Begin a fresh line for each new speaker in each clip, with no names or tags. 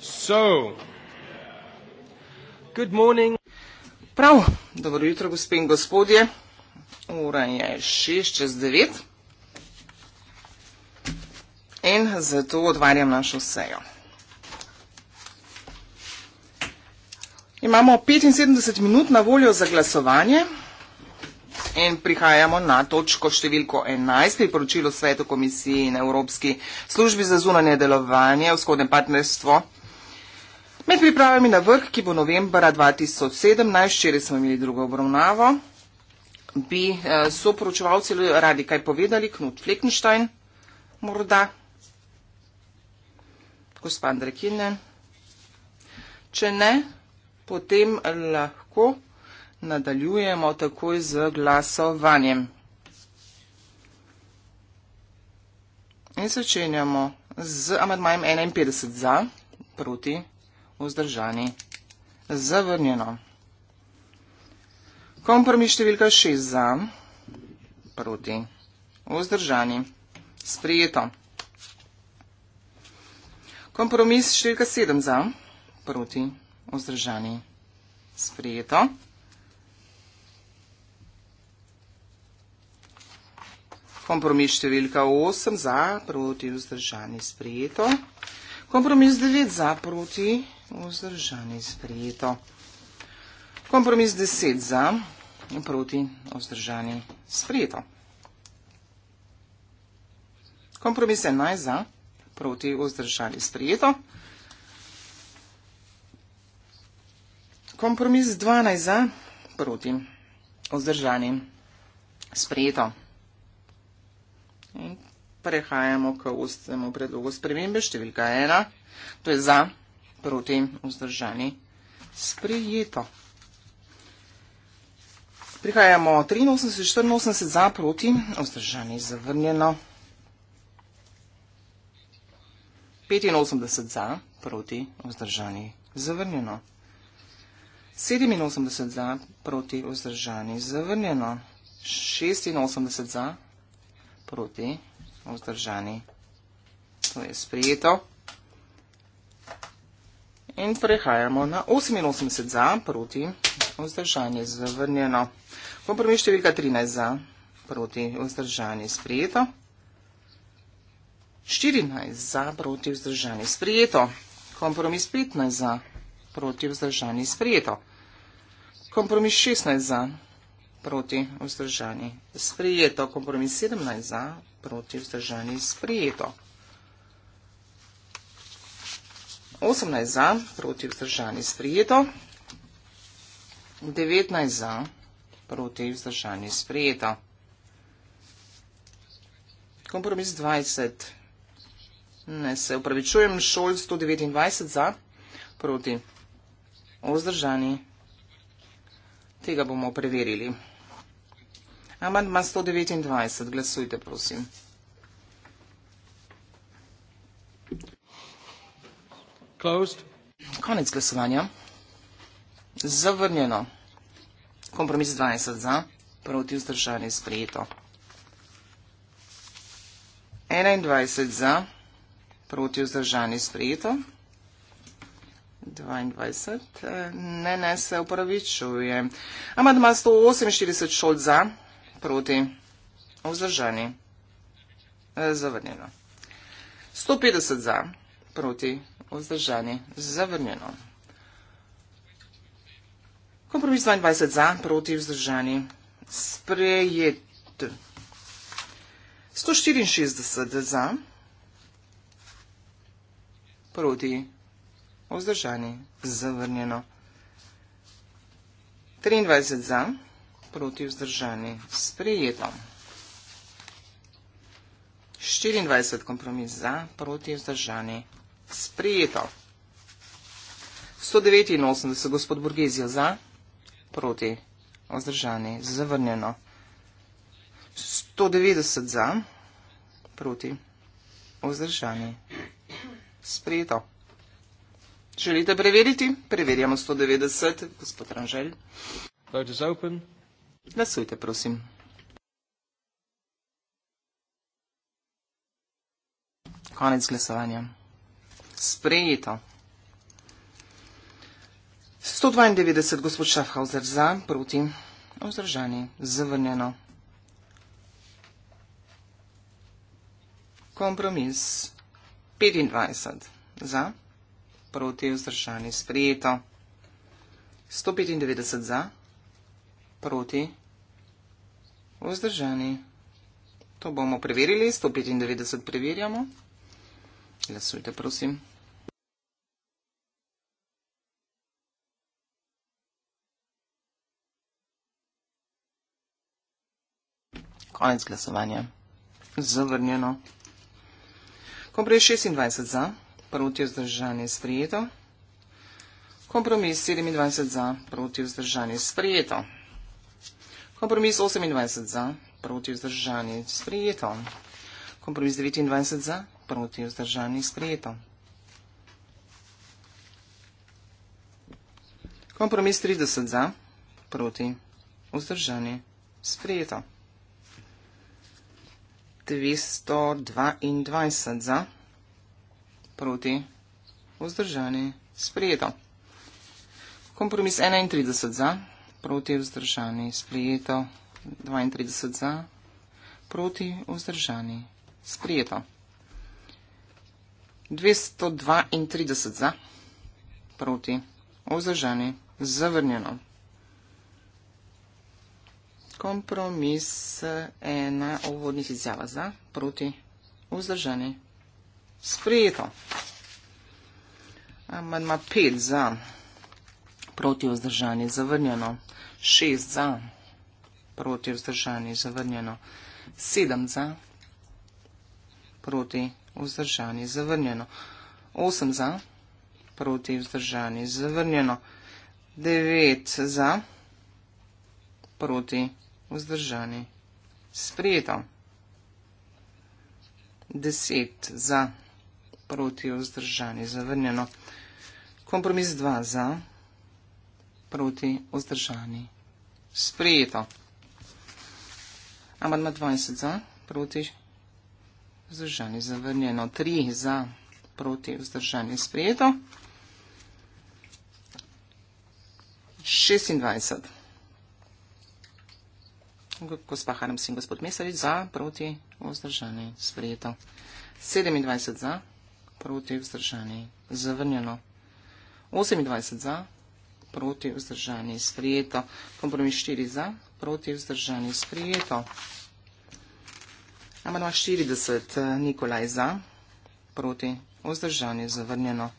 So,
Prav, dobro jutro, gospe in gospodje. Ura je 6 čez 9 in zato odvarjam našo sejo. Imamo 75 minut na voljo za glasovanje. In prihajamo na točko številko 11, priporočilo Svetu komisiji in Evropski službi za zunanje delovanje, vzhodne partnerstvo. Med pripravami na vrh, ki bo novembra 2017, včeraj smo imeli drugo obravnavo, bi eh, soporočevalci radi kaj povedali, Knut Fleckenstein, morda, gospod Andrej Kinen. Če ne, potem lahko. Nadaljujemo takoj z glasovanjem. In začenjamo z amadmajem 51 za, proti, vzdržani, zavrnjeno. Kompromis številka 6 za, proti, vzdržani, sprijeto. Kompromis številka 7 za, proti, vzdržani, sprijeto. Kompromis številka 7 za, proti, vzdržani, sprijeto. Kompromis številka 8 za, proti, vzdržani, sprejeto. Kompromis 9 za, proti, vzdržani, sprejeto. Kompromis 10 za, proti, vzdržani, sprejeto. Kompromis 11 za, proti, vzdržani, sprejeto. Kompromis 12 za, proti, vzdržani, sprejeto. In prehajamo k ustnemu predlogu spremembe številka ena. To je za, proti, vzdržani, sprejeto. Prihajamo 83, 84 za, proti, vzdržani, zavrnjeno. 85 za, proti, vzdržani, zavrnjeno. 87 za, proti, vzdržani, zavrnjeno. 86 za, proti, vzdržani. To je sprijeto. In prehajamo na 88 za, proti, vzdržanje zavrnjeno. Kompromis številka 13 za, proti, vzdržanje sprijeto. 14 za, proti, vzdržanje sprijeto. Kompromis 15 za, proti, vzdržanje sprijeto. Kompromis 16 za, proti vzdržani sprijeto. Kompromis 17 za proti vzdržani sprijeto. 18 za proti vzdržani sprijeto. 19 za proti vzdržani sprijeto. Kompromis 20. Ne se upravičujem. Šol 129 za proti vzdržani. Tega bomo preverili. Amandma 129, glasujte, prosim. Closed. Konec glasovanja. Zavrnjeno. Kompromis 20 za, proti vzdržanje sprejeto. 21 za, proti vzdržanje sprejeto. 22, eh, ne, ne, se upravičujem. Amandma 148, šolt za proti, vzdržani, eh, zavrnjeno. 150 za, proti, vzdržani, zavrnjeno. Kompromis 22 za, proti, vzdržani, sprejet. 164 za, proti, vzdržani, zavrnjeno. 23 za, proti, vzdržani, zavrnjeno proti vzdržani sprejeto. 24 kompromis za proti vzdržani sprejeto. 189 gospod Borgezijo za proti vzdržani zavrnjeno. 190 za proti vzdržani sprejeto. Želite preveriti? Preverjamo 190, gospod Ranžel. Vote is open. Glasujte, prosim. Konec glasovanja. Sprejeto. 192, gospod Schaffhauser, za, proti, vzdržani, zavrnjeno. Kompromis 25, za, proti, vzdržani, sprejeto. 195 za, proti, vzdržani. To bomo preverili, 195 preverjamo. Glasujte, prosim. Konec glasovanja. Zavrnjeno. Kompromis 26 za, proti vzdržanje sprijeto. Kompromis 27 za, proti vzdržanje sprijeto. Kompromis 28 za, proti vzdržani, sprijeto. Kompromis 29 za, proti vzdržani, sprijeto. Kompromis 30 za, proti vzdržani, sprijeto. 222 za, proti vzdržani, sprijeto. Kompromis 31 za, proti vzdržani, sprijeto proti vzdržani. Sprijeto. 32 za, proti vzdržani. Sprijeto. 232 za, proti vzdržani. Zavrnjeno. Kompromis ena uvodnih izjava za, proti vzdržani. Sprijeto. Amandma 5 za proti vzdržanje zavrnjeno, 6 za, proti vzdržanje zavrnjeno, 7 za, proti vzdržanje zavrnjeno, 8 za, proti vzdržanje zavrnjeno, 9 za, proti vzdržanje sprejeto, 10 za, proti vzdržanje zavrnjeno, kompromis 2 za, proti vzdržanje zavrnjeno, proti vzdržani. Sprijeto. Amadma 20 za, proti vzdržani zavrnjeno. 3 za, proti vzdržani sprijeto. 26. Gospa Harms in gospod Mesarič za, proti vzdržani sprijeto. 27 za, proti vzdržani zavrnjeno. 28 za, proti vzdržani sprijeto proti vzdržani sprijeto. Kompromis 4 za, proti vzdržani sprijeto. Amano 40, Nikolaj za, proti vzdržani zavrnjeno.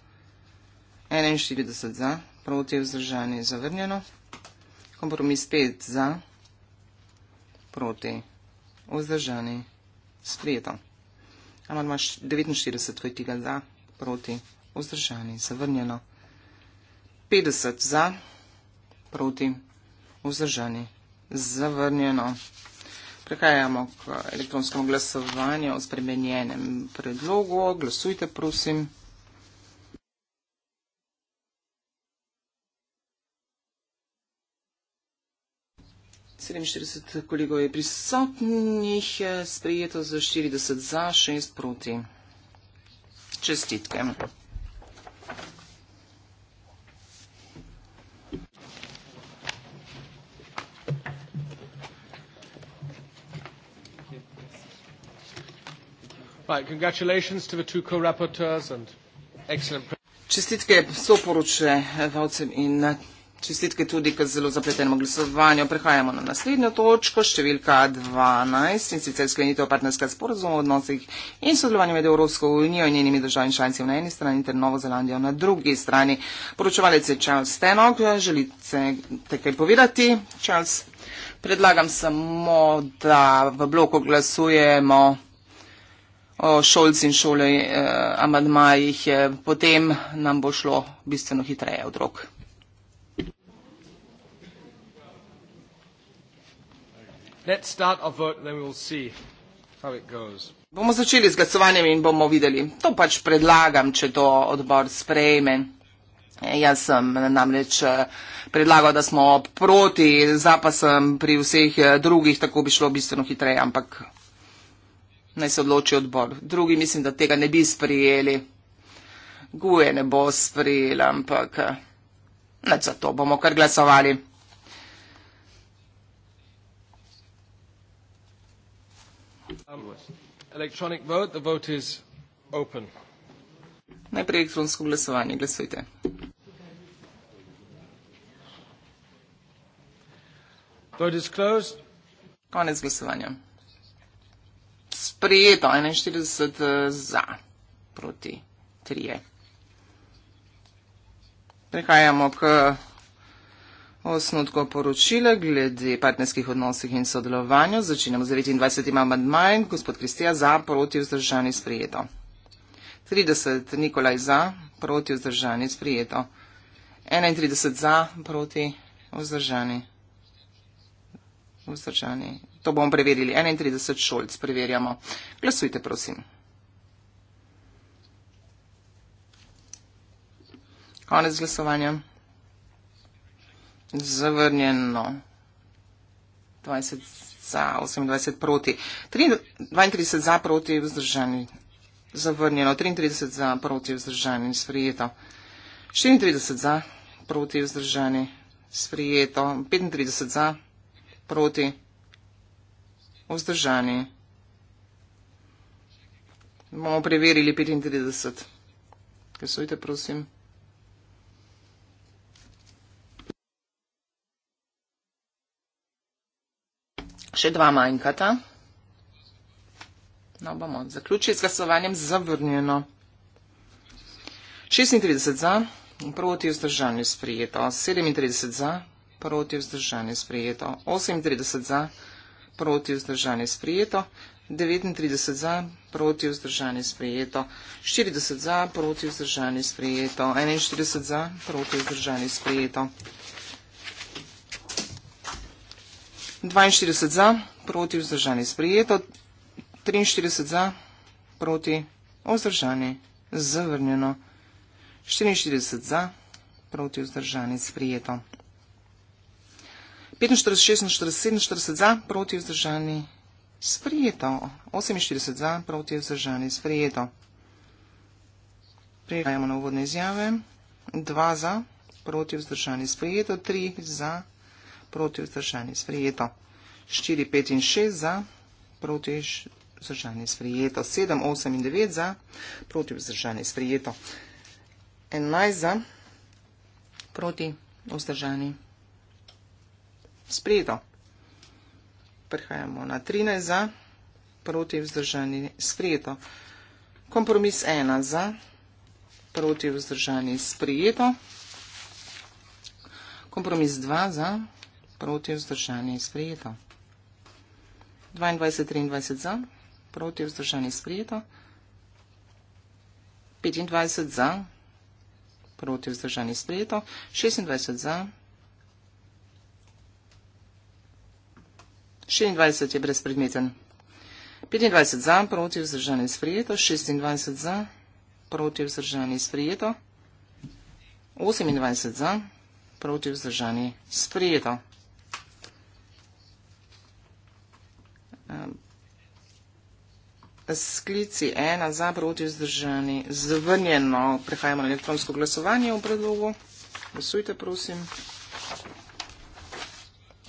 41 za, proti vzdržani zavrnjeno. Kompromis 5 za, proti vzdržani sprijeto. Amano 49, Vojtiga za, proti vzdržani zavrnjeno. 50 za, proti, vzdržani, zavrnjeno. Prehajamo k elektronskemu glasovanju o spremenjenem predlogu. Glasujte, prosim. Koliko je prisotnih, sprejeto za 40 za, 6 proti. Čestitke.
Right, congratulations to the two co-rapporteurs and excellent...
Čestitke soporoče Valcem in eh, čestitke tudi k zelo zapletenemu glasovanju. Prehajamo na naslednjo točko, številka 12 in sicer sklenitev partnerskega sporozuma o odnosih in sodelovanju med Evropsko unijo in njenimi državami članici na eni strani ter Novo Zelandijo na drugi strani. Poročevalec je Charles Stenog, želite te kaj povedati? Charles, predlagam samo, da v bloku glasujemo o šolc in šole eh, amadmajih, eh, potem nam bo šlo bistveno hitreje od rok. Bomo začeli z glasovanjem in bomo videli. To pač predlagam, če to odbor sprejme. Eh, jaz sem namreč eh, predlagal, da smo proti, zapasem pri vseh eh, drugih, tako bi šlo bistveno hitreje, ampak naj se odloči odbor. Drugi mislim, da tega ne bi sprijeli. Guje ne bo sprijela, ampak eh, ne za to bomo kar glasovali.
Najprej elektronsko glasovanje,
glasujte. Vote is closed. Konec glasovanja sprejeto 41 eh, za proti 3. Prehajamo k osnutko poročila glede partnerskih odnosih in sodelovanju. Začinemo z 29. amandmajem. Gospod Kristija za proti vzdržani sprejeto. 30 Nikolaj za proti vzdržani sprejeto. 31 za proti vzdržani. Vzdržani To bomo preverili. 31 šolc preverjamo. Glasujte, prosim. Konec glasovanja. Zavrnjeno. 20 za, 28 proti. 32 za, proti, vzdržani. Zavrnjeno. 33 za, proti, vzdržani. Sprijeto. 34 za, proti, vzdržani. Sprijeto. 35 za, proti, vzdržani vzdržani. Bomo preverili 35. Kasujte, prosim. Še dva manjkata. No, bomo zaključili z glasovanjem zavrnjeno. 36 za, proti vzdržanju sprijeto. 37 za, proti vzdržanju sprijeto. 38 za, proti vzdržanju sprijeto proti vzdržanje sprijeto, 39 za, proti vzdržanje sprijeto, 40 za, proti vzdržanje sprijeto, 41 za, proti vzdržanje sprijeto, 42 za, proti vzdržanje sprijeto, 43 za, proti vzdržanje zavrnjeno, 44 za, proti vzdržanje sprijeto. 45, 46, 47 za, proti vzdržani, sprijeto. 48 za, proti vzdržani, sprijeto. Prejdemo na uvodne izjave. 2 za, proti vzdržani, sprijeto. 3 za, proti vzdržani, sprijeto. 4, 5 in 6 za, proti vzdržani, sprijeto. 7, 8 in 9 za, proti vzdržani, sprijeto. 11 za, proti vzdržani, sprijeto spredo. Prihajamo na 13 za, proti vzdržani spredo. Kompromis 1 za, proti vzdržani spredo. Kompromis 2 za, proti vzdržani spredo. 22, 23 za, proti vzdržani spredo. 25 za, proti vzdržani spredo. 26 za, proti vzdržani spredo. 24 je brezpredmeten. 25 za, proti vzdržan je sprijeto. 26 za, proti vzdržan je sprijeto. 28 za, proti vzdržan je sprijeto. Ehm, sklici ena za, proti vzdržani, zvrnjeno. Prehajamo na elektronsko glasovanje v predlogu. Glasujte, prosim.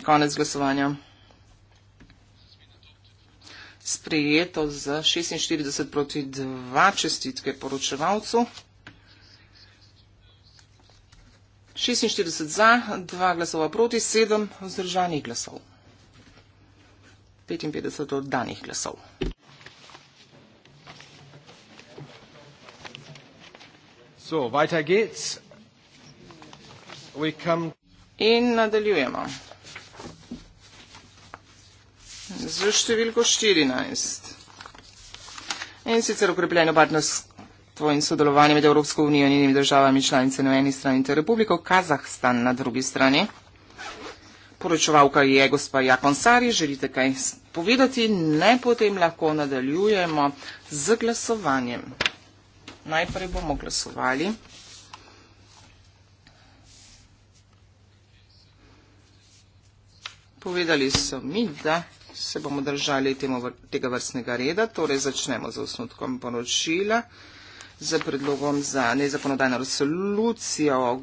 Konec glasovanja sprejeto z 46 proti 2 čestitke poročevalcu. 46 za, 2 glasova proti, 7 vzdržanih glasov. 55 oddanih glasov. So, weiter geht's. We come... In nadaljujemo z številko 14. In sicer ukrepljeno partnerstvo in sodelovanje med Evropsko unijo in njenimi državami članice na eni strani ter Republiko Kazahstan na drugi strani. Poročevalka je gospa Jakonsari, želite kaj povedati, ne potem lahko nadaljujemo z glasovanjem. Najprej bomo glasovali. Povedali so mi, da se bomo držali temo, tega vrstnega reda. Torej, začnemo z osnutkom poročila, z predlogom za nezakonodajno resolucijo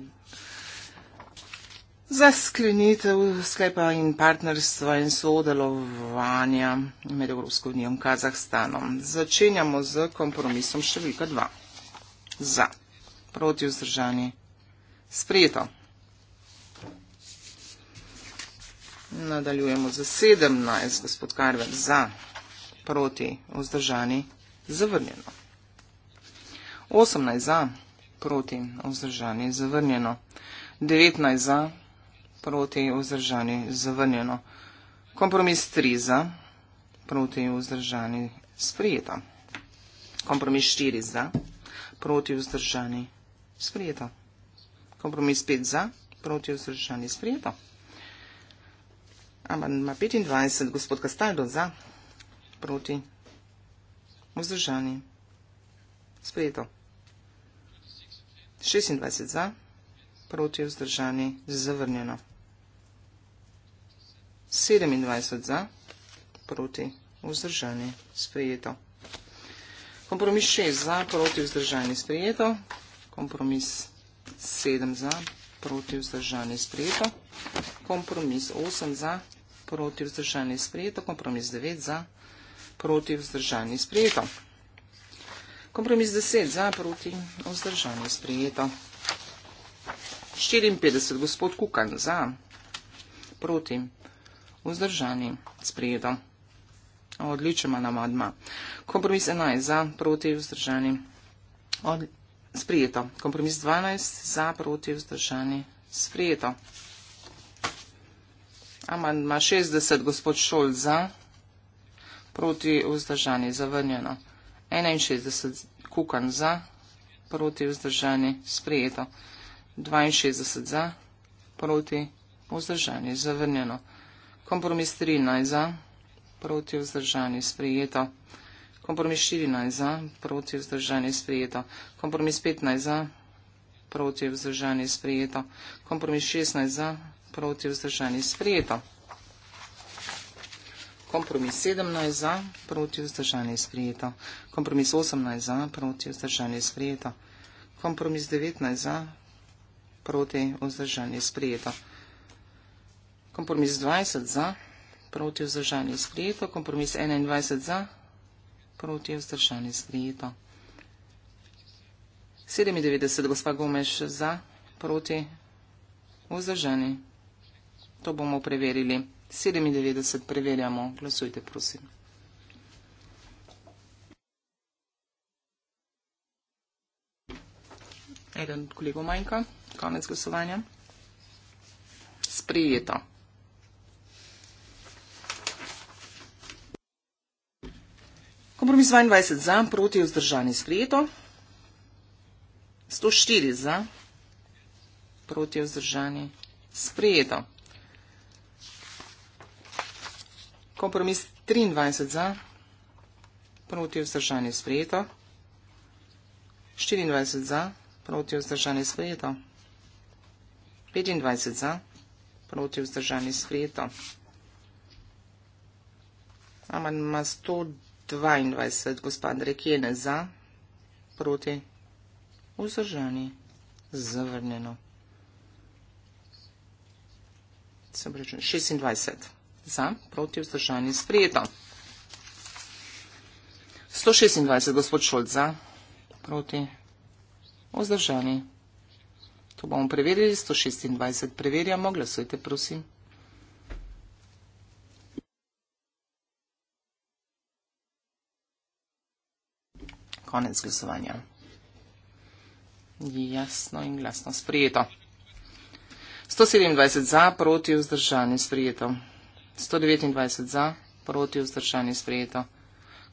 za sklenitev sklepa in partnerstva in sodelovanja med Evropsko unijo in Kazahstanom. Začenjamo z kompromisom številka 2. Za. Proti vzdržanje. Sprejeto. Nadaljujemo za 17, gospod Karver, za, proti, vzdržani, zavrnjeno. 18 za, proti, vzdržani, zavrnjeno. 19 za, proti, vzdržani, zavrnjeno. Kompromis 3 za, proti, vzdržani, sprijeta. Kompromis 4 za, proti, vzdržani, sprijeta. Kompromis 5 za, proti, vzdržani, sprijeta. Amandma 25, gospod Kastaldo, za, proti, vzdržani, sprejeto. 26 za, proti, vzdržani, zavrnjeno. 27 za, proti, vzdržani, sprejeto. Kompromis 6 za, proti, vzdržani, sprejeto. Kompromis 7 za, proti, vzdržani, sprejeto proti vzdržanje sprejeto, kompromis 8 za, proti vzdržanje sprejeto, kompromis 9 za, proti vzdržanje sprejeto. Kompromis 10 za, proti vzdržanje sprejeto. 54, gospod Kukan, za, proti vzdržanje sprejeto. Odličema namadma. Kompromis 11 za, proti vzdržanje sprejeto sprijeto. Kompromis 12 za proti vzdržani sprijeto. Amandma 60, gospod Šol za proti vzdržani zavrnjeno. 61, kukan za proti vzdržani sprijeto. 62 za proti vzdržani zavrnjeno. Kompromis 13 za proti vzdržani sprijeto kompromis 14 za, proti vzdržanje sprejeto, kompromis 15 za, proti vzdržanje sprejeto, kompromis 16 za, proti vzdržanje sprejeto, kompromis 17 za, proti vzdržanje sprejeto, kompromis 18 za, proti vzdržanje sprejeto, kompromis 19 za, proti vzdržanje sprejeto, kompromis 20 za, proti vzdržanje sprejeto, kompromis 21 za, proti vzdržanje sprejeto, nasprotje je vzdržanje sprijeto. 97, gospa Gomeš, za, proti, vzdržani. To bomo preverili. 97 preverjamo. Glasujte, prosim. Eden kolego manjka. Konec glasovanja. Sprijeto. Kompromis 22 za, proti je vzdržan in sprejeto. 104 za, proti je vzdržan in sprejeto. Kompromis 23 za, proti je vzdržan in sprejeto. 24 za, proti je vzdržan in sprejeto. 25 za, proti je vzdržan in sprejeto. Amandma 102. 22, gospa Drekene za, proti, vzdržani, zavrnjeno. Se pravi, 26 za, proti, vzdržani, sprijeto. 126, gospod Šolc za, proti, vzdržani. To bomo preverili, 126 preverjamo, glasujte prosim. Konec glasovanja. Jasno in glasno sprijeto. 127 za, proti vzdržanje sprijeto. 129 za, proti vzdržanje sprijeto.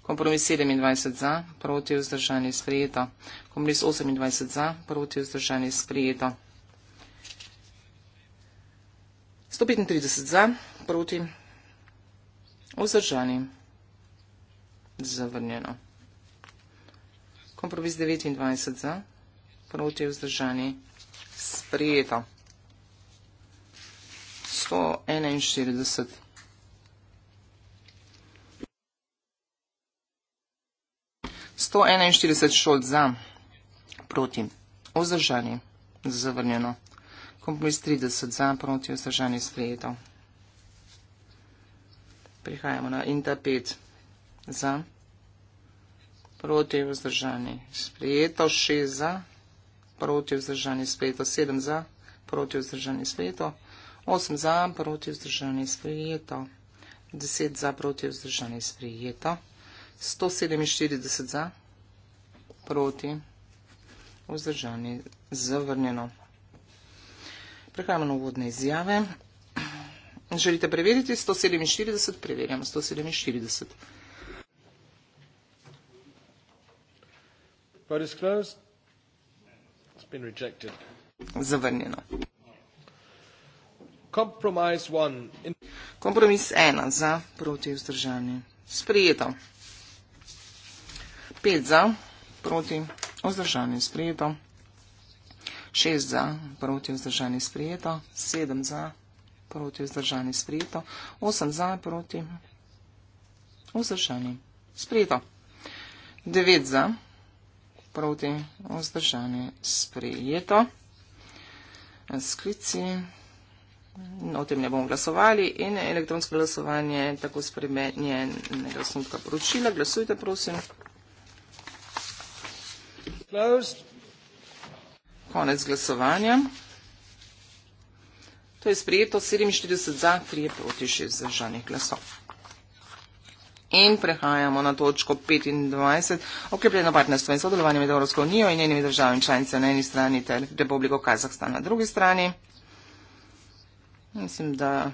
Kompromis 27 za, proti vzdržanje sprijeto. Kompromis 28 za, proti vzdržanje sprijeto. 135 za, proti vzdržanje zavrnjeno. Kompromis 29 za, proti vzdržani, sprijeto. 141. Sto enainštirideset šolt za, proti, vzdržani, zavrnjeno. Kompromis 30 za, proti, vzdržani, sprejeto. Prihajamo na Inta 5 za proti vzdržani sprejeto, šest za, proti vzdržani sprejeto, sedem za, proti vzdržani sprejeto, osem za, proti vzdržani sprejeto, deset za, proti vzdržani sprejeto, sto sedeminštirideset za, proti vzdržani zavrnjeno. Prehajamo na uvodne izjave. Želite preveriti 147? Preverjamo 147. Vote is closed.
It's been rejected.
Zavrnjeno. Compromise one. In... Kompromis ena za proti vzdržanje. Sprijeto. Pet za proti vzdržanje. Sprijeto. Šest za proti vzdržanje. Sprijeto. Sedem za proti vzdržanje. Sprijeto. Osem za proti vzdržanje. Sprijeto. Devet za proti vzdržanje proti vzdržanje sprejeto. Sklici, o tem ne bomo glasovali in elektronsko glasovanje, tako spremenjen glasnutka poročila. Glasujte, prosim. Closed. Konec glasovanja. To je sprejeto 47 za, 3 proti 6 za žanih glasov in prehajamo na točko 25, okrepljeno partnerstvo in sodelovanje med Evropsko unijo in njenimi državami članice na eni strani ter Republiko Kazahstan na drugi strani. Mislim, da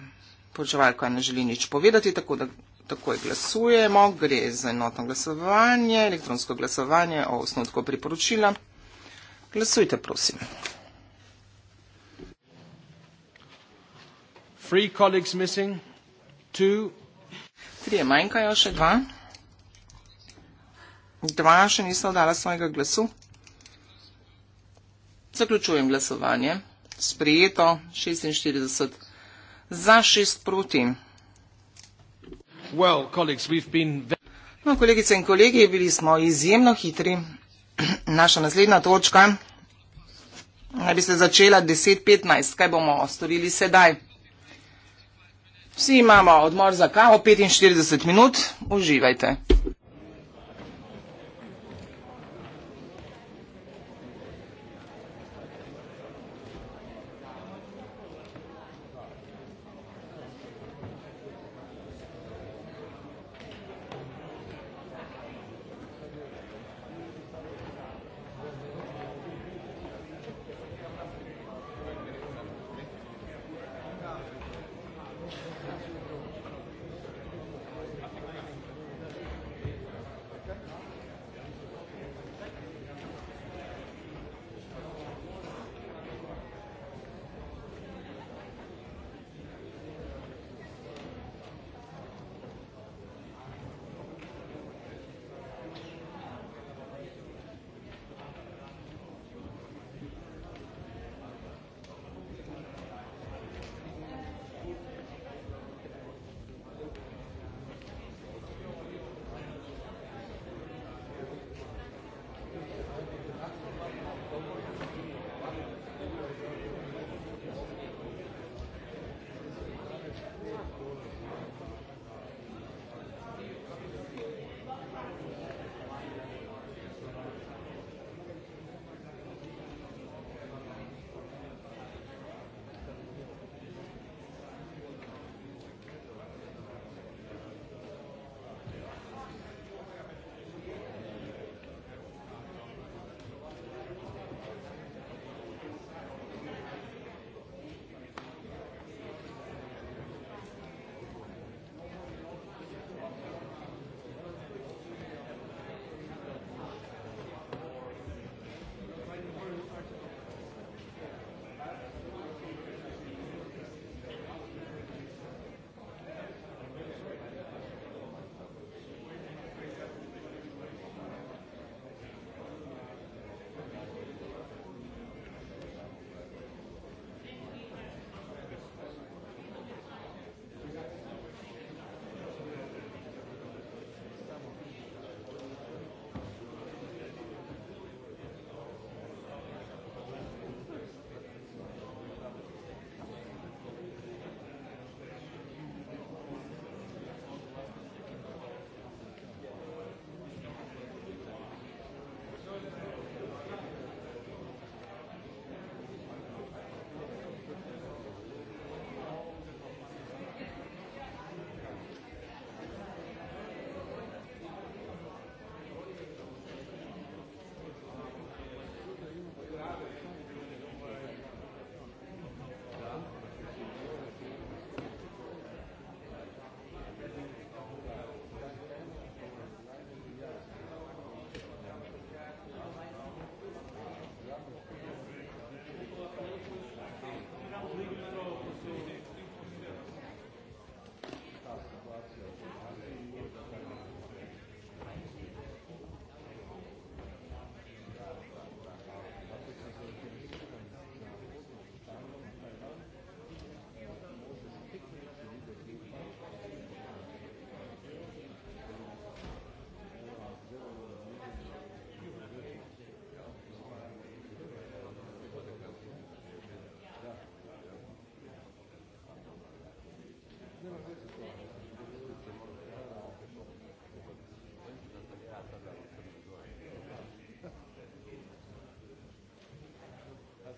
počevalka ne želi nič povedati, tako da takoj glasujemo. Gre za enotno glasovanje, elektronsko glasovanje o osnotku priporočila. Glasujte, prosim. Three colleagues missing, two trije manjkajo, še dva. Dva še nista odala svojega glasu. Zaključujem glasovanje. Sprijeto 46 za 6 proti. Well, colleagues, we've been... No, kolegice in kolegi, bili smo izjemno hitri. Naša naslednja točka naj bi se začela 10.15. Kaj bomo storili sedaj? Vsi imamo odmor za kavo 45 minut, uživajte.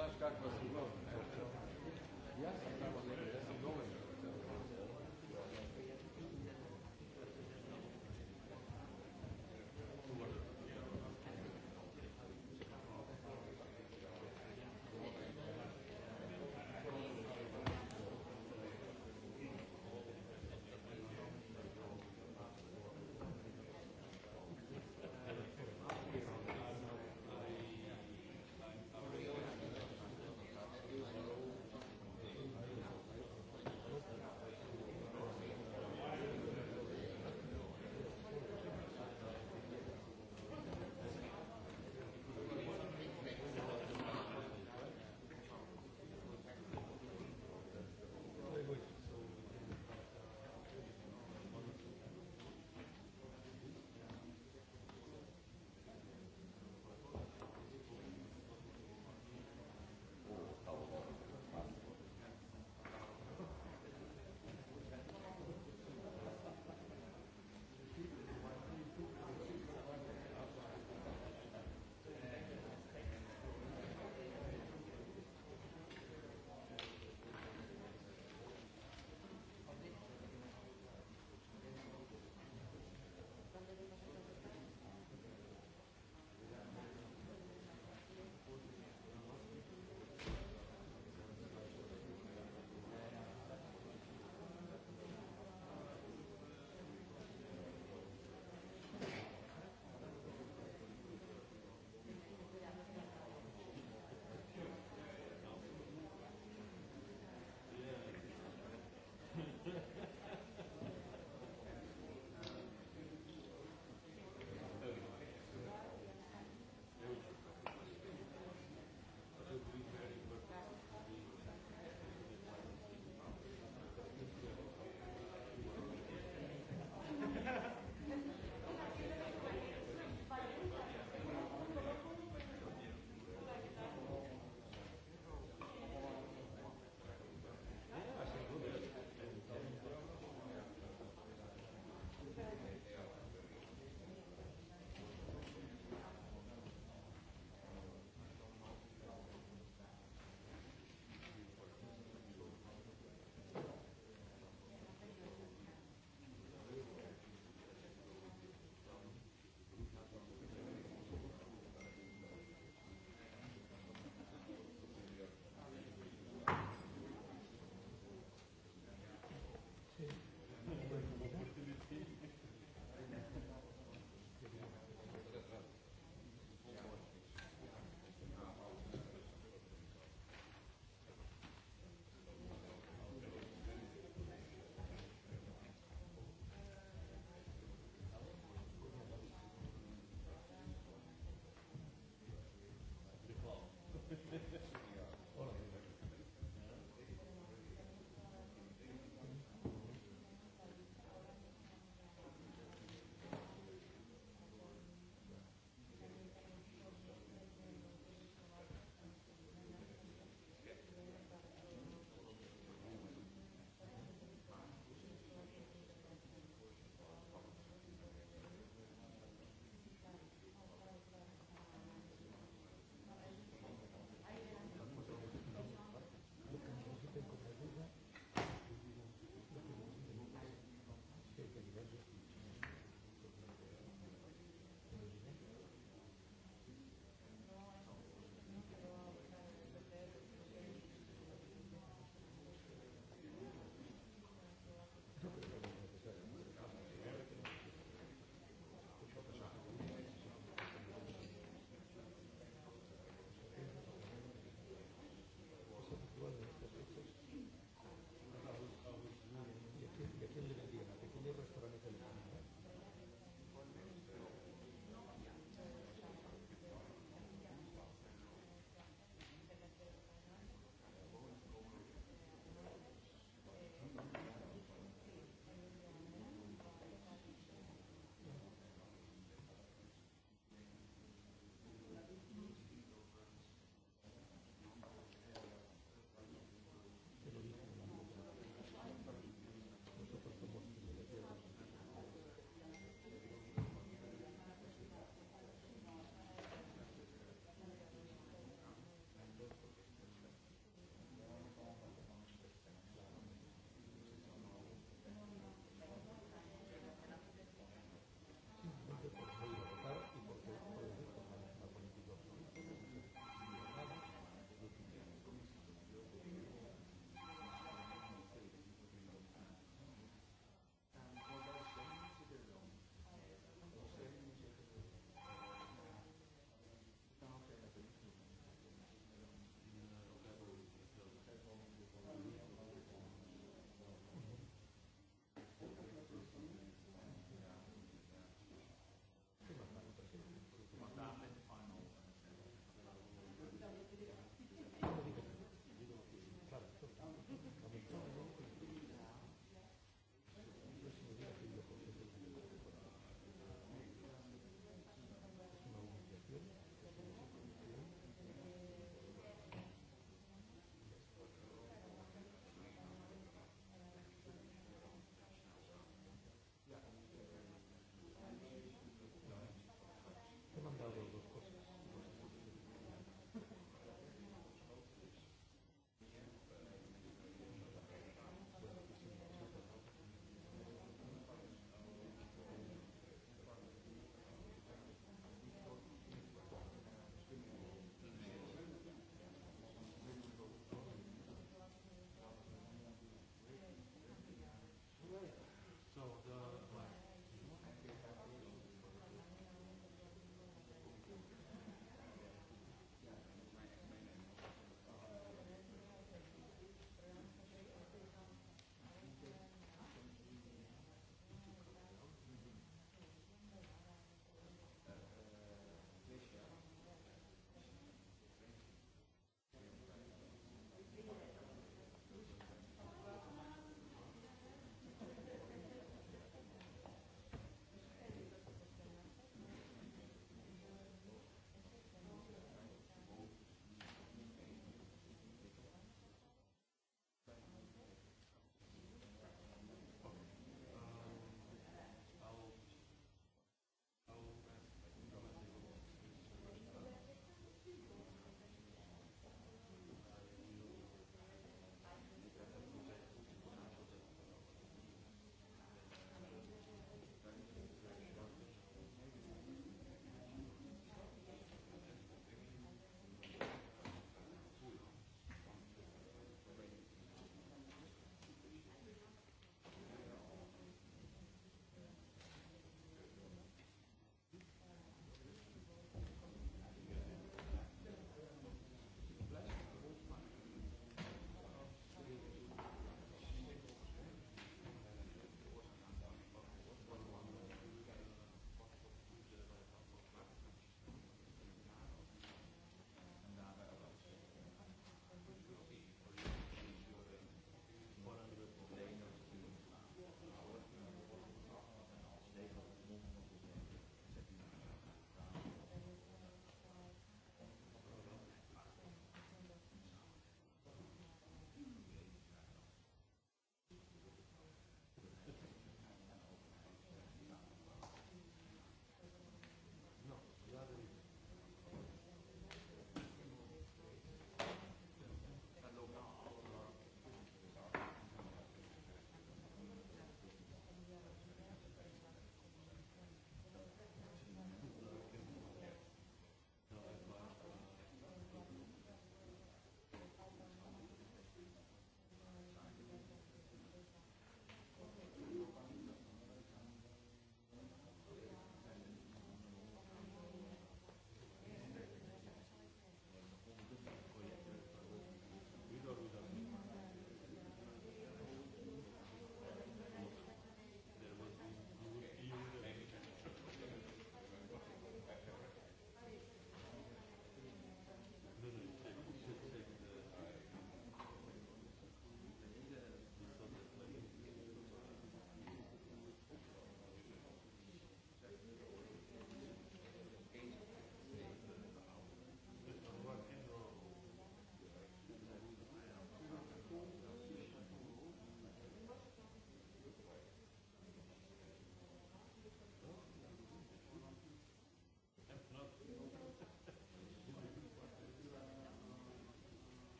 znaš kako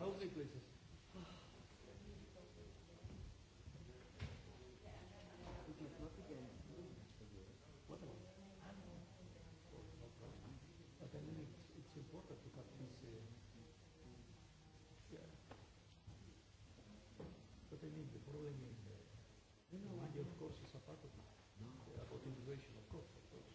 Hopefully, please. Of course, it's a part of it. No. Yeah, about innovation, of course, of course.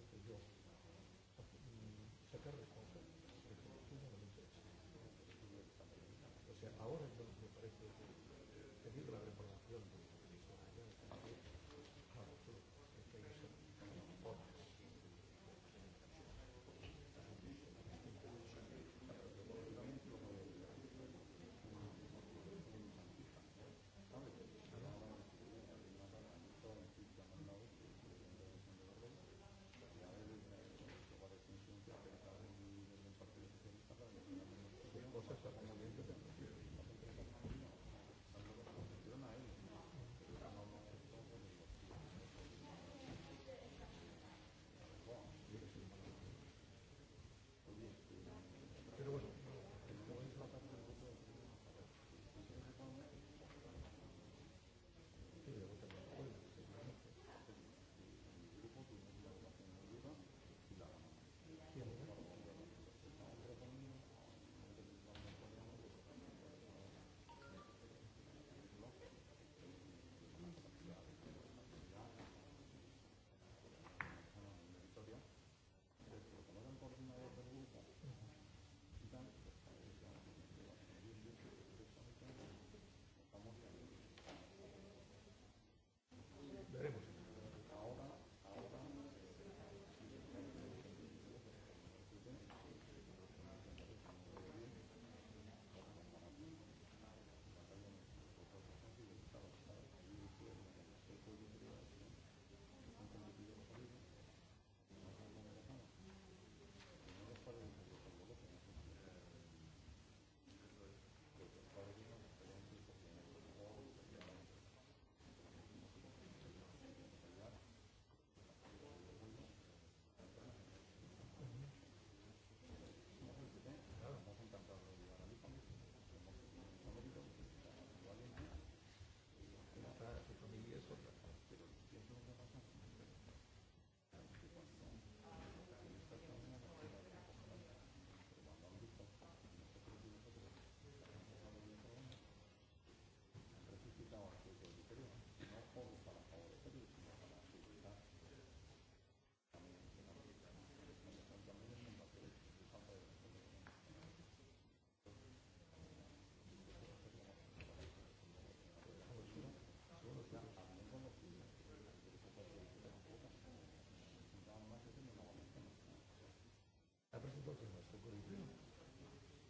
cosas que yo sacar respuestas de que tú no lo hecho. O sea, ahora es donde me parece que, que la reprobación de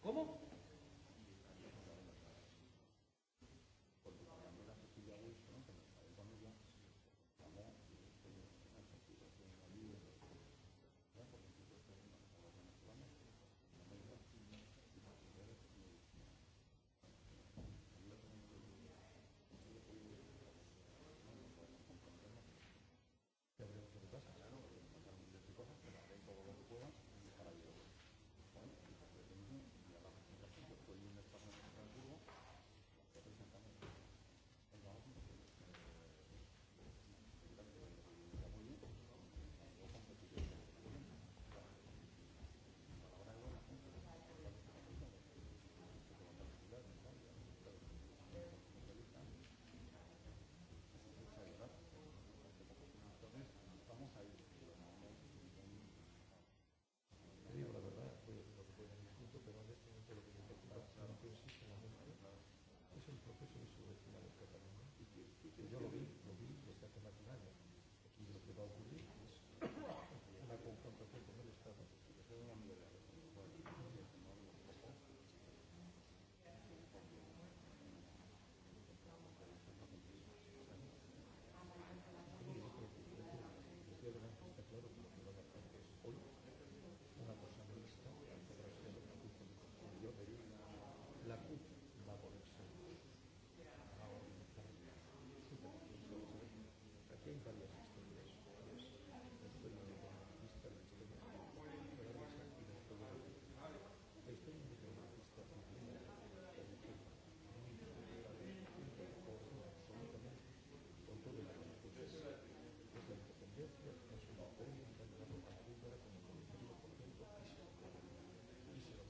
¿Cómo?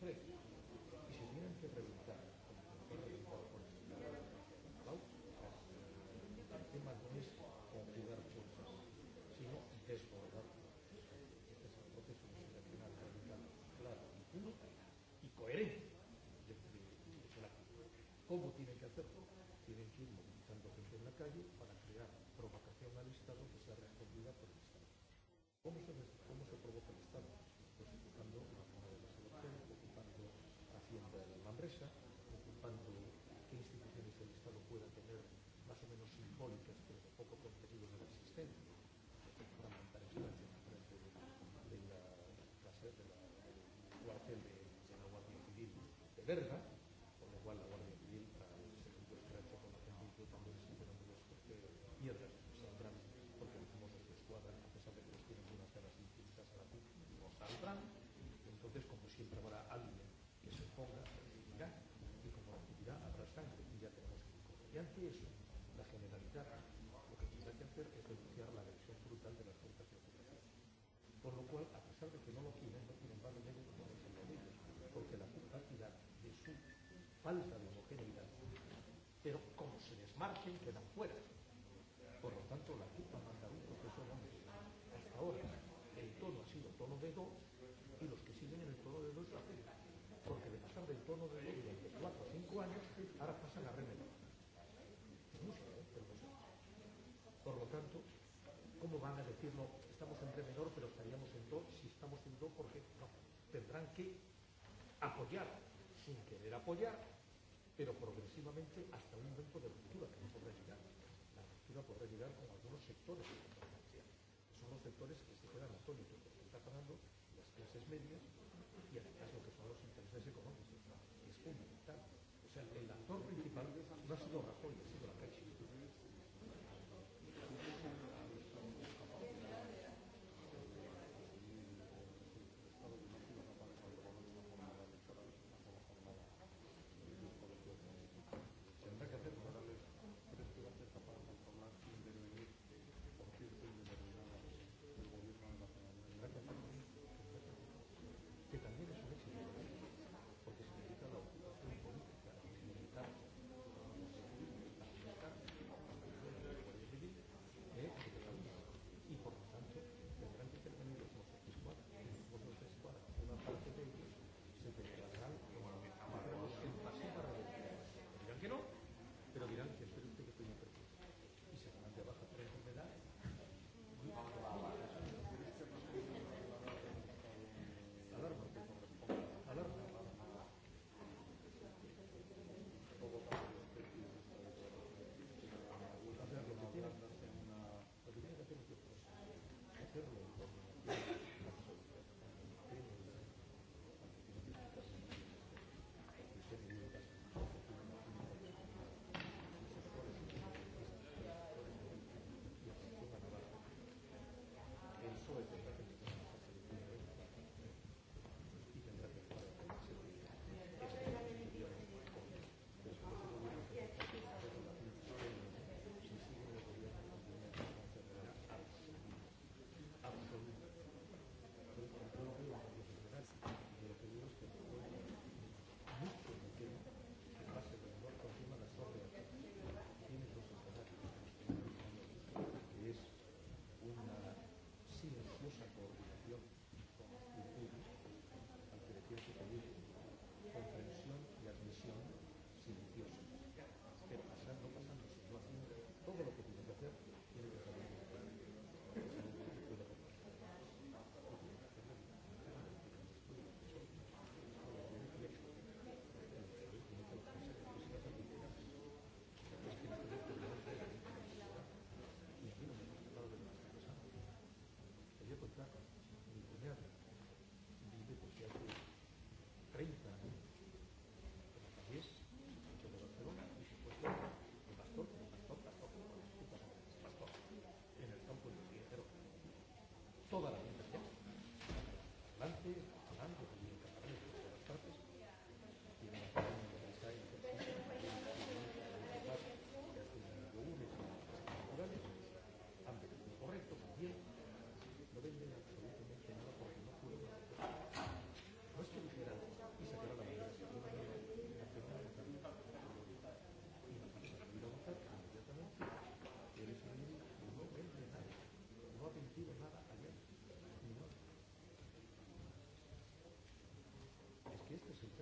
tres. Y se tienen que preguntar. El tema no es conjugar fuerzas, sino desbordar. Este es el proceso institucional radical, claro y puro y coherente. ¿Cómo tienen que hacerlo? Tienen que ir movilizando gente en la calle para crear provocación al Estado que sea respondida por el Estado. ¿Cómo se hace esto? empresa, ocupando qué instituciones del Estado pueda tener más o menos simbólicas, pero de poco contenido ¿no? de la existencia, fundamentalmente de, de la clase de la cuartel de, de la Guardia Civil de Berga, con lo cual la Guardia Civil para se encuentra hecha con la gente y también se fueron de los porque mierdas saldrán, porque los famosos de escuadra, a pesar de que los tienen unas caras infinitas a la no saldrán, entonces como siempre habrá alguien que se oponga, vigilancia y eso, la generalidad, lo que tendrá que hacer es denunciar la agresión brutal de las fuerzas de ocupación. Por lo cual, a pesar de que no lo quieren, no tienen más de medio como de ellos, porque la capacidad de su falta mundo porque no, tendrán que apoyar, sin querer apoyar, pero progresivamente hasta un momento de ruptura que no podrá llegar. La ruptura podrá llegar con algunos sectores de competencia. Son los sectores que se quedan atónitos porque está pagando las clases medias y además lo que son los intereses económicos, que es fundamental. O sea, el actor principal no ha sido Rajoy, ha sido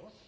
prosim.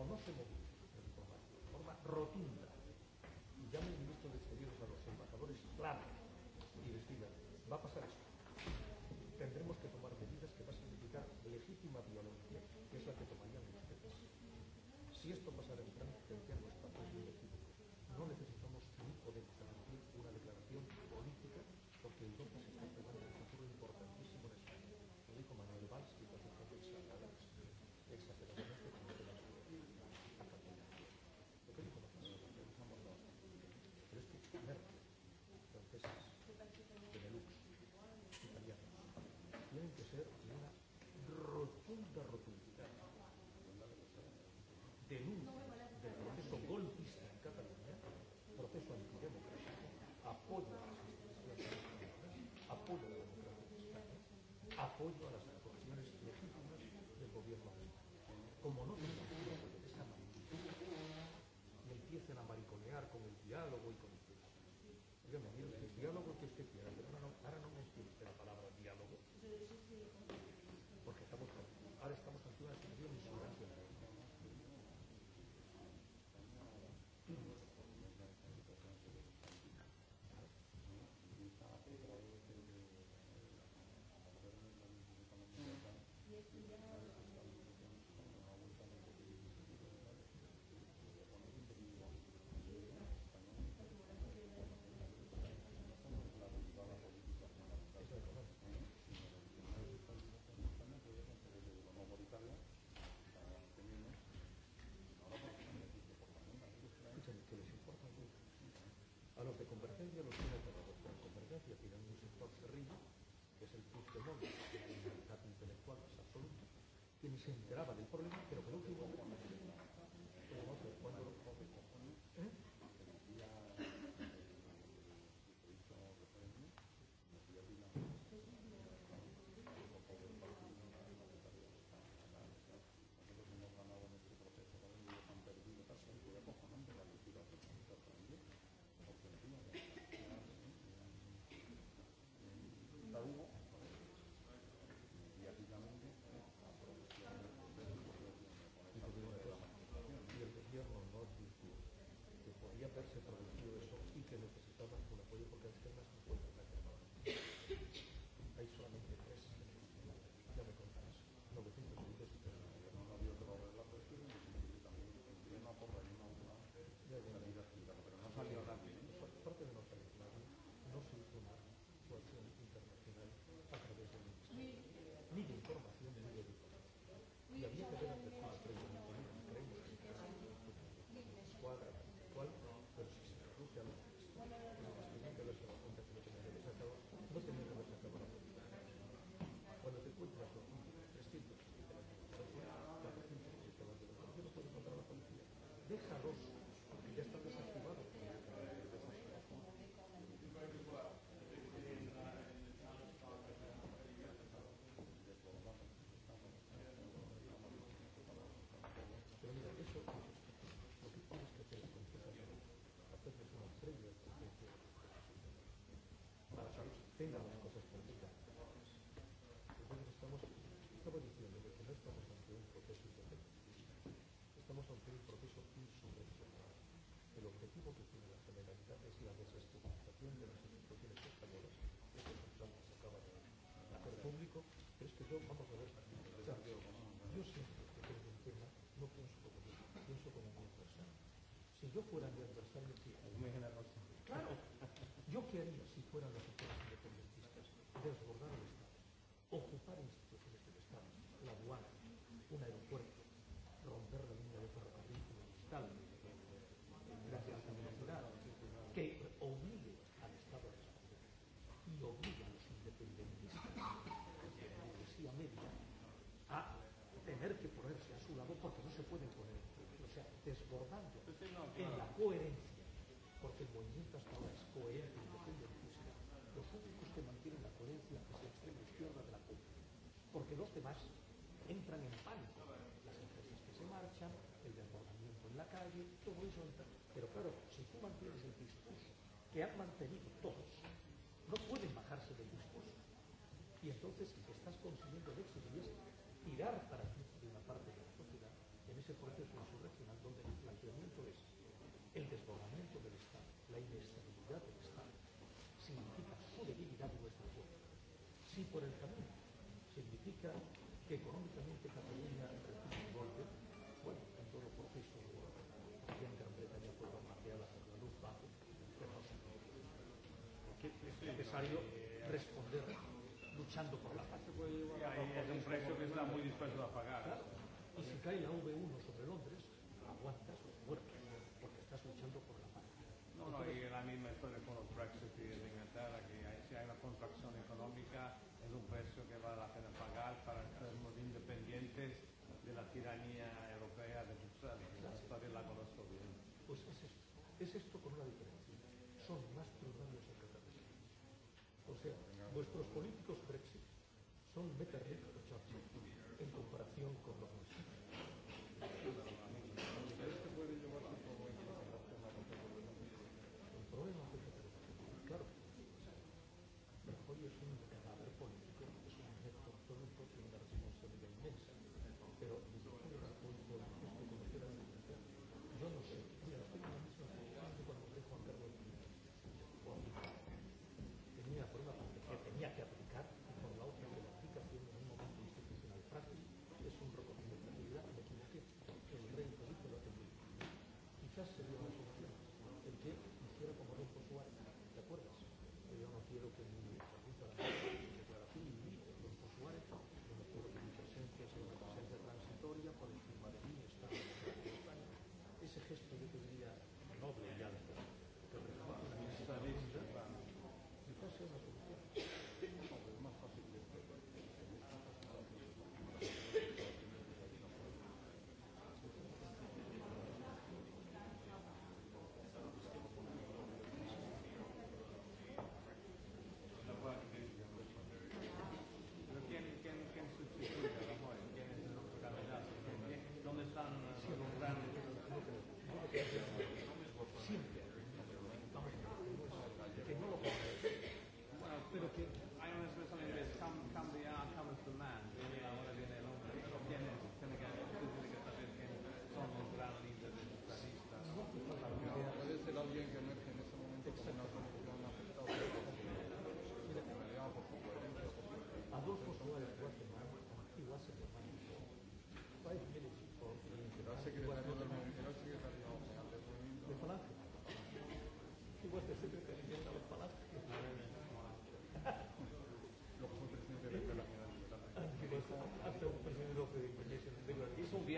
como no se movía de forma, de forma rotunda, y llama el ministro de Exteriores a los embajadores, claro, y les diga, va a pasar esto. Tendremos que tomar medidas que va a significar legítima violencia, que es la que tomarían ustedes. Si esto pasara en Francia, tendríamos que... de rotundidad, de luz, de proceso golpista en Cataluña, proceso antidemocrático, apoyo a las instituciones españolas, apoyo a la democracia de España, apoyo a las actuaciones legítimas del gobierno de España. Como no tenemos de esta magnitud, y empiecen a mariconear con el diálogo y con Rillo, que es el Puigdemont de la libertad intelectual más absoluta, quien se enteraba del problema, pero por último, ¿cómo se ¿Eh? todo el apoyo porque es que es más... tengan las cosas perdidas. Entonces estamos, estamos diciendo que no estamos ante un proceso insurreccional, estamos ante un proceso insurreccional. El objetivo que tiene la generalidad es la desestabilización de las instituciones españolas, que es lo que se acaba de hacer público, pero es que yo, vamos a ver, o sea, yo siempre que tengo un tema, no pienso como yo, pienso como mi adversario. Si yo fuera mi adversario, ¿qué haría? Claro, yo qué haría si fuera mi adversario. OEA que depende del fiscal. Los únicos que mantienen la coherencia es la extrema izquierda de la CUP. Porque los demás entran en pánico. Las empresas que se marchan, el desbordamiento en la calle, todo eso entra. Pero claro, si tú mantienes el discurso que han mantenido todos, no pueden bajarse del discurso. Y entonces, si estás consiguiendo el éxito y es tirar para ti de una parte de la sociedad, en ese proceso sí por el camino. Significa que económicamente Cataluña recibe un golpe, bueno, en todo el proceso, aquí en Gran Bretaña fue bombardeada por la luz, bajo, pero no se Porque es necesario responder luchando por la paz. Y ahí es un precio que está muy dispuesto a pagar. Y si cae la V1 sobre Londres, aguantas los muertos, porque estás luchando por la paz. No, no, y
la misma historia con los Brexit y el Inglaterra, que si hay la contracción.
tiranía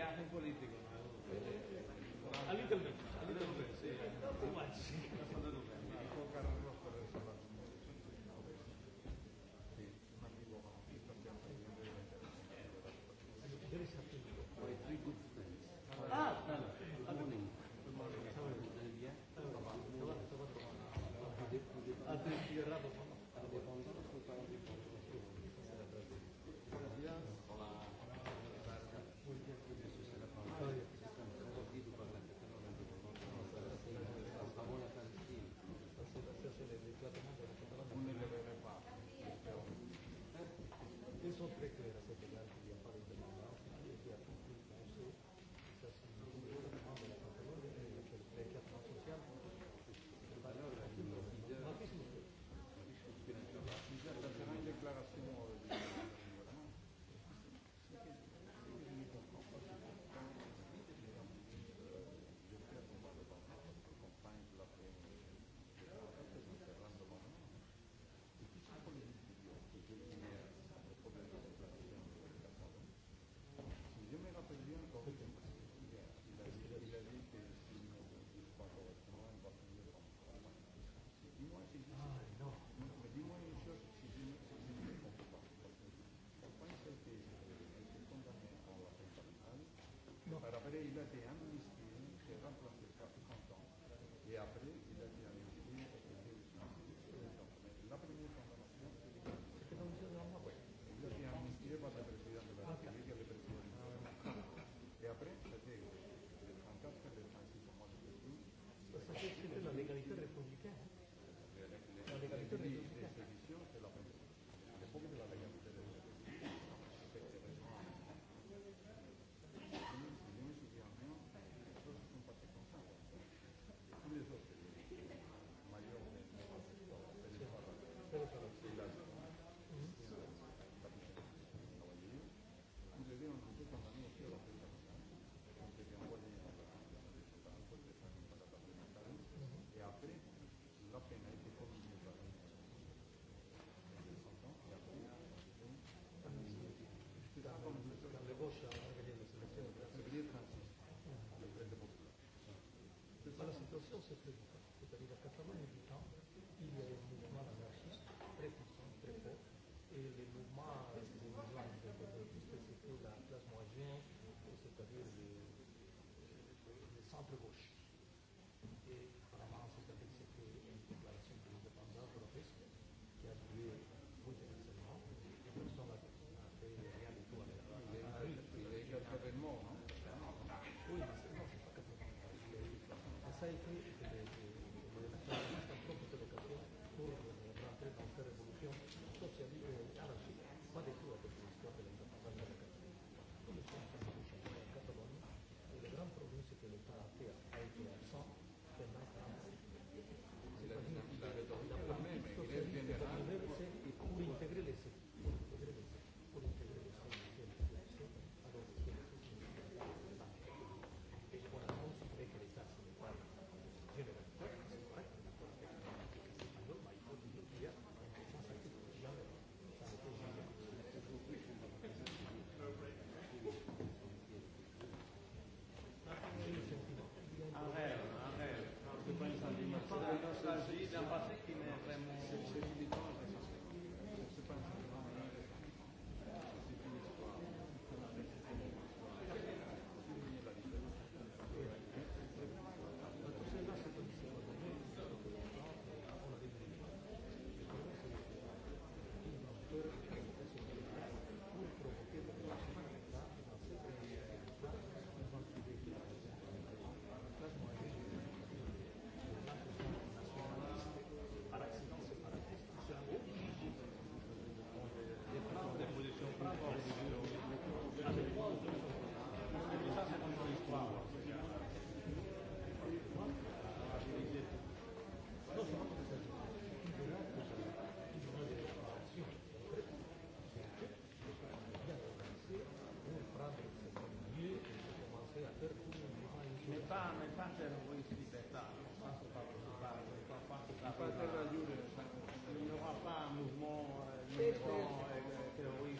viaje
político.
¿no? A little bit, a little bit, too much.
était un ministre qui s'est remplacé par 50 ans. Et après, il a dit à l'Église, il a été le président. La première condamnation, c'est que dans le président de la République, il a été amnistié par le président de la ah, République et le président de la République. Et après,
c'était le 34 et le 36 au mois de février. Ça, c'était la légalité
républicaine. si on se prédit, c'est-à-dire qu'à pas mal du temps, il y a un mouvement anarchiste très puissant, très fort, et les mouvements de gens de l'autiste, c'était la place moyenne, c'est-à-dire le centre gauche.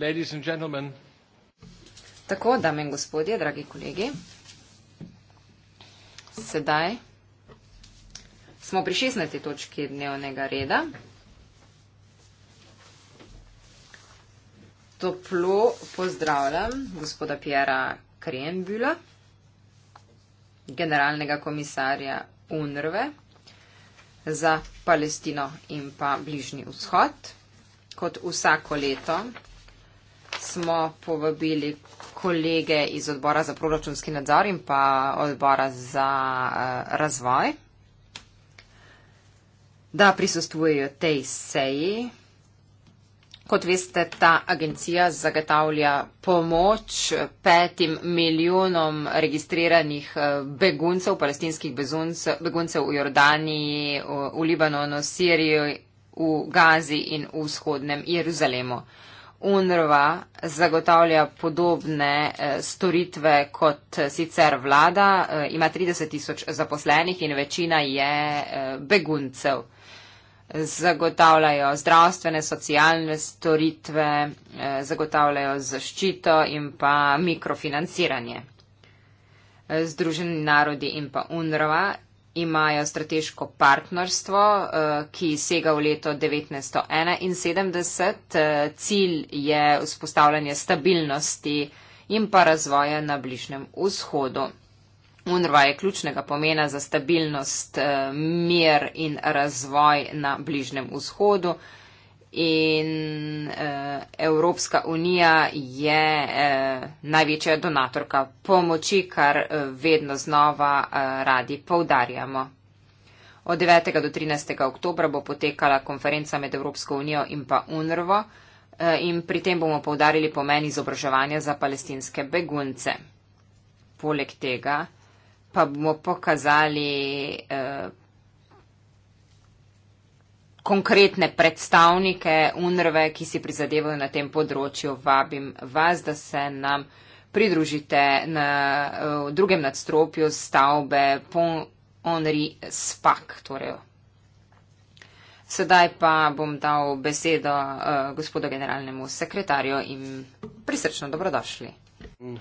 Ladies and gentlemen.
Tako, dame in gospodje, dragi kolegi. Sedaj smo pri 16. točki dnevnega reda. Toplo pozdravljam gospoda Pjera Krembula, generalnega komisarja UNRVE za Palestino in pa Bližnji vzhod kot vsako leto smo povabili kolege iz odbora za proračunski nadzor in pa odbora za eh, razvoj, da prisustujejo tej seji. Kot veste, ta agencija zagotavlja pomoč petim milijonom registriranih eh, beguncev, palestinskih beguncev v Jordaniji, v Libanonu, Siriji, v Gazi in v vzhodnem Jeruzalemu. UNRWA zagotavlja podobne eh, storitve kot eh, sicer vlada, eh, ima 30 tisoč zaposlenih in večina je beguncev. Zagotavljajo zdravstvene, socialne storitve, zagotavljajo zaščito in pa mikrofinanciranje. Združeni narodi in pa UNRWA imajo strateško partnerstvo, eh, ki sega v leto 1971. Eh, cilj je vzpostavljanje stabilnosti in pa razvoja na Bližnem vzhodu. UNRWA je ključnega pomena za stabilnost, eh, mir in razvoj na Bližnem vzhodu in uh, Evropska unija je uh, največja donatorka pomoči, kar uh, vedno znova uh, radi poudarjamo. Od 9. do 13. oktobra bo potekala konferenca med Evropsko unijo in pa UNRVO uh, in pri tem bomo poudarili pomen izobraževanja za palestinske begunce. Poleg tega pa bomo pokazali uh, konkretne predstavnike UNRVE, ki si prizadevajo na tem področju, vabim vas, da se nam pridružite na eh, drugem nadstropju stavbe Pon Onri Spak. Torej. Sedaj pa bom dal besedo uh, gospodu generalnemu sekretarju in prisrčno dobrodošli. Mm,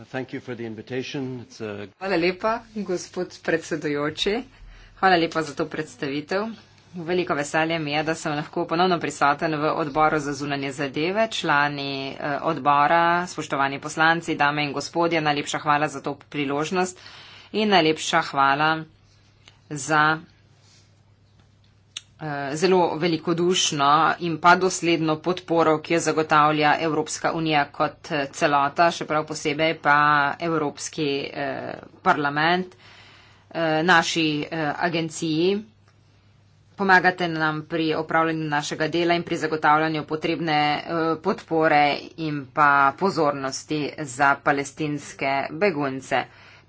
uh, Hvala lepa, gospod predsedujoči. Hvala lepa za to predstavitev. Veliko veselje mi je, da sem lahko ponovno prisoten v odboru za zunanje zadeve. Člani eh, odbora, spoštovani poslanci, dame in gospodje, najlepša hvala za to priložnost in najlepša hvala za eh, zelo velikodušno in pa dosledno podporo, ki jo zagotavlja Evropska unija kot eh, celota, še prav posebej pa Evropski parlament, naši agenciji pomagate nam pri opravljanju našega dela in pri zagotavljanju potrebne eh, podpore in pa pozornosti za palestinske begunce.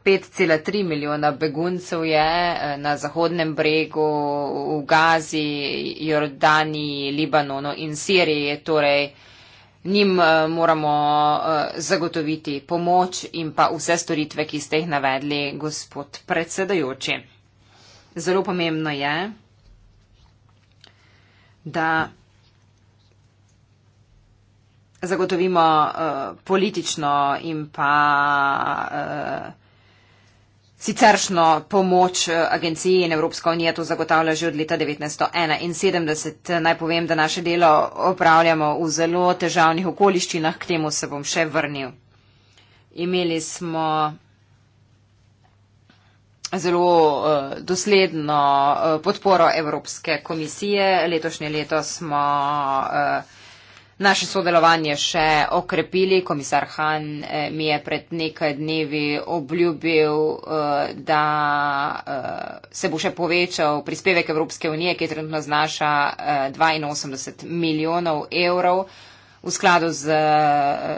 5,3 milijona beguncev je eh, na Zahodnem bregu, v Gazi, Jordaniji, Libanonu in Siriji. Torej, njim eh, moramo zagotoviti pomoč in pa vse storitve, ki ste jih navedli, gospod predsedajoči. Zelo pomembno je, da zagotovimo uh, politično in pa uh, siceršno pomoč eh, agenciji in Evropska unija to zagotavlja že od leta 1971. Naj povem, da naše delo opravljamo v zelo težavnih okoliščinah, k temu se bom še vrnil. Imeli smo zelo uh, dosledno uh, podporo Evropske komisije. Letošnje leto smo uh, naše sodelovanje še okrepili. Komisar Han eh, mi je pred nekaj dnevi obljubil, uh, da uh, se bo še povečal prispevek Evropske unije, ki trenutno znaša uh, 82 milijonov evrov v skladu z.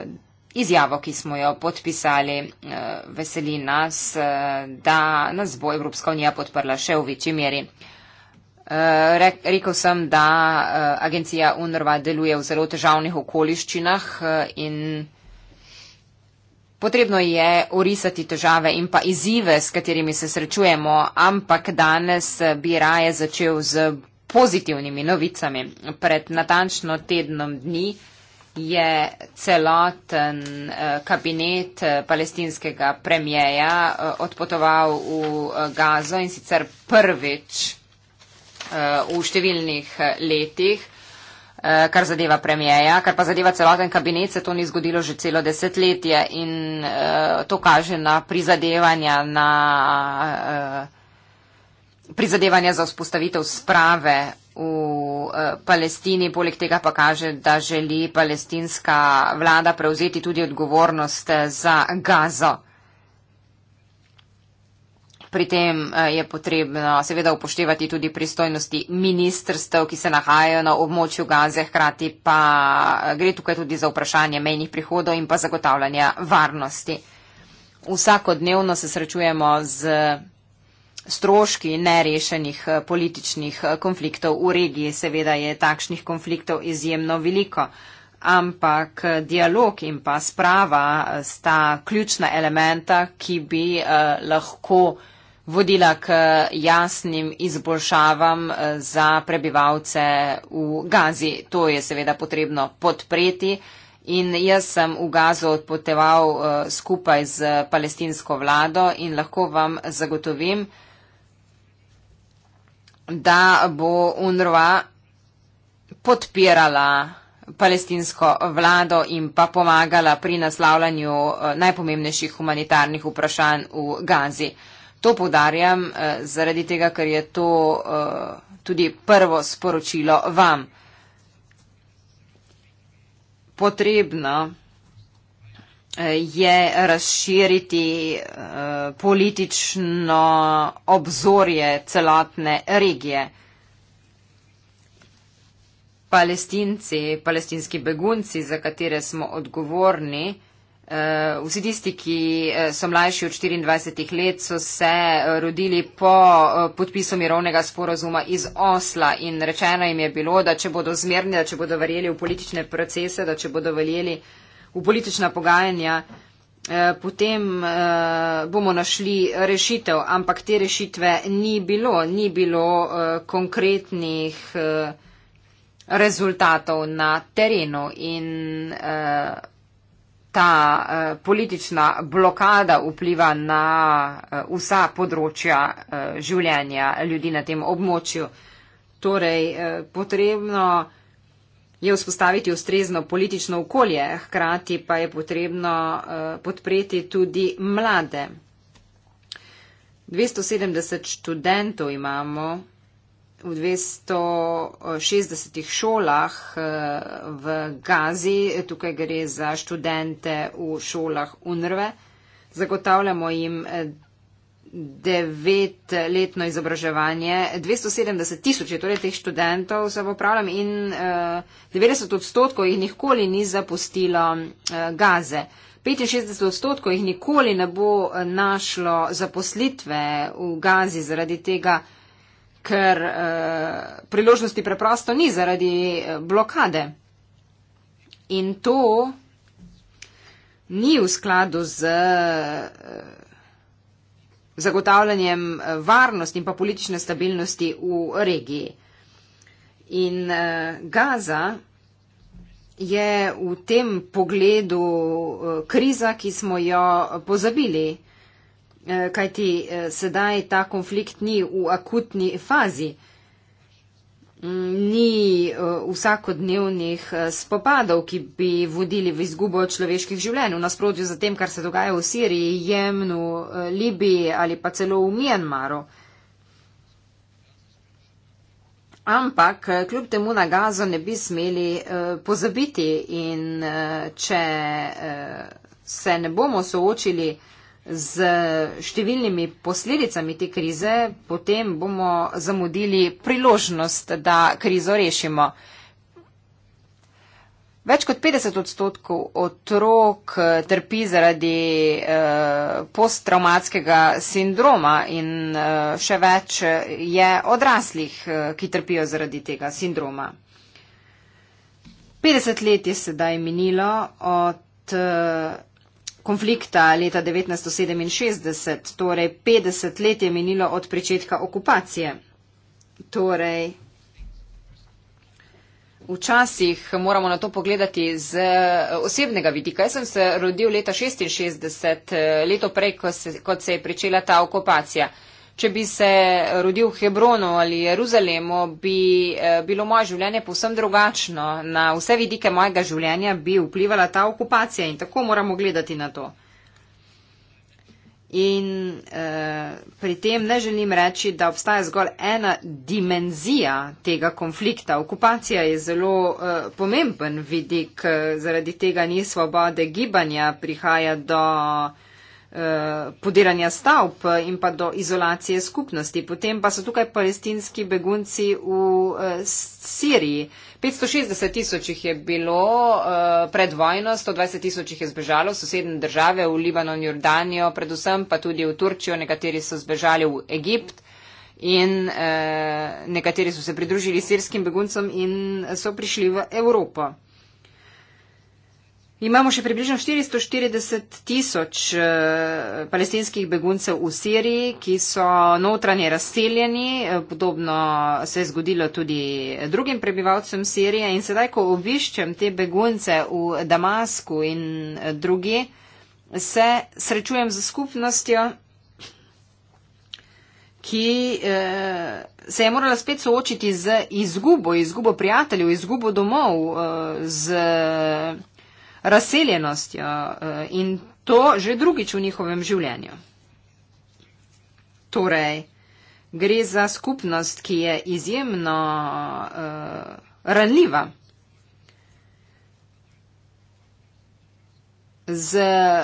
Uh, izjavo, ki smo jo podpisali, eh, veseli nas, eh, da nas bo Evropska unija podprla še v večji meri. Eh, rekel sem, da agencija UNRWA deluje v zelo težavnih okoliščinah in potrebno je orisati težave in pa izzive, s katerimi se srečujemo, ampak danes bi raje začel z pozitivnimi novicami. Pred natančno tednom dni je celoten eh, kabinet eh, palestinskega premjeja eh, odpotoval v Gazo in sicer prvič v številnih letih, kar zadeva premjeja, kar pa zadeva celoten kabinet, se to ni zgodilo že celo desetletje in to kaže na prizadevanja, na prizadevanja za vzpostavitev sprave v eh, Palestini, poleg tega pa kaže, da želi palestinska vlada prevzeti tudi odgovornost eh, za gazo. Pri tem eh, je potrebno seveda upoštevati tudi pristojnosti ministrstev, ki se nahajajo na območju gaze, hkrati pa gre tukaj tudi za vprašanje menjih prihodov in pa zagotavljanja varnosti. Vsakodnevno se srečujemo z stroški nerešenih eh, političnih eh, konfliktov v regiji. Seveda je takšnih konfliktov izjemno veliko, ampak eh, dialog in pa sprava sta ključna elementa, ki bi lahko vodila k jasnim izboljšavam za prebivalce v Gazi. To je seveda potrebno podpreti. In jaz sem v Gazo odpoteval skupaj z palestinsko vlado in lahko vam zagotovim, da bo UNRWA podpirala palestinsko vlado in pa pomagala pri naslavljanju eh, najpomembnejših humanitarnih vprašanj v Gazi. To podarjam eh, zaradi tega, ker je to eh, tudi prvo sporočilo vam. Potrebno je razširiti eh, politično obzorje celotne regije. Palestinci, palestinski begunci, za katere smo odgovorni, eh, vsi tisti, ki eh, so mlajši od 24 let, so se rodili po podpisu mirovnega sporozuma iz Osla in rečeno jim je bilo, da če bodo zmerni, da če bodo verjeli v politične procese, da če bodo verjeli uh, v politična pogajanja, eh, potem eh, bomo našli rešitev, ampak te rešitve ni bilo, ni bilo eh, konkretnih rezultatov na terenu in ta politična blokada vpliva na vsa področja življenja ljudi na tem območju. Torej, potrebno je vzpostaviti ustrezno politično okolje, hkrati pa je potrebno eh, podpreti tudi mlade. 270 študentov imamo v 260 šolah eh, v Gazi, tukaj gre za študente v šolah UNRVE. Zagotavljamo jim eh, devetletno izobraževanje, 270 tisoč je torej teh študentov, se popravljam, in uh, eh, 90 odstotkov jih nikoli ni zapustilo uh, gaze. 65 odstotkov jih nikoli ne bo eh, našlo zaposlitve v gazi zaradi tega, ker uh, priložnosti preprosto ni zaradi blokade. In to ni v skladu z. Uh, zagotavljanjem eh, varnosti in pa politične stabilnosti v regiji. In eh, Gaza je v tem pogledu eh, kriza, ki smo jo pozabili, kajti sedaj ta konflikt ni v akutni fazi ni eh, vsakodnevnih eh, spopadov, ki bi vodili v izgubo človeških življenj. V nasprotju z tem, kar se dogaja v Siriji, Jemnu, eh, Libiji ali pa celo v Mjenmaru. Ampak kljub temu na gazo ne bi smeli pozabiti in če se ne bomo soočili, z številnimi posledicami te krize, potem bomo zamudili priložnost, da krizo rešimo. Več kot 50 odstotkov otrok eh, trpi zaradi eh, posttraumatskega sindroma in eh, še več je odraslih, ki trpijo zaradi tega sindroma. 50 let je sedaj minilo od konflikta leta 1967, torej 50 let je minilo od pričetka okupacije. Torej, Včasih moramo na to pogledati z eh, osebnega vidika. Jaz sem se rodil leta 66, eh, leto prej, ko se, kot se je pričela ta okupacija. Če bi se rodil v Hebronu ali Jeruzalemu, bi eh, bilo moje življenje povsem drugačno. Na vse vidike mojega življenja bi vplivala ta okupacija in tako moramo gledati na to. In eh, pri tem ne želim reči, da obstaja zgolj ena dimenzija tega konflikta. Okupacija je zelo eh, pomemben vidik, eh, zaradi tega ni svobode gibanja, prihaja do. Eh, Eh, podiranja stavb in pa do izolacije skupnosti. Potem pa so tukaj palestinski begunci v eh, Siriji. 560 tisoč jih je bilo eh, pred vojno, 120 tisoč jih je zbežalo v sosednje države, v Libanon, Jordanijo, predvsem pa tudi v Turčijo, nekateri so zbežali v Egipt in nekateri so se pridružili sirskim beguncem in so prišli v Evropo. Imamo še približno 440 tisoč eh, palestinskih beguncev v Siriji, ki so notranje razseljeni. Eh, podobno se je zgodilo tudi drugim prebivalcem Sirije. In sedaj, ko obiščem te begunce v Damasku in eh, drugi, se srečujem z skupnostjo, ki se je morala spet soočiti z izgubo, izgubo prijateljev, izgubo domov. Z, razseljenostjo eh, in to že drugič v njihovem življenju. Torej, gre za skupnost, ki je izjemno uh, ranljiva. Z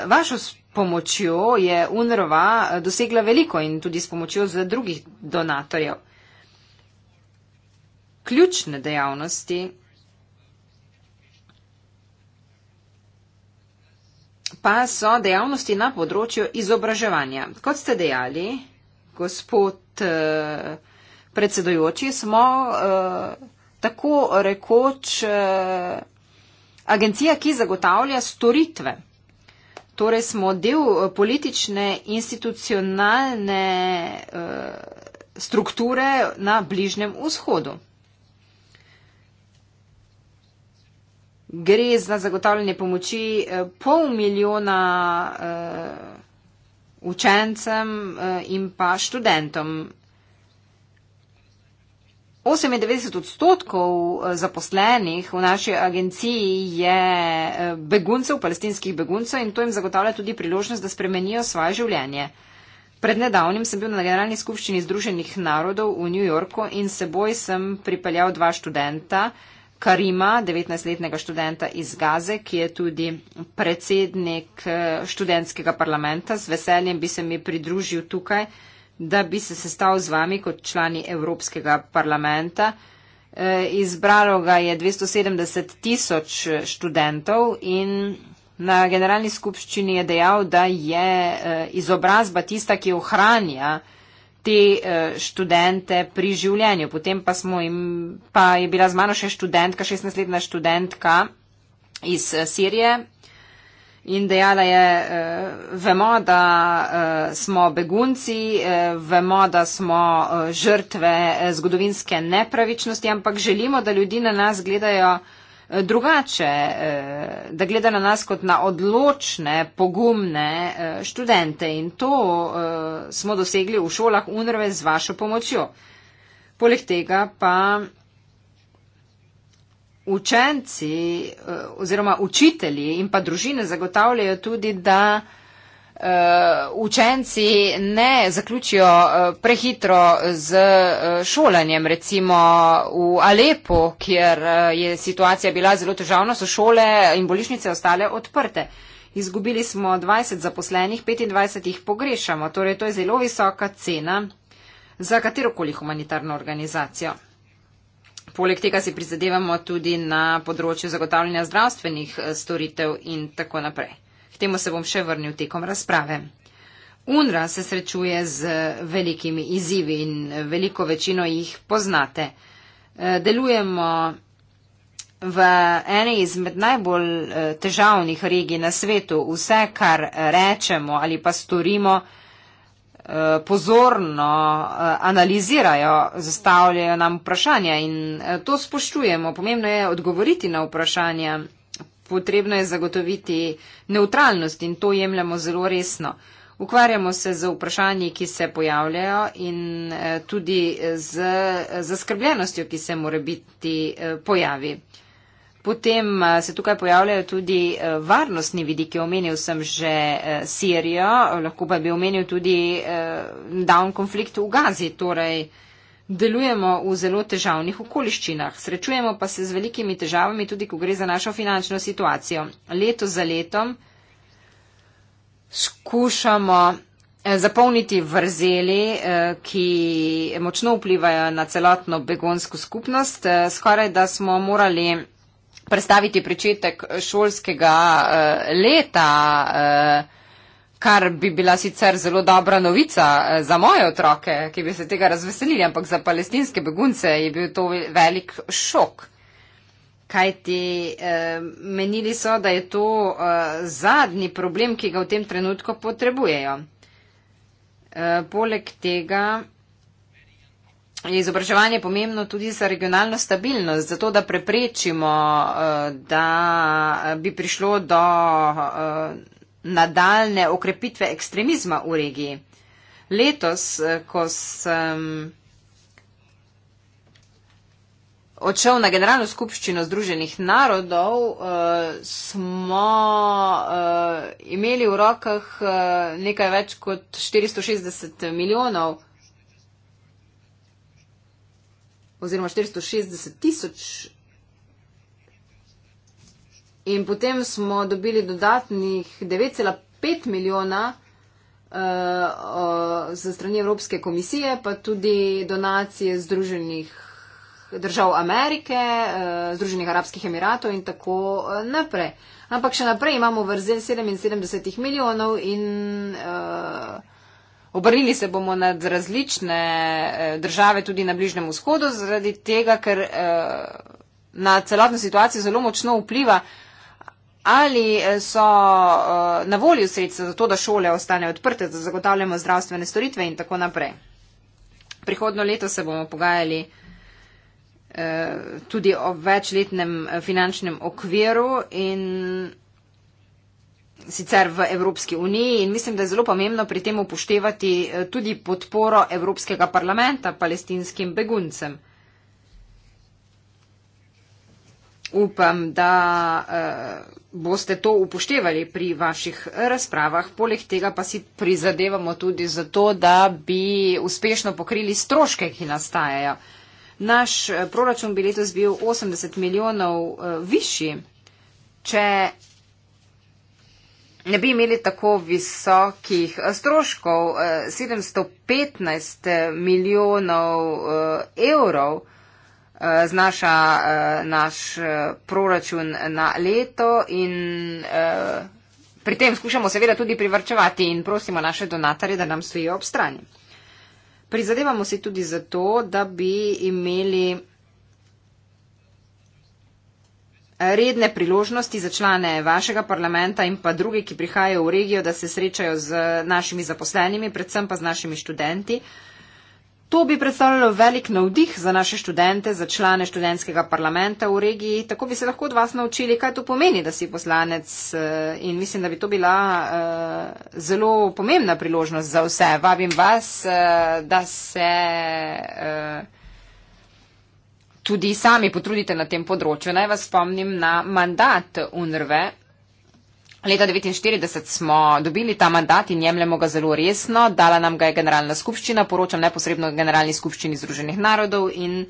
vašo pomočjo je UNRWA eh, dosegla veliko in tudi s pomočjo z drugih donatorjev. Ključne dejavnosti pa so dejavnosti na področju izobraževanja. Kot ste dejali, gospod eh, predsedujoči, smo eh, tako rekoč eh, agencija, ki zagotavlja storitve. Torej smo del politične institucionalne strukture na Bližnem vzhodu. gre za zagotavljanje pomoči eh, pol milijona eh, učencem eh, in pa študentom. 98 odstotkov zaposlenih v naši agenciji je beguncev, palestinskih beguncev in to jim zagotavlja tudi priložnost, da spremenijo svoje življenje. Pred nedavnim sem bil na generalni skupščini Združenih narodov v New Yorku in seboj sem pripeljal dva študenta, Karima, 19-letnega študenta iz Gaze, ki je tudi predsednik eh, študentskega parlamenta. Z veseljem bi se mi pridružil tukaj, da bi se sestal z vami kot člani Evropskega parlamenta. Eh, izbralo ga je 270 tisoč študentov in na generalni skupščini je dejal, da je eh, izobrazba tista, ki ohranja te eh, študente pri življenju. Potem pa, jim, pa je bila z mano še študentka, 16-letna študentka iz eh, Sirije. In dejala je, eh, vemo, da smo begunci, vemo, da smo žrtve zgodovinske nepravičnosti, ampak želimo, da ljudi na nas gledajo drugače, eh, da gleda na nas kot na odločne, pogumne eh, študente in to eh, smo dosegli v šolah UNRWE z vašo pomočjo. Poleg tega pa učenci oziroma učitelji in pa družine zagotavljajo tudi, da uh, učenci ne zaključijo uh, prehitro z uh, šolanjem. Recimo v Alepo, kjer uh, je situacija bila zelo težavna, so šole in bolišnice ostale odprte. Izgubili smo 20 zaposlenih, 25 jih pogrešamo. Torej, to je zelo visoka cena za katerokoli humanitarno organizacijo. Poleg tega si prizadevamo tudi na področju zagotavljanja zdravstvenih storitev in tako naprej temu se bom še vrnil tekom razprave. UNRA se srečuje z velikimi izzivi in veliko večino jih poznate. Eh, delujemo v eni izmed najbolj eh, težavnih regij na svetu. Vse, kar rečemo ali pa storimo, eh, pozorno analizirajo, zastavljajo nam vprašanja in to spoštujemo. Pomembno je odgovoriti na vprašanja potrebno je zagotoviti neutralnost in to jemljamo zelo resno. Ukvarjamo se z vprašanji, ki se pojavljajo in eh, tudi z eh, zaskrbljenostjo, ki se mora biti eh, pojavi. Potem se tukaj pojavljajo tudi varnostni vidiki, omenil sem že Sirijo, lahko pa bi omenil tudi down konflikt v Gazi, torej Delujemo v zelo težavnih okoliščinah, srečujemo pa se z velikimi težavami, tudi ko gre za našo finančno situacijo. Leto za letom skušamo eh, zapolniti vrzeli, eh, ki močno vplivajo na celotno begonsko skupnost. Eh, skoraj da smo morali prestaviti pričetek šolskega leta kar bi bila sicer zelo dobra novica eh, za moje otroke, ki bi se tega razveselili, ampak za palestinske begunce je bil to velik šok. Kajti eh, menili so, da je to eh, zadnji problem, ki ga v tem trenutku potrebujejo. Poleg tega je izobraževanje pomembno tudi za regionalno stabilnost, zato da preprečimo, da bi prišlo do nadaljne okrepitve ekstremizma v regiji. Letos, eh, ko sem odšel na Generalno skupščino Združenih narodov, eh, smo eh, imeli v rokah nekaj več kot 460 milijonov oziroma 460 tisoč In potem smo dobili dodatnih 9,5 milijona uh, uh, za strani Evropske komisije, pa tudi donacije Združenih držav Amerike, uh, Združenih arabskih emiratov in tako eh, naprej. Ampak še naprej imamo vrzel 77 milijonov in uh, obrnili se bomo nad različne uh, države tudi na Bližnem vzhodu, zaradi tega, ker uh, na celotno situacijo zelo močno vpliva uh, Ali eh, so eh, na voljo sredstva za to, da šole ostanejo odprte, da zagotavljamo zdravstvene storitve in tako naprej. Prihodno leto se bomo pogajali eh, tudi o večletnem finančnem okviru in sicer v Evropski uniji in mislim, da je zelo pomembno pri tem upoštevati tudi podporo Evropskega parlamenta palestinskim beguncem. upam, da eh, boste to upoštevali pri vaših razpravah. Poleg tega pa si prizadevamo tudi za to, da bi uspešno pokrili stroške, ki nastajajo. Naš eh, proračun bi letos bil 80 milijonov eh, višji, če ne bi imeli tako visokih stroškov 715 milijonov evrov znaša eh, naš eh, proračun na leto in eh, pri tem skušamo seveda tudi privrčevati in prosimo naše donatare, da nam stojijo ob strani. Prizadevamo se tudi za to, da bi imeli redne priložnosti za člane vašega parlamenta in pa druge, ki prihajajo v regijo, da se srečajo z našimi zaposlenimi, predvsem pa z našimi študenti. Uh, To bi predstavljalo velik navdih za naše študente, za člane študentskega parlamenta v regiji. Tako bi se lahko od vas naučili, kaj to pomeni, da si poslanec. Eh, in mislim, da bi to bila eh, zelo pomembna priložnost za vse. Vabim vas, eh, da se tudi sami potrudite na tem področju. Naj vas spomnim na mandat UNRVE. Leta 1949 smo dobili ta mandat in jemljemo ga zelo resno. Dala nam ga je generalna skupščina, poročam neposredno generalni skupščini Združenih narodov in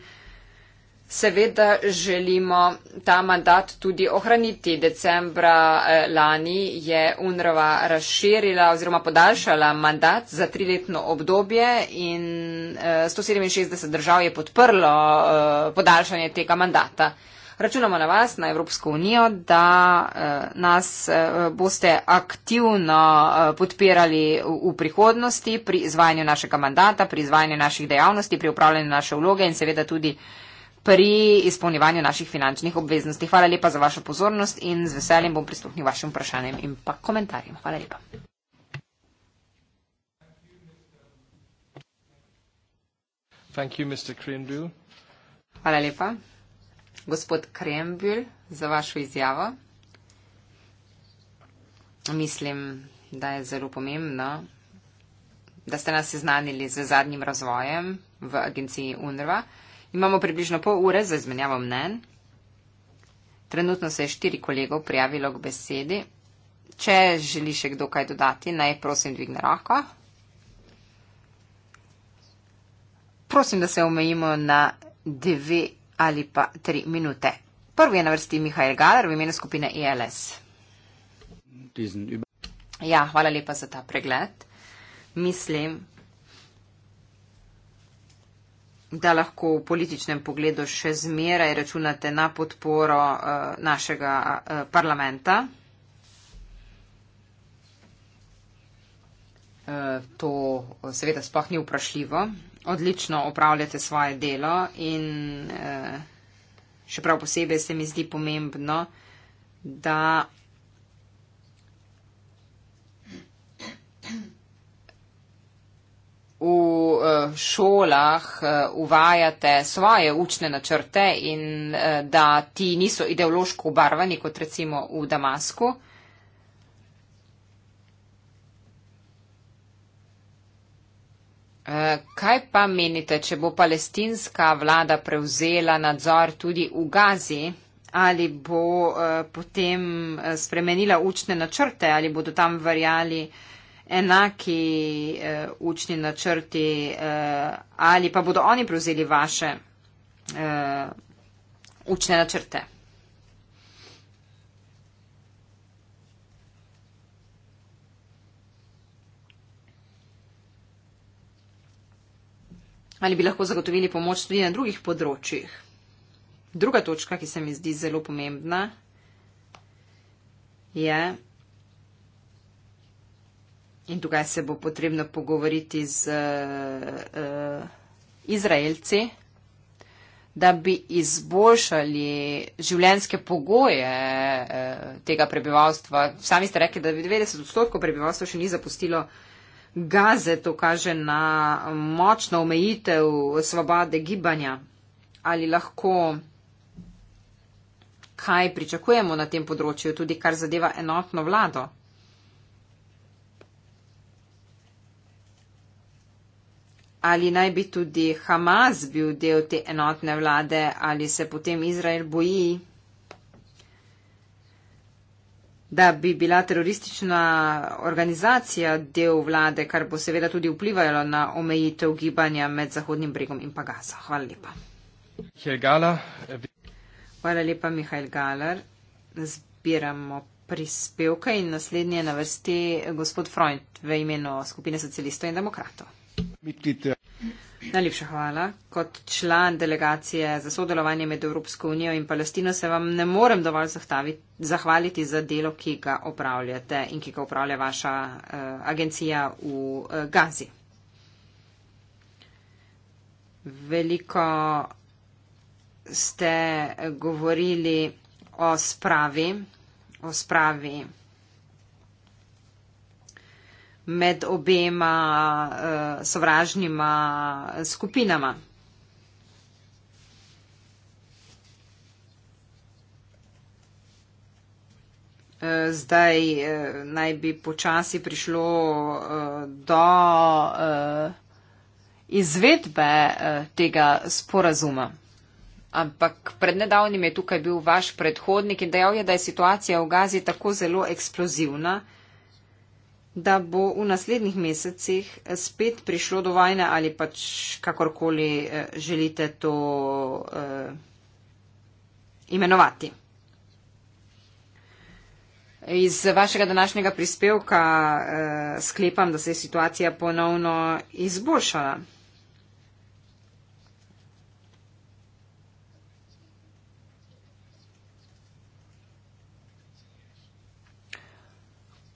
seveda želimo ta mandat tudi ohraniti. Decembra eh, lani je UNRWA razširila oziroma podaljšala mandat za triletno obdobje in 167 eh, držav je podprlo eh, podaljšanje tega mandata računamo na vas, na Evropsko unijo, da eh, nas eh, boste aktivno eh, podpirali v, v prihodnosti pri izvajanju našega mandata, pri izvajanju naših dejavnosti, pri upravljanju naše vloge in seveda tudi pri izpolnjevanju naših finančnih obveznosti. Hvala lepa za vašo pozornost in z veseljem bom pristopnil vašim vprašanjem in pa komentarjem. Hvala lepa. Hvala lepa gospod Krembil, za vašo izjavo. Mislim, da je zelo pomembno, da ste nas seznanili z zadnjim razvojem v agenciji UNRWA. Imamo približno pol ure za izmenjavo mnen. Trenutno se je štiri kolegov prijavilo k besedi. Če želi še kdo kaj dodati, naj prosim dvigne roko. Prosim, da se omejimo na dve ali pa tri minute. Prvi je na vrsti Mihajl Galer v imenu skupine ILS. E ja, hvala lepa za ta pregled. Mislim, da lahko v političnem pogledu še zmeraj računate na podporo uh, našega uh, parlamenta. Uh, to seveda spohni vprašljivo odlično opravljate svoje delo in eh, še prav posebej se mi zdi pomembno, da v eh, šolah eh, uvajate svoje učne načrte in da ti niso ideološko obarvani kot recimo v Damasku. Eh, kaj pa menite, če bo palestinska vlada prevzela nadzor tudi v Gazi, ali bo eh, potem eh, spremenila učne načrte, ali bodo tam verjali enaki učni načrti, ali pa bodo oni prevzeli vaše učne načrte? ali bi lahko zagotovili pomoč tudi na drugih področjih. Druga točka, ki se mi zdi zelo pomembna, je, in tukaj se bo potrebno pogovoriti z uh, Izraelci, da bi izboljšali življenske pogoje uh, tega prebivalstva. Sami ste rekli, da bi 90 odstotkov prebivalstva še ni zapustilo uh, Gaze to kaže na močno omejitev svobode gibanja. Ali lahko kaj pričakujemo na tem področju, tudi kar zadeva enotno vlado? Ali naj bi tudi Hamas bil del te enotne vlade, ali se potem Izrael boji da bi bila teroristična organizacija del vlade, kar bo seveda tudi vplivalo na omejitev gibanja med Zahodnim bregom in pa Gaza. Hvala lepa.
Eh,
Hvala lepa, Mihajl Galar. Zbiramo prispevke in naslednje na vrsti gospod Freund v imenu skupine socialistov in demokratov. Mitlite. Eh, Najlepša hvala. Kot član delegacije za sodelovanje med Evropsko unijo in Palestino se vam ne morem dovolj zahvaliti za delo, ki ga opravljate in ki ga upravlja vaša uh, agencija v uh, Gazi. Veliko ste eh, govorili o spravi, o spravi med obema uh, sovražnima skupinama. Eh, zdaj eh, naj bi počasi prišlo do izvedbe tega sporazuma. Ampak pred nedavnim je tukaj bil vaš predhodnik in dejal je, da je situacija v Gazi tako zelo eksplozivna, da bo v naslednjih mesecih spet prišlo do vojne ali pač kakorkoli eh, želite to eh, imenovati. Iz vašega današnjega prispevka eh, sklepam, da se je situacija ponovno izboljšala.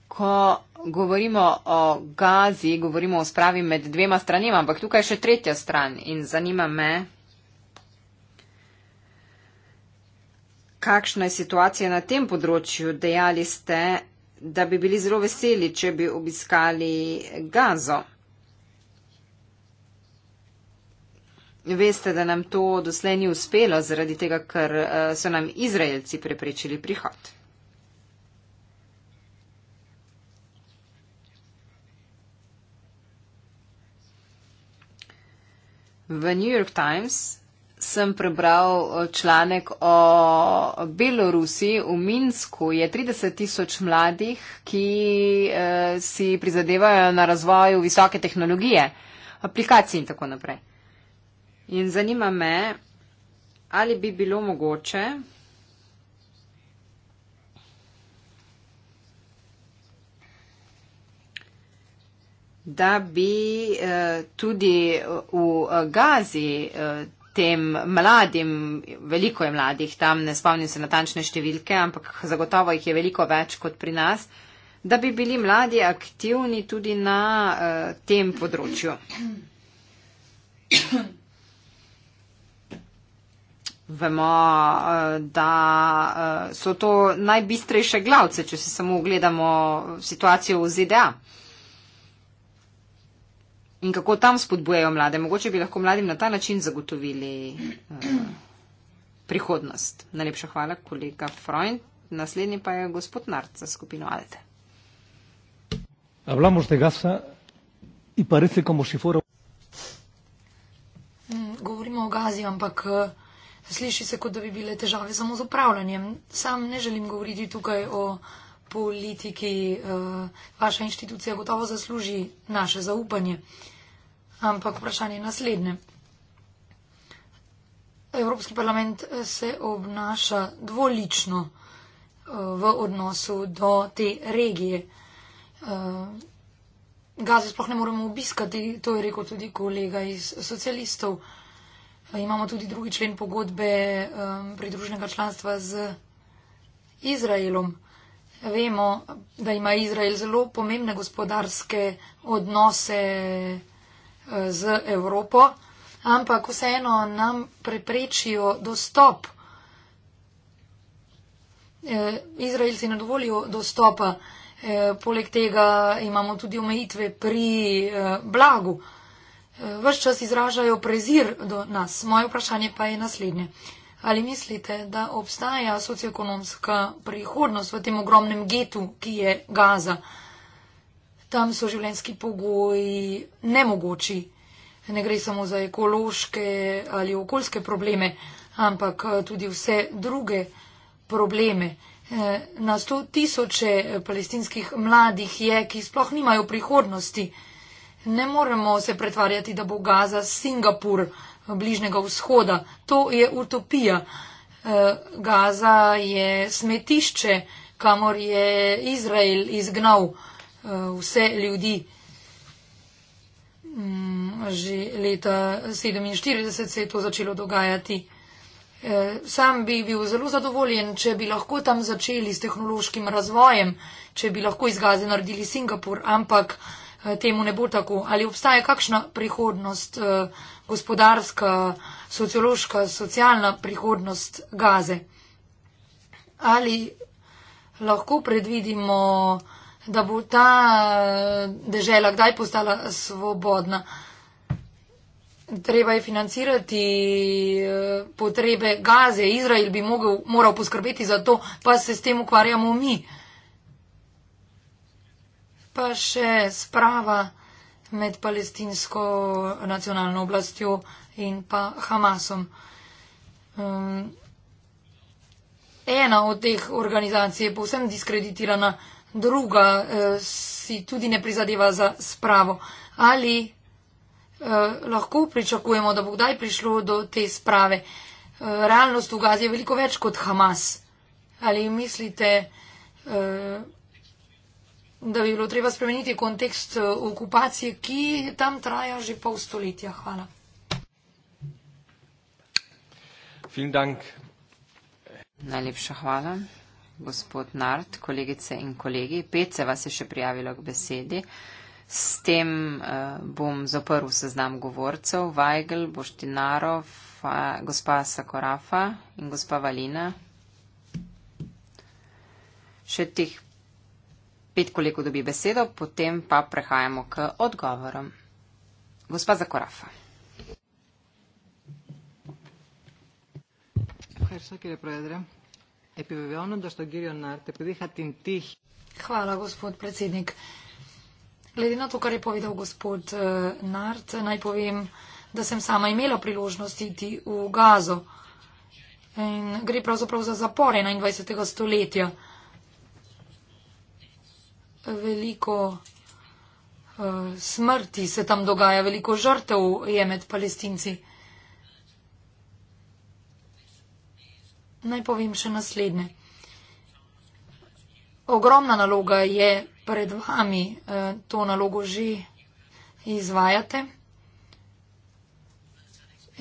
Ko govorimo o Gazi, govorimo o spravi med dvema stranima, ampak tukaj je še tretja stran in zanima me, kakšna je situacija na tem področju. Dejali ste, da bi bili zelo veseli, če bi obiskali Gazo. Veste, da nam to doslej ni uspelo, zaradi tega, ker eh, so nam Izraelci prepričali prihod. V New York Times sem prebral eh, članek o Belorusi. V Minsku je 30 tisoč mladih, ki eh, si prizadevajo na razvoju visoke tehnologije, aplikacij in tako naprej. In zanima me, ali bi bilo mogoče da bi eh, tudi v eh, Gazi eh, tem mladim, veliko je mladih tam, ne spomnim se na tančne številke, ampak zagotovo jih je veliko več kot pri nas, da bi bili mladi aktivni tudi na tem področju. Vemo, da so to najbistrejše glavce, če se samo ogledamo situacijo v ZDA. In kako tam spodbujajo mlade? Mogoče bi lahko mladim na ta način zagotovili uh, prihodnost. Najlepša hvala, kolega Freund. Naslednji pa je gospod Nart za skupino Alte.
Mm, govorimo o gazi, ampak eh, sliši se, kot da bi bile težave samo z upravljanjem. Sam ne želim govoriti tukaj o politiki. Eh, vaša inštitucija gotovo zasluži naše zaupanje. Ampak vprašanje je naslednje. Evropski parlament eh, se obnaša dvolično eh, v odnosu do te regije. Eh, Gaze sploh ne moremo obiskati, to je rekel tudi kolega iz socialistov. Imamo tudi drugi člen pogodbe pridruženega članstva z Izraelom. Vemo, da ima Izrael zelo pomembne gospodarske odnose z Evropo, ampak vseeno nam preprečijo dostop. E, Izraelci ne dovolijo dostopa, e, poleg tega imamo tudi omejitve pri e, blagu. Vrš čas izražajo prezir do nas. Moje vprašanje pa je naslednje. Ali mislite, da obstaja socioekonomska prihodnost v tem ogromnem getu, ki je Gaza? tam so življenski pogoji nemogoči. Ne gre samo za ekološke ali okoljske probleme, ampak eh, tudi vse druge probleme. Eh, na sto tisoče eh, palestinskih mladih je, ki sploh nimajo prihodnosti. Ne moremo se pretvarjati, da bo Gaza Singapur bližnjega vzhoda. To je utopija. Gaza je smetišče, kamor je Izrael izgnal. Eh, vse ljudi. Mm, že leta 1947 se je to začelo dogajati. Eh, sam bi bil zelo zadovoljen, če bi lahko tam začeli s tehnološkim razvojem, če bi lahko iz Gaze naredili Singapur, ampak eh, temu ne bo tako. Ali obstaja kakšna prihodnost, gospodarska, sociološka, socialna prihodnost Gaze? Ali lahko predvidimo, da bo ta eh, dežela kdaj postala svobodna. Treba je financirati eh, potrebe gaze. Izrael bi mogel, moral poskrbeti za to, pa se s tem ukvarjamo mi. Pa še sprava med palestinsko nacionalno oblastjo in pa Hamasom. Um, ena od teh organizacij je povsem diskreditirana druga eh, si tudi ne prizadeva za spravo. Ali eh, lahko pričakujemo, da bo kdaj prišlo do te sprave? Eh, realnost v Gazi je veliko več kot Hamas. Ali mislite, da bi bilo treba spremeniti kontekst okupacije, ki tam traja že pol stoletja? Hvala.
Najlepša hvala gospod Nart, kolegice in kolegi. Pece vas je še prijavilo k besedi. S tem uh, bom zaprl seznam govorcev. Vajgel, Boštinarov, fa, gospa Sakorafa in gospa Valina. Še teh pet kolegov dobi besedo, potem pa prehajamo k odgovorom. Gospa Zakorafa.
Hvala, ker je prejedrem.
Hvala, gospod predsednik. Glede na to, kar je povedal gospod uh, Nart, naj povem, da sem sama imela priložnost iti v Gazo. In gre pravzaprav za zapore 21. stoletja. Veliko uh, smrti se tam dogaja, veliko žrtev je med palestinci. naj povem še naslednje. Ogromna naloga je pred vami, eh, to nalogo že izvajate.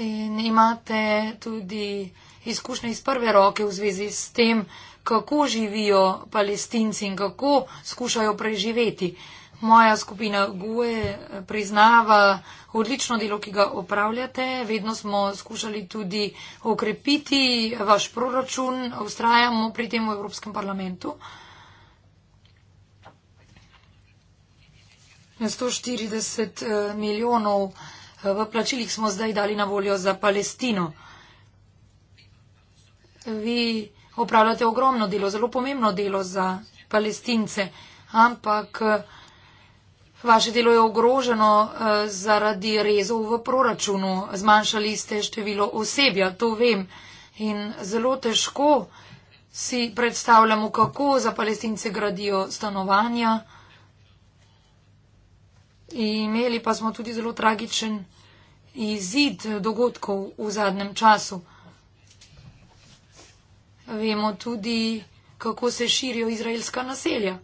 In imate tudi izkušnje iz prve roke v zvezi s tem, kako živijo palestinci in kako skušajo preživeti. Moja skupina GUE eh, priznava odlično delo, ki ga opravljate. Vedno smo skušali tudi okrepiti vaš proračun. Ustrajamo pri tem v Evropskem parlamentu. 140 eh, milijonov eh, v plačilih smo zdaj dali na voljo za Palestino. Vi opravljate ogromno delo, zelo pomembno delo za palestince, ampak Vaše delo je ogroženo eh, zaradi rezov v proračunu. Zmanjšali ste število osebja, to vem. In zelo težko si predstavljamo, kako za palestince gradijo stanovanja. Imeli pa smo tudi zelo tragičen izid dogodkov v zadnjem času. Vemo tudi, kako se širijo izraelska naselja.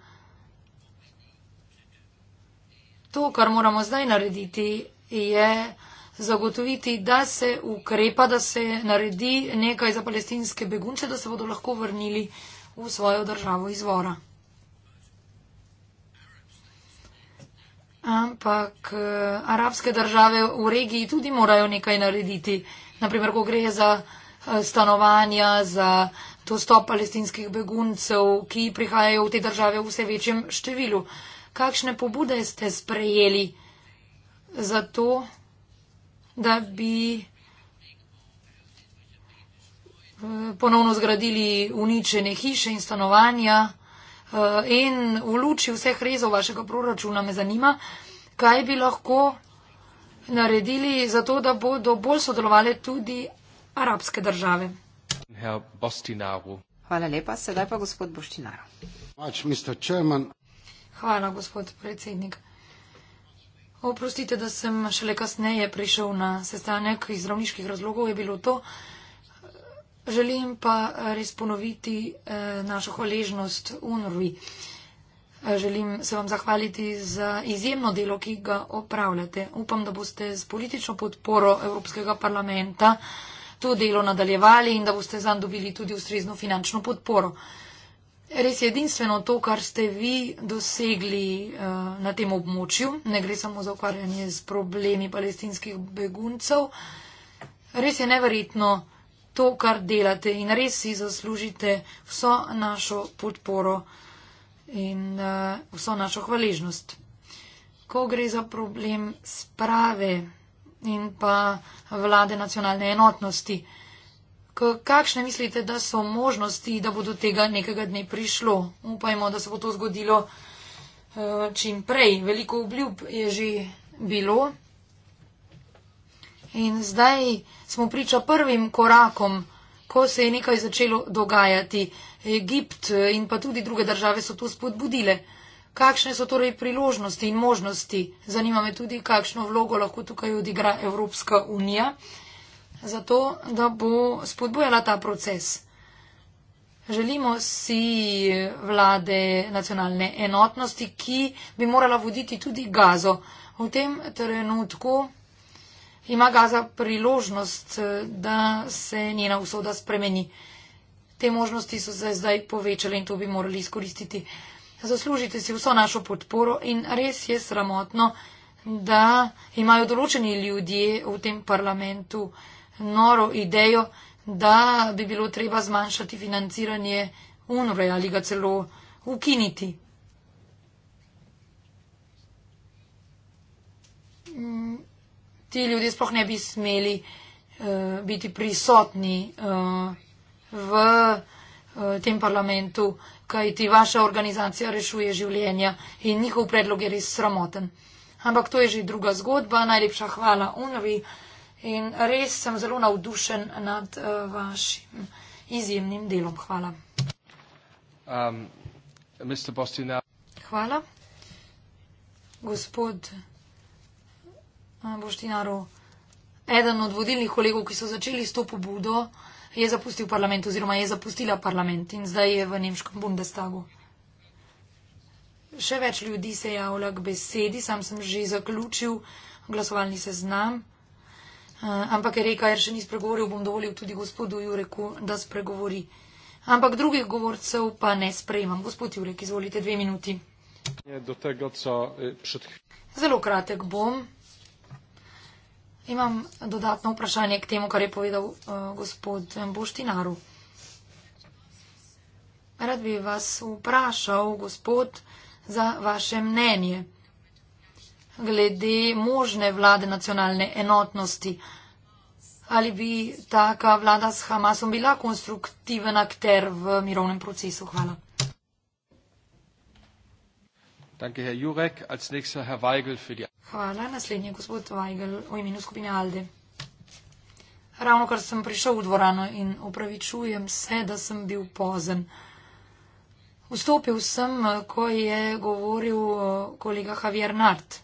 To, kar moramo zdaj narediti, je zagotoviti, da se ukrepa, da se naredi nekaj za palestinske begunce, da se bodo lahko vrnili v svojo državo izvora. Ampak eh, arabske države v regiji tudi morajo nekaj narediti. Naprimer, ko gre za eh, stanovanja, za dostop palestinskih beguncev, ki prihajajo v te države v vse večjem številu kakšne pobude ste sprejeli za to, da bi eh, ponovno zgradili uničene hiše in stanovanja eh, in v luči vseh rezov vašega proračuna me zanima, kaj bi lahko naredili za to, da bodo bolj sodelovali tudi arabske države. Hvala lepa, sedaj pa gospod Boštinar. Hvala, gospod predsednik. Oprostite, da sem šele kasneje prišel na sestanek iz zdravniških razlogov, je bilo to. Želim pa res ponoviti eh, našo hvaležnost UNRWI. Eh, želim se vam zahvaliti za izjemno delo, ki ga opravljate. Upam, da boste s politično podporo Evropskega parlamenta to delo nadaljevali in da boste zanj dobili tudi ustrezno finančno podporo. Res je edinstveno to, kar ste vi dosegli uh, na tem območju. Ne gre samo za ukvarjanje z problemi palestinskih beguncev. Res je neverjetno to, kar delate in res si zaslužite vso našo podporo in uh, vso našo hvaležnost. Ko gre za problem sprave in pa vlade nacionalne enotnosti, uh, kakšne mislite, da so možnosti, da bo do tega nekega dne prišlo? Upajmo, da se bo to zgodilo eh, čim prej. Veliko obljub je že bilo. In zdaj smo priča prvim korakom, ko se je nekaj začelo dogajati. Egipt eh, in pa tudi druge države so to spodbudile. Kakšne so torej priložnosti in možnosti? Zanima me tudi, kakšno vlogo lahko tukaj odigra Evropska unija zato da bo spodbujala ta proces. Želimo si vlade nacionalne enotnosti, ki bi morala voditi tudi gazo. V tem trenutku ima gaza priložnost, da se njena usoda spremeni. Te možnosti so se zdaj povečale in to bi morali izkoristiti. Zaslužite si vso našo podporo in res je sramotno, da imajo določeni ljudje v tem parlamentu noro idejo, da bi bilo treba zmanjšati financiranje UNRWA ali ga celo ukiniti. Mm, ti ljudje sploh ne bi smeli uh, biti prisotni uh, v uh, tem parlamentu, kajti vaša organizacija rešuje življenja in njihov predlog je res sramoten. Ampak to je že druga zgodba. Najlepša hvala UNRWA. In res sem zelo navdušen nad uh, vašim izjemnim delom. Hvala.
Um, Bostina...
Hvala. Gospod eh, Boštinaro, eden od vodilnih kolegov, ki so začeli s to pobudo, je zapustil parlament oziroma je zapustila parlament in zdaj je v nemškem Bundestagu. Še več ljudi se javlja k besedi, sam sem že zaključil glasovalni seznam. Eh, ampak je rekel, ker še ni spregovoril, bom dovolil tudi gospodu Jureku, da spregovori. Ampak drugih govorcev pa ne sprejemam. Gospod Jurek, izvolite dve minuti.
Do tega, co
eh, pred...
Zelo kratek bom. Imam dodatno vprašanje k temu, kar je povedal uh, gospod Boštinaru. Rad bi vas vprašal, gospod, za vaše mnenje glede možne vlade nacionalne enotnosti. Ali bi taka vlada s Hamasom bila konstruktiven akter v mirovnem procesu? Hvala.
Danke, Herr Jurek. Als nächster Herr Weigel für die.
Hvala, naslednji je gospod Weigel v imenu skupine Alde. Ravno kar sem prišel v dvorano in opravičujem se, da sem bil pozen. Vstopil sem, ko je govoril eh, kolega Javier Nart.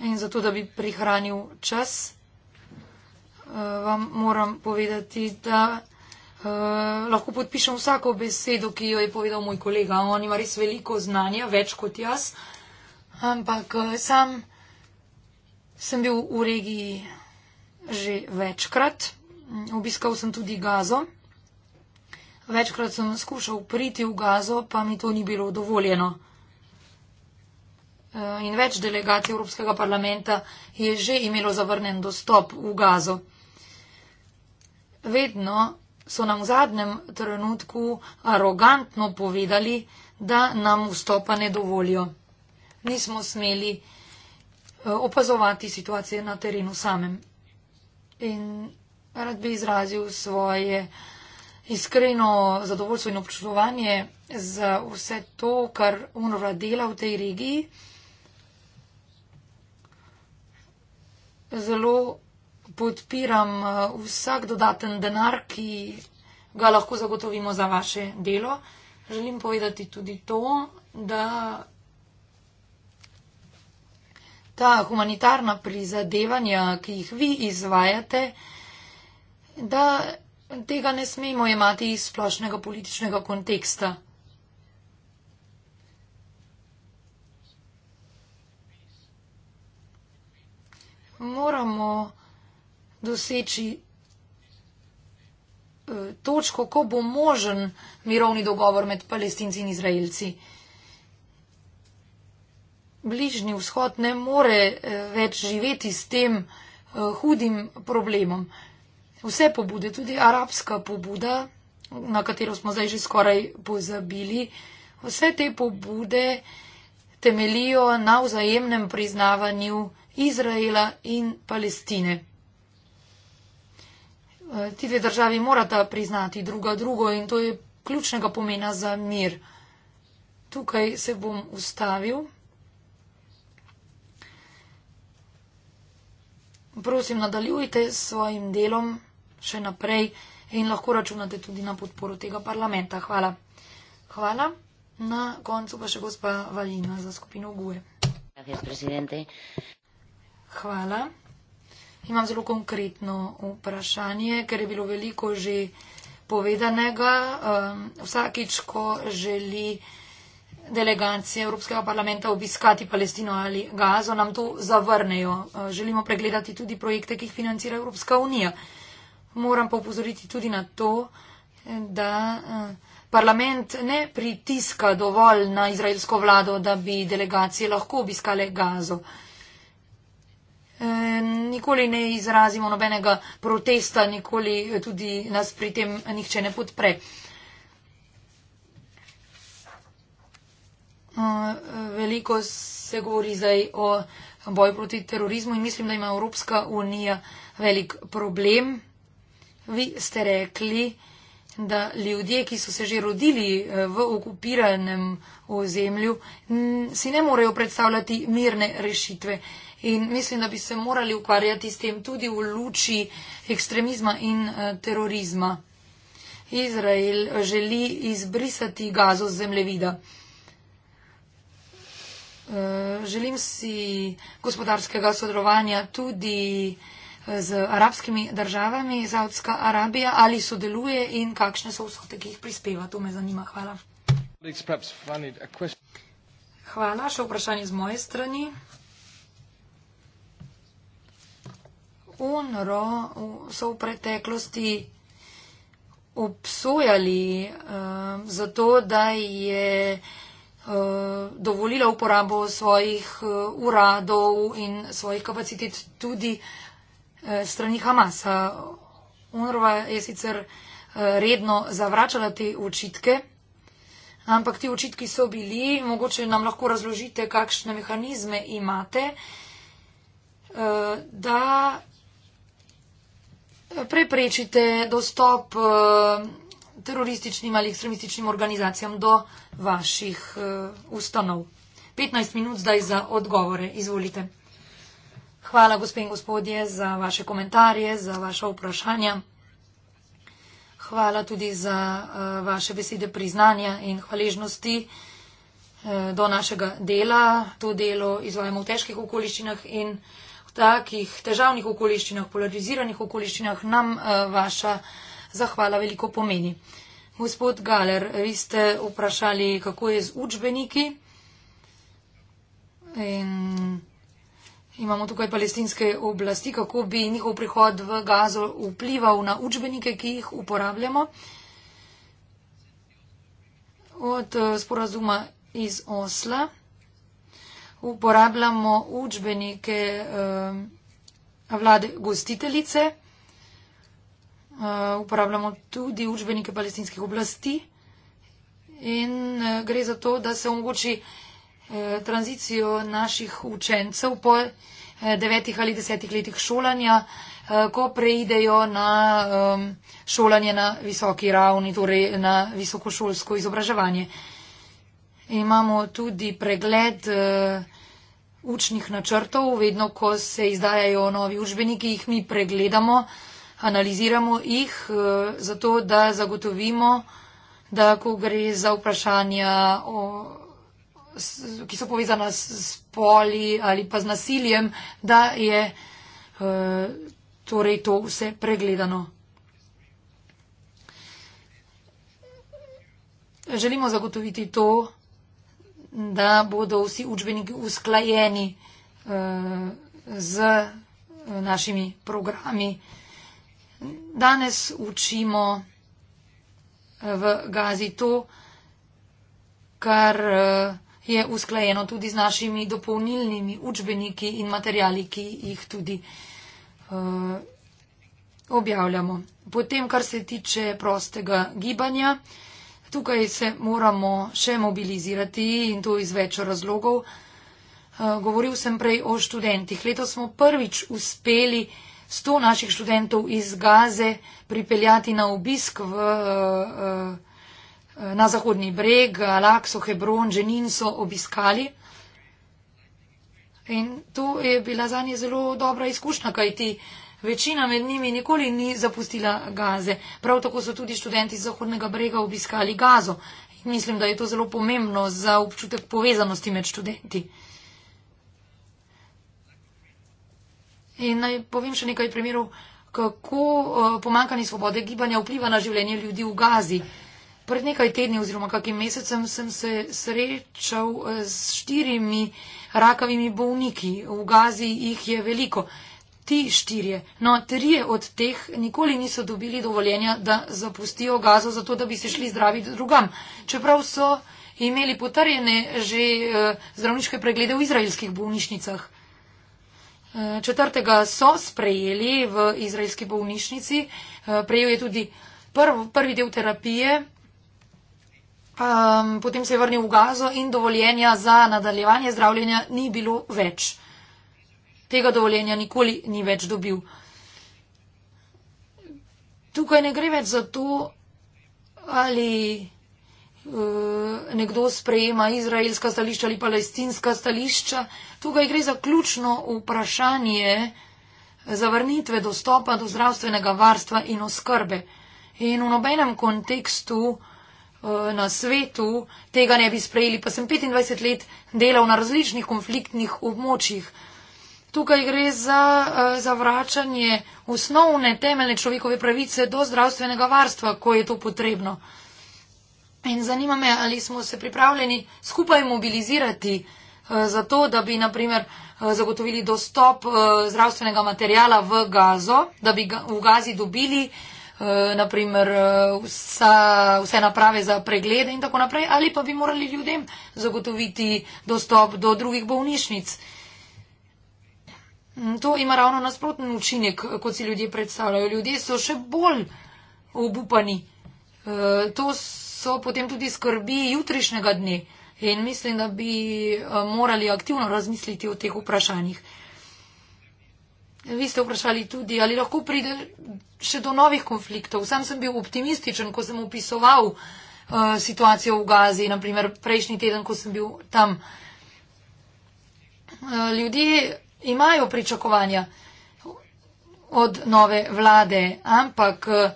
In zato, da bi prihranil čas, eh, vam moram povedati, da uh, lahko podpišem vsako besedo, ki jo je povedal moj kolega. On ima res veliko znanja, več kot jaz. Ampak uh, sam sem bil v regiji že večkrat. Obiskal sem tudi gazo. Večkrat sem skušal priti v gazo, pa mi to ni bilo dovoljeno. Eh, in več delegacij Evropskega parlamenta je že imelo zavrnen dostop v gazo. Vedno so nam v zadnjem trenutku arogantno povedali, da nam vstopa ne dovolijo. Nismo smeli eh, opazovati situacije na terenu samem. In rad bi izrazil svoje iskreno zadovoljstvo in občudovanje za vse to, kar UNRWA dela v tej regiji. zelo podpiram eh, vsak dodaten denar, ki ga lahko zagotovimo za vaše delo. Želim povedati tudi to, da ta humanitarna prizadevanja, ki jih vi izvajate, da tega ne smemo imati iz splošnega političnega konteksta. moramo doseči eh, točko, ko bo možen mirovni dogovor med palestinci in izraelci. Bližnji vzhod ne more eh, več živeti s tem eh, hudim problemom. Vse pobude, tudi arabska pobuda, na katero smo zdaj že skoraj pozabili, vse te pobude temelijo na vzajemnem priznavanju Izraela in Palestine. Eh, ti dve državi morata priznati druga drugo in to je ključnega pomena za mir. Tukaj se bom ustavil. Prosim, nadaljujte s svojim delom še naprej in lahko računate tudi na podporo tega parlamenta. Hvala. Hvala. Na koncu pa še gospa Valina za skupino Guje. Gracias, presidente. Hvala. Imam zelo konkretno vprašanje, ker je bilo veliko že povedanega. Ehm, vsakič, ko želi delegacije Evropskega parlamenta obiskati Palestino ali Gazo, nam to zavrnejo. Ehm, želimo pregledati tudi projekte, ki jih financira Evropska unija. Moram pa upozoriti tudi na to, da ehm, parlament ne pritiska dovolj na izraelsko vlado, da bi delegacije lahko obiskale Gazo nikoli ne izrazimo nobenega protesta, nikoli tudi nas pri tem nihče ne podpre. No, veliko se govori zdaj o boju proti terorizmu in mislim, da ima Evropska unija velik problem. Vi ste rekli, da ljudje, ki so se že rodili eh, v okupiranem ozemlju, si ne morejo predstavljati mirne rešitve. In mislim, da bi se morali ukvarjati s tem tudi v luči ekstremizma in eh, terorizma. Izrael eh, želi izbrisati gazo z zemljevida. Eh, želim si gospodarskega sodelovanja tudi z arabskimi državami, Zavodska Arabija, ali sodeluje in kakšne so vsote, ki jih prispeva. To me zanima. Hvala. Hvala, še vprašanje z moje strani. UNRO so v preteklosti obsojali uh, zato, da je uh, dovolila uporabo svojih uh, uradov in svojih kapacitet tudi uh, strani Hamasa. UNRO je sicer uh, redno zavračala te očitke. Ampak ti očitki so bili, mogoče nam lahko razložite, kakšne mehanizme imate, da preprečite dostop eh, terorističnim ali ekstremističnim organizacijam do vaših eh, ustanov. 15 minut zdaj za odgovore. Izvolite. Hvala, gospe in gospodje, za vaše komentarje, za vaše vprašanja. Hvala tudi za eh, vaše besede priznanja in hvaležnosti do našega dela. To delo izvajamo v težkih okoliščinah in takih težavnih okoliščinah, polariziranih okoliščinah nam eh, vaša zahvala veliko pomeni. Gospod Galer, vi ste vprašali, kako je z učbeniki. In imamo tukaj palestinske oblasti, kako bi njihov prihod v gazo vplival na učbenike, ki jih uporabljamo. Od eh, sporazuma iz Osla uporabljamo učbenike eh, vlade gostiteljice, eh, uporabljamo tudi učbenike palestinskih oblasti in eh, gre za to, da se omogoči tranzicijo naših učencev po devetih ali desetih letih šolanja, ko preidejo na šolanje na visoki ravni, torej na visokošolsko izobraževanje. Imamo tudi pregled uh, učnih načrtov, vedno, ko se izdajajo novi učbeniki, jih mi pregledamo, analiziramo jih, uh, zato da zagotovimo, da ko gre za vprašanja, o, s, ki so povezana s, s poli ali pa z nasiljem, da je uh, torej to vse pregledano. Želimo zagotoviti to, da bodo vsi učbeniki usklajeni eh, z eh, našimi programi. Danes učimo eh, v Gazi to, kar je usklajeno tudi z našimi dopolnilnimi učbeniki in materijali, ki jih tudi objavljamo. Potem, kar se tiče prostega gibanja, Tukaj se moramo še mobilizirati in to iz več razlogov. Eh, govoril sem prej o študentih. Letos smo prvič uspeli 100 naših študentov iz Gaze pripeljati na obisk v, eh, eh, na Zahodni breg. Alakso, Hebron, Dženin so obiskali. In to je bila za nje zelo dobra izkušnja, kajti Večina med njimi nikoli ni zapustila gaze. Prav tako so tudi študenti iz Zahodnega brega obiskali gazo. Mislim, da je to zelo pomembno za občutek povezanosti med študenti. In naj povem še nekaj primerov, kako eh, pomankanje svobode gibanja vpliva na življenje ljudi v gazi. Pred nekaj tedni oziroma kakim mesecem sem se srečal eh, s štirimi rakavimi bolniki. V gazi jih je veliko ti štirje. No, trije od teh nikoli niso dobili dovoljenja, da zapustijo gazo, zato da bi se šli zdraviti drugam. Čeprav so imeli potrjene že eh, zdravniške preglede v izraelskih bolnišnicah. Eh, četrtega so sprejeli v izraelski bolnišnici, eh, prejel je tudi prv, prvi del terapije, ehm, potem se je vrnil v gazo in dovoljenja za nadaljevanje zdravljenja ni bilo več tega dovoljenja nikoli ni več dobil. Tukaj ne gre več za to, ali e, nekdo sprejema izraelska stališča ali palestinska stališča. Tukaj gre za ključno vprašanje zavrnitve dostopa do zdravstvenega varstva in oskrbe. In v nobenem kontekstu e, na svetu tega ne bi sprejeli, pa sem 25 let delal na različnih konfliktnih območjih. Tukaj gre za eh, zavračanje osnovne temeljne človekove pravice do zdravstvenega varstva, ko je to potrebno. In zanima me, ali smo se pripravljeni skupaj mobilizirati eh, za to, da bi naprimer eh, zagotovili dostop zdravstvenega materijala v gazo, da bi v gazi dobili naprimer vsa, vse naprave za preglede in tako naprej, ali pa bi morali ljudem zagotoviti dostop do drugih bolnišnic. Mm, to ima ravno nasproten učinek, kot si ljudje predstavljajo. Ljudje so še bolj obupani. E, to so potem tudi skrbi jutrišnjega dne in mislim, da bi e, morali aktivno razmisliti o teh vprašanjih. Vi ste vprašali tudi, ali lahko pride še do novih konfliktov. Sam sem bil optimističen, ko sem opisoval e, situacijo v Gazi, naprimer prejšnji teden, ko sem bil tam. Ljudje imajo pričakovanja od nove vlade, ampak eh,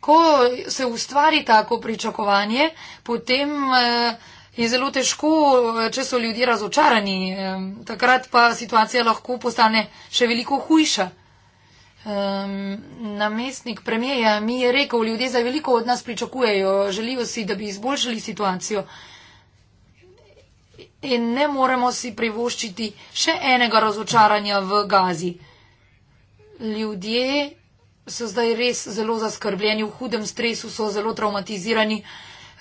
ko se ustvari tako pričakovanje, potem eh, je zelo težko, eh, če so ljudje razočarani, takrat pa situacija lahko postane še veliko hujša. Um, namestnik premijeja mi je rekel, ljudje za veliko od nas pričakujejo, želijo si, da bi izboljšali situacijo. Uh, in ne moremo si privoščiti še enega razočaranja v Gazi. Ljudje so zdaj res zelo zaskrbljeni, v hudem stresu so zelo traumatizirani,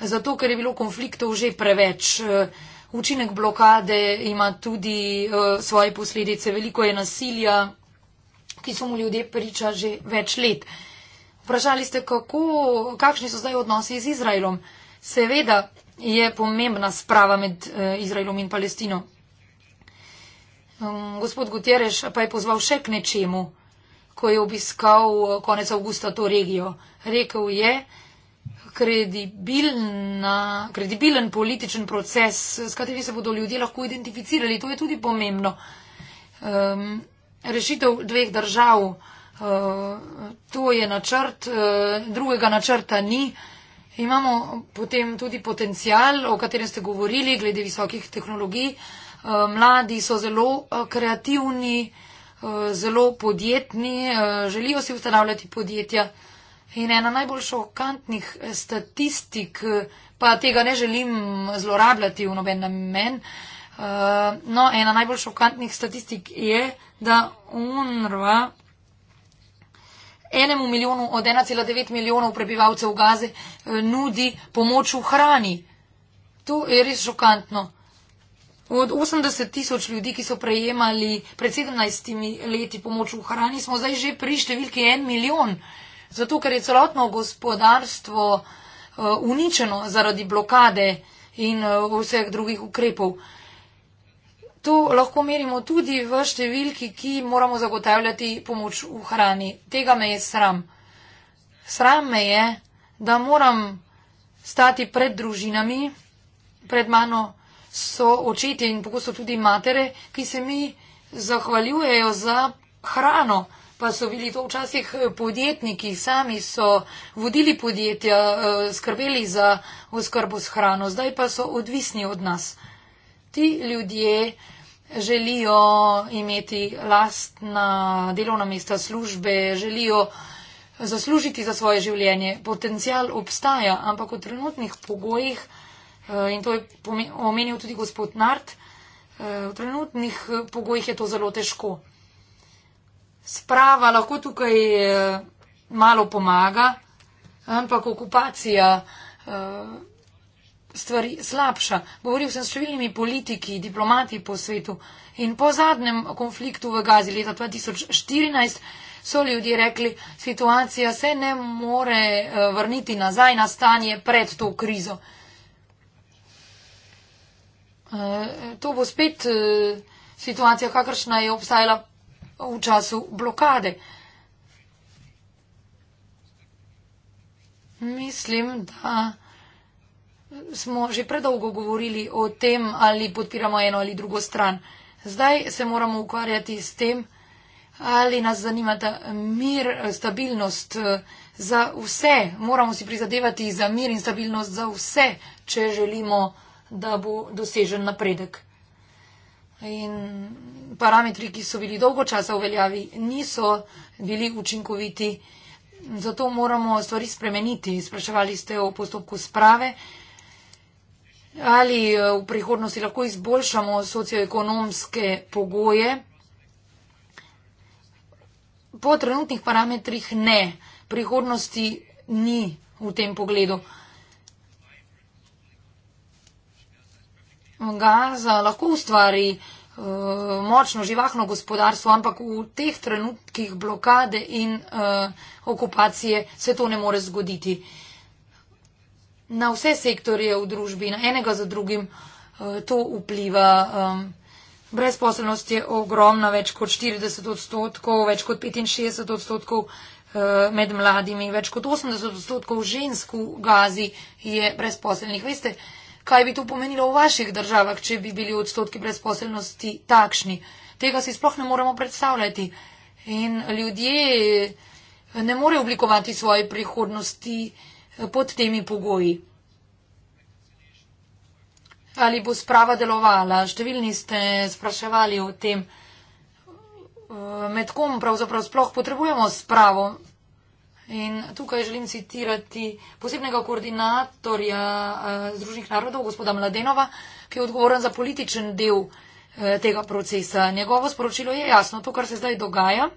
zato ker je bilo konfliktov že preveč. Eh, učinek blokade ima tudi eh, svoje posledice. Veliko je nasilja, ki so mu ljudje priča že več let. Vprašali ste, kako, kakšni so zdaj odnosi z Izraelom. Seveda, je pomembna sprava med eh, Izraelom in Palestino. Um, gospod Gutjereš pa je pozval še k nečemu, ko je obiskal eh, konec avgusta to regijo. Rekel je, kredibilna, kredibilen političen proces, s katerim se bodo ljudje lahko identificirali, to je tudi pomembno. Um, rešitev dveh držav, uh, to je načrt, uh, drugega načrta ni. Uh, Imamo potem tudi potencial, o katerem ste govorili, glede visokih tehnologij. Eh, mladi so zelo eh, kreativni, eh, zelo podjetni, želijo si ustanavljati podjetja. In ena najbolj šokantnih statistik, pa tega ne želim zlorabljati v noben namen, no, ena najbolj šokantnih statistik je, da UNRWA enemu milijonu od 1,9 milijonov prebivalcev Gaze eh, nudi pomoč v hrani. To je res šokantno. Od 80 tisoč ljudi, ki so prejemali pred 17 leti pomoč v hrani, smo zdaj že pri številki 1 milijon. Zato, ker je celotno gospodarstvo uh, uničeno zaradi blokade in uh, vseh drugih ukrepov. Uh, To lahko merimo tudi v številki, ki moramo zagotavljati pomoč v hrani. Tega me je sram. Sram me je, da moram stati pred družinami, pred mano so očetje in pogosto tudi matere, ki se mi zahvaljujejo za hrano. Pa so bili to včasih eh, podjetniki, sami so vodili podjetja, eh, skrbeli za oskrbo s hrano, zdaj pa so odvisni od nas. Ti ljudje želijo imeti lastna delovna mesta službe, želijo zaslužiti za svoje življenje. Potencial obstaja, ampak v trenutnih pogojih, eh, in to je omenil tudi gospod Nart, eh, v trenutnih eh, pogojih je to zelo težko. Sprava lahko tukaj malo pomaga, ampak okupacija stvari slabša. Govoril sem s številnimi politiki, diplomati po svetu in po zadnjem konfliktu v Gazi leta 2014 so ljudje rekli, situacija se ne more eh, vrniti nazaj na stanje pred to krizo. Eh, to bo spet eh, situacija, kakršna je obstajala v času blokade. Mislim, da smo že predolgo govorili o tem, ali podpiramo eno ali drugo stran. Zdaj se moramo ukvarjati s tem, ali nas zanimata mir, stabilnost eh, za vse. Moramo si prizadevati za mir in stabilnost za vse, če želimo, da bo dosežen napredek. In parametri, ki so bili dolgo časa v veljavi, niso bili učinkoviti. Zato moramo stvari spremeniti. Spraševali ste o postopku sprave ali eh, v prihodnosti lahko izboljšamo socioekonomske pogoje. Po trenutnih parametrih ne, prihodnosti ni v tem pogledu. Gaza lahko ustvari uh, močno živahno gospodarstvo, ampak v teh trenutkih blokade in uh, okupacije se to ne more zgoditi. Uh, na vse sektorje v družbi, na enega za drugim eh, to vpliva. Ehm, brezposelnost je ogromna, več kot 40 odstotkov, več kot 65 odstotkov eh, med mladimi, več kot 80 odstotkov žensk v Gazi je brezposelnih. Veste, kaj bi to pomenilo v vaših državah, če bi bili odstotki brezposelnosti takšni? Tega si sploh ne moremo predstavljati. In ljudje eh, ne morejo oblikovati svoje prihodnosti, pod temi pogoji. Ali bo sprava delovala? Številni ste spraševali o tem, eh, med kom pravzaprav sploh potrebujemo spravo. In tukaj želim citirati posebnega koordinatorja eh, Združenih narodov, gospoda Mladenova, ki je odgovoren za političen del eh, tega procesa. Njegovo sporočilo je jasno. To, kar se zdaj dogaja,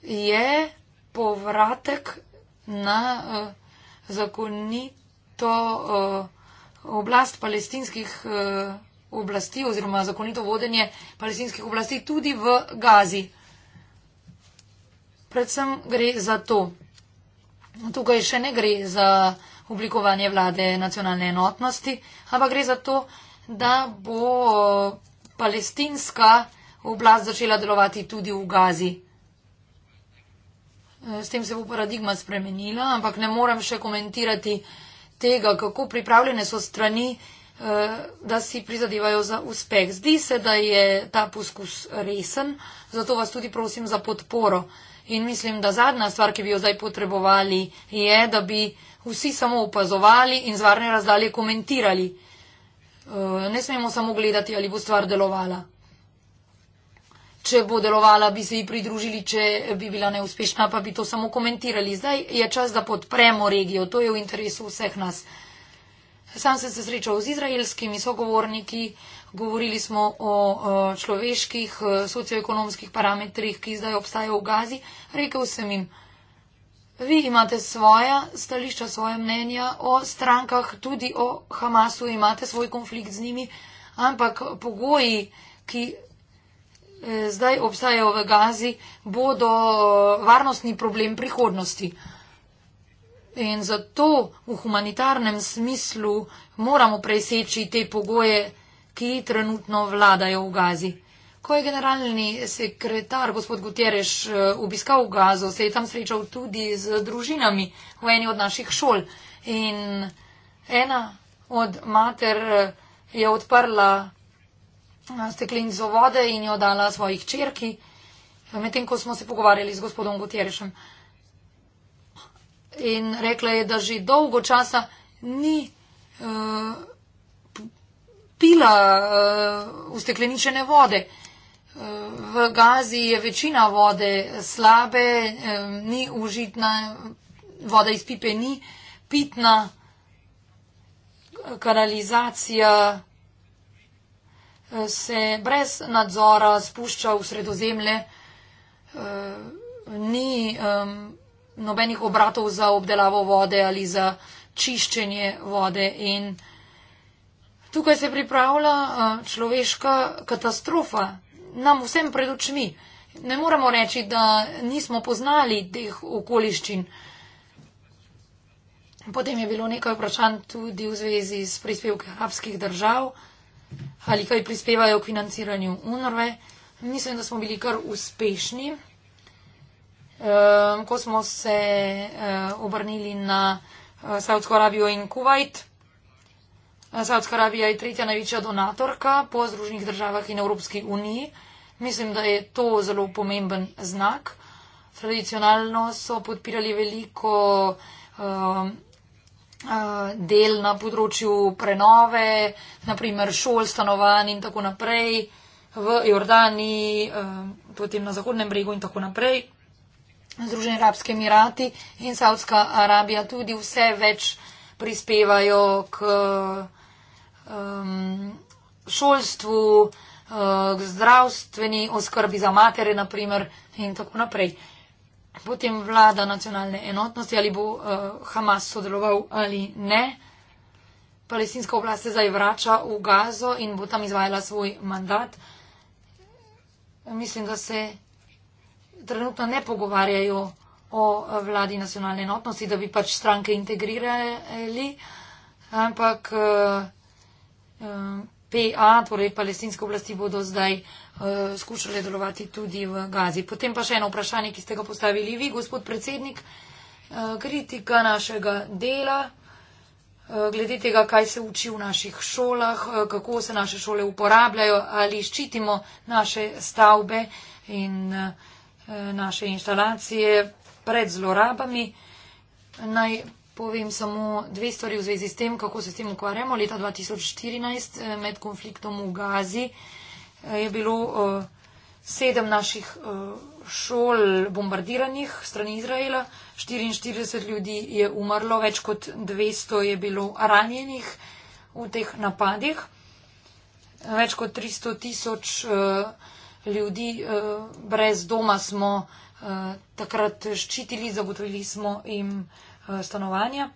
je povratek na zakonito uh, oblast palestinskih uh, oblasti oziroma zakonito vodenje palestinskih oblasti tudi v Gazi. Predvsem gre za to. Tukaj še ne gre za oblikovanje vlade nacionalne enotnosti, ampak gre za to, da bo eh, palestinska oblast začela delovati tudi v Gazi. Eh, s tem se bo paradigma spremenila, ampak ne morem še komentirati tega, kako pripravljene so strani, eh, da si prizadevajo za uspeh. Zdi se, da je ta poskus resen, zato vas tudi prosim za podporo. In mislim, da zadnja stvar, ki bi jo zdaj potrebovali, je, da bi vsi samo opazovali in zvarne razdalje komentirali. Eh, ne smemo samo gledati, ali bo stvar delovala če bo delovala, bi se ji pridružili, če bi bila neuspešna, pa bi to samo komentirali. Zdaj je čas, da podpremo regijo, to je v interesu vseh nas. Sam sem se srečal z izraelskimi sogovorniki, govorili smo o človeških, e, socioekonomskih parametrih, ki zdaj obstajajo v Gazi. Rekel sem jim, vi imate svoja stališča, svoje mnenja o strankah, tudi o Hamasu, imate svoj konflikt z njimi, ampak pogoji, ki zdaj obstajajo v Gazi, bodo varnostni problem prihodnosti. In zato v humanitarnem smislu moramo preseči te pogoje, ki trenutno vladajo v Gazi. Ko je generalni sekretar gospod Gutjereš eh, obiskal Gazo, se je tam srečal tudi z družinami v eni od naših šol. In ena od mater eh, je odprla steklenico vode in jo dala svoji črki, medtem ko smo se pogovarjali z gospodom Gutierrešem. In rekla je, da že dolgo časa ni uh, pila uh, ustekleničene vode. Eh, v Gazi je večina vode slabe, ni užitna, voda iz pipe ni pitna, kanalizacija se brez nadzora spušča v sredozemlje, eh, ni nobenih obratov za obdelavo vode ali za čiščenje vode. In tukaj se pripravlja eh, človeška katastrofa nam vsem pred očmi. Ne moremo reči, da nismo poznali teh okoliščin. Potem je bilo nekaj vprašanj tudi v zvezi s prispevki arabskih držav ali kaj prispevajo k financiranju UNRWE. Mislim, da smo bili kar uspešni, ehm, ko smo se eh, obrnili na eh, Saudsko Arabijo in Kuwait. Eh, Saudska Arabija je tretja največja donatorka po Združenih državah in Evropski uniji. Mislim, da je to zelo pomemben znak. Tradicionalno so podpirali veliko um, Eh, del na področju prenove, naprimer šol, stanovanj in tako naprej, v Jordaniji, eh, potem na Zahodnem bregu in tako naprej, Združeni arabski emirati in Saudska Arabija tudi vse več prispevajo k um, šolstvu, eh, k zdravstveni oskrbi za matere naprimer in tako naprej potem vlada nacionalne enotnosti, ali bo uh, Hamas sodeloval ali ne. Palestinska oblast se zdaj vrača v Gazo in bo tam izvajala svoj mandat. Mislim, da se trenutno ne pogovarjajo o vladi nacionalne enotnosti, da bi pač stranke integrirali, ampak. Uh, uh, PA, torej palestinske oblasti, bodo zdaj uh, skušale delovati tudi v Gazi. Potem pa še eno vprašanje, ki ste ga postavili vi, gospod predsednik. Uh, kritika našega dela. Eh, glede tega, kaj se uči v naših šolah, kako se naše šole uporabljajo, ali ščitimo naše stavbe in naše instalacije pred zlorabami, naj povem samo dve stvari v zvezi s tem, kako se s tem ukvarjamo. Leta 2014 eh, med konfliktom v Gazi eh, je bilo eh, sedem naših šol bombardiranih strani Izraela, 44 ljudi je umrlo, več kot 200 je bilo ranjenih v teh napadih, več kot 300 tisoč ljudi brez doma smo takrat ščitili, zagotovili smo jim. Eh, stanovanja.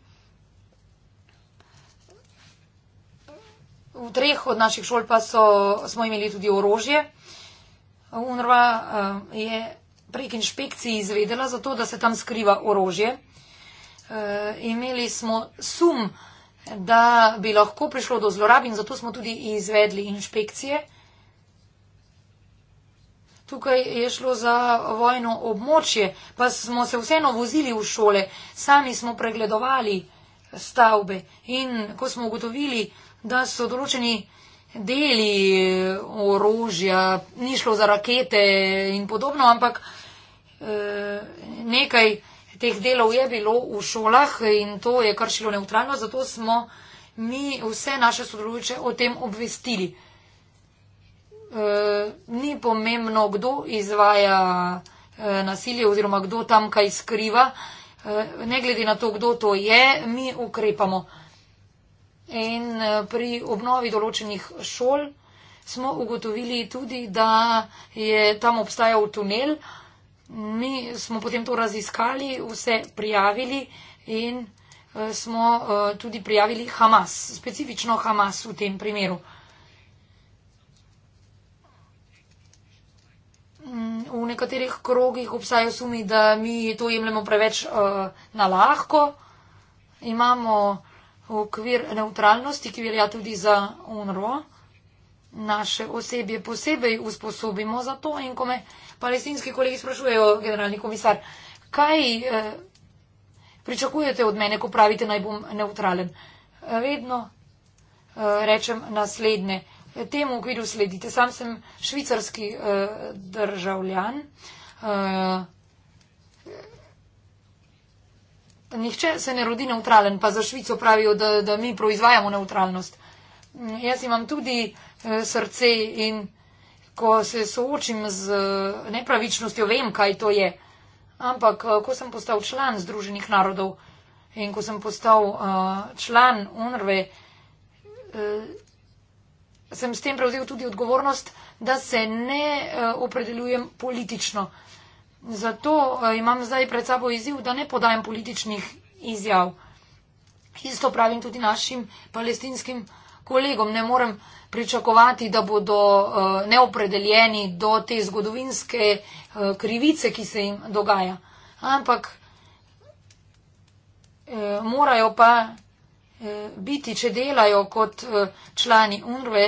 V treh od naših šol pa so, smo imeli tudi orožje. UNRWA eh, je prek inšpekcije izvedela za to, da se tam skriva orožje. Eh, imeli smo sum, da bi lahko prišlo do zlorab in zato smo tudi izvedli inšpekcije. Tukaj je šlo za vojno območje, pa smo se vseeno vozili v šole, sami smo pregledovali stavbe in ko smo ugotovili, da so določeni deli orožja, ni šlo za rakete in podobno, ampak eh, nekaj teh delov je bilo v šolah in to je kršilo neutralno, zato smo mi vse naše sodelujoče o tem obvestili. Eh, ni pomembno, kdo izvaja eh, nasilje oziroma kdo tam kaj skriva. Eh, ne glede na to, kdo to je, mi ukrepamo. In pri obnovi določenih šol smo ugotovili tudi, da je tam obstajal tunel. Mi smo potem to raziskali, vse prijavili in smo tudi prijavili Hamas, specifično Hamas v tem primeru. v nekaterih krogih obstajajo sumi, da mi to jemljemo preveč uh, na lahko. Imamo okvir neutralnosti, ki velja tudi za UNRO. Naše osebje posebej usposobimo za to in ko me palestinski kolegi sprašujejo, generalni komisar, kaj eh, pričakujete od mene, ko pravite, naj bom neutralen. Eh, vedno eh, rečem naslednje temu okviru sledite. Sam sem švicarski uh, državljan. Uh, nihče se ne rodi neutralen, pa za Švico pravijo, da, da mi proizvajamo neutralnost. Mm, jaz imam tudi uh, srce in ko se soočim z uh, nepravičnostjo, vem, kaj to je. Ampak, uh, ko sem postal član Združenih narodov in ko sem postal uh, član UNRVE, uh, sem s tem prevzel tudi odgovornost, da se ne eh, opredeljujem politično. Zato eh, imam zdaj pred sabo izziv, da ne podajam političnih izjav. Isto pravim tudi našim palestinskim kolegom. Ne morem pričakovati, da bodo eh, neopredeljeni do te zgodovinske krivice, ki se jim dogaja. Ampak morajo pa Eh, biti, če delajo kot eh, člani UNRWE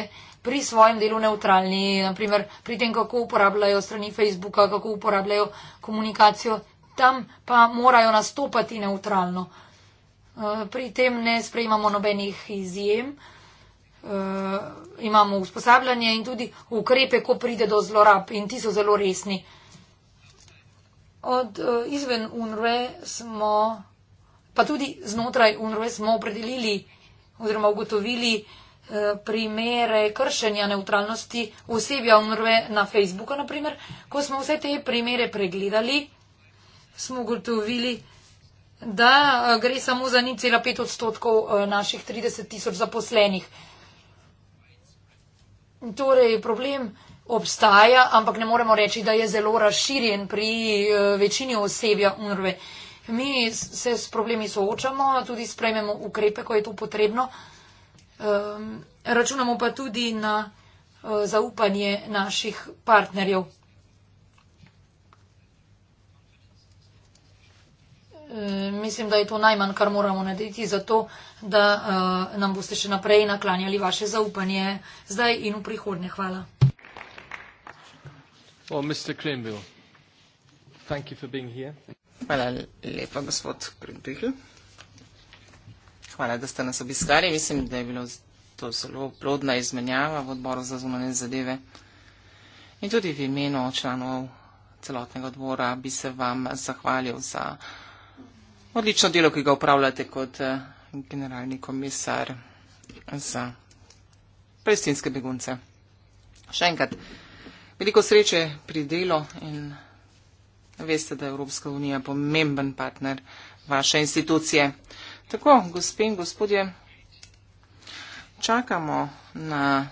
pri svojem delu neutralni, naprimer pri tem, kako uporabljajo strani Facebooka, kako uporabljajo komunikacijo, tam pa morajo nastopati neutralno. Eh, pri tem ne sprejmamo nobenih izjem, imamo usposabljanje in tudi ukrepe, ko pride do zlorab in ti so zelo resni. Od izven UNRWE smo pa tudi znotraj UNRWE smo opredelili oziroma ugotovili eh, primere kršenja neutralnosti osebja UNRWE na Facebooku, naprimer. Ko smo vse te primere pregledali, smo ugotovili, da eh, gre samo za 0,5 odstotkov eh, naših 30 tisoč zaposlenih. Torej, problem obstaja, ampak ne moremo reči, da je zelo razširjen pri večini osebja UNRWE. Mi se s problemi soočamo, tudi sprejmemo ukrepe, ko je to potrebno. Ehm, računamo pa tudi na eh, zaupanje naših partnerjev. Ehm, mislim, da je to najmanj, kar moramo narediti, zato da eh, nam boste še naprej naklanjali vaše zaupanje zdaj in v prihodnje. Hvala.
Well, Mr. Greenville, thank you for being here.
Hvala lepa, gospod Krenpihl. Hvala, da ste nas obiskali. Mislim, da je bilo to zelo plodna izmenjava v odboru za zunanje zadeve. In tudi v imenu članov celotnega odbora bi se vam zahvalil za odlično delo, ki ga upravljate kot eh, generalni komisar za palestinske begunce. Še enkrat, veliko sreče pri delu in. Veste, da je Evropska unija pomemben partner vaše institucije. Tako, gospe in gospodje, čakamo na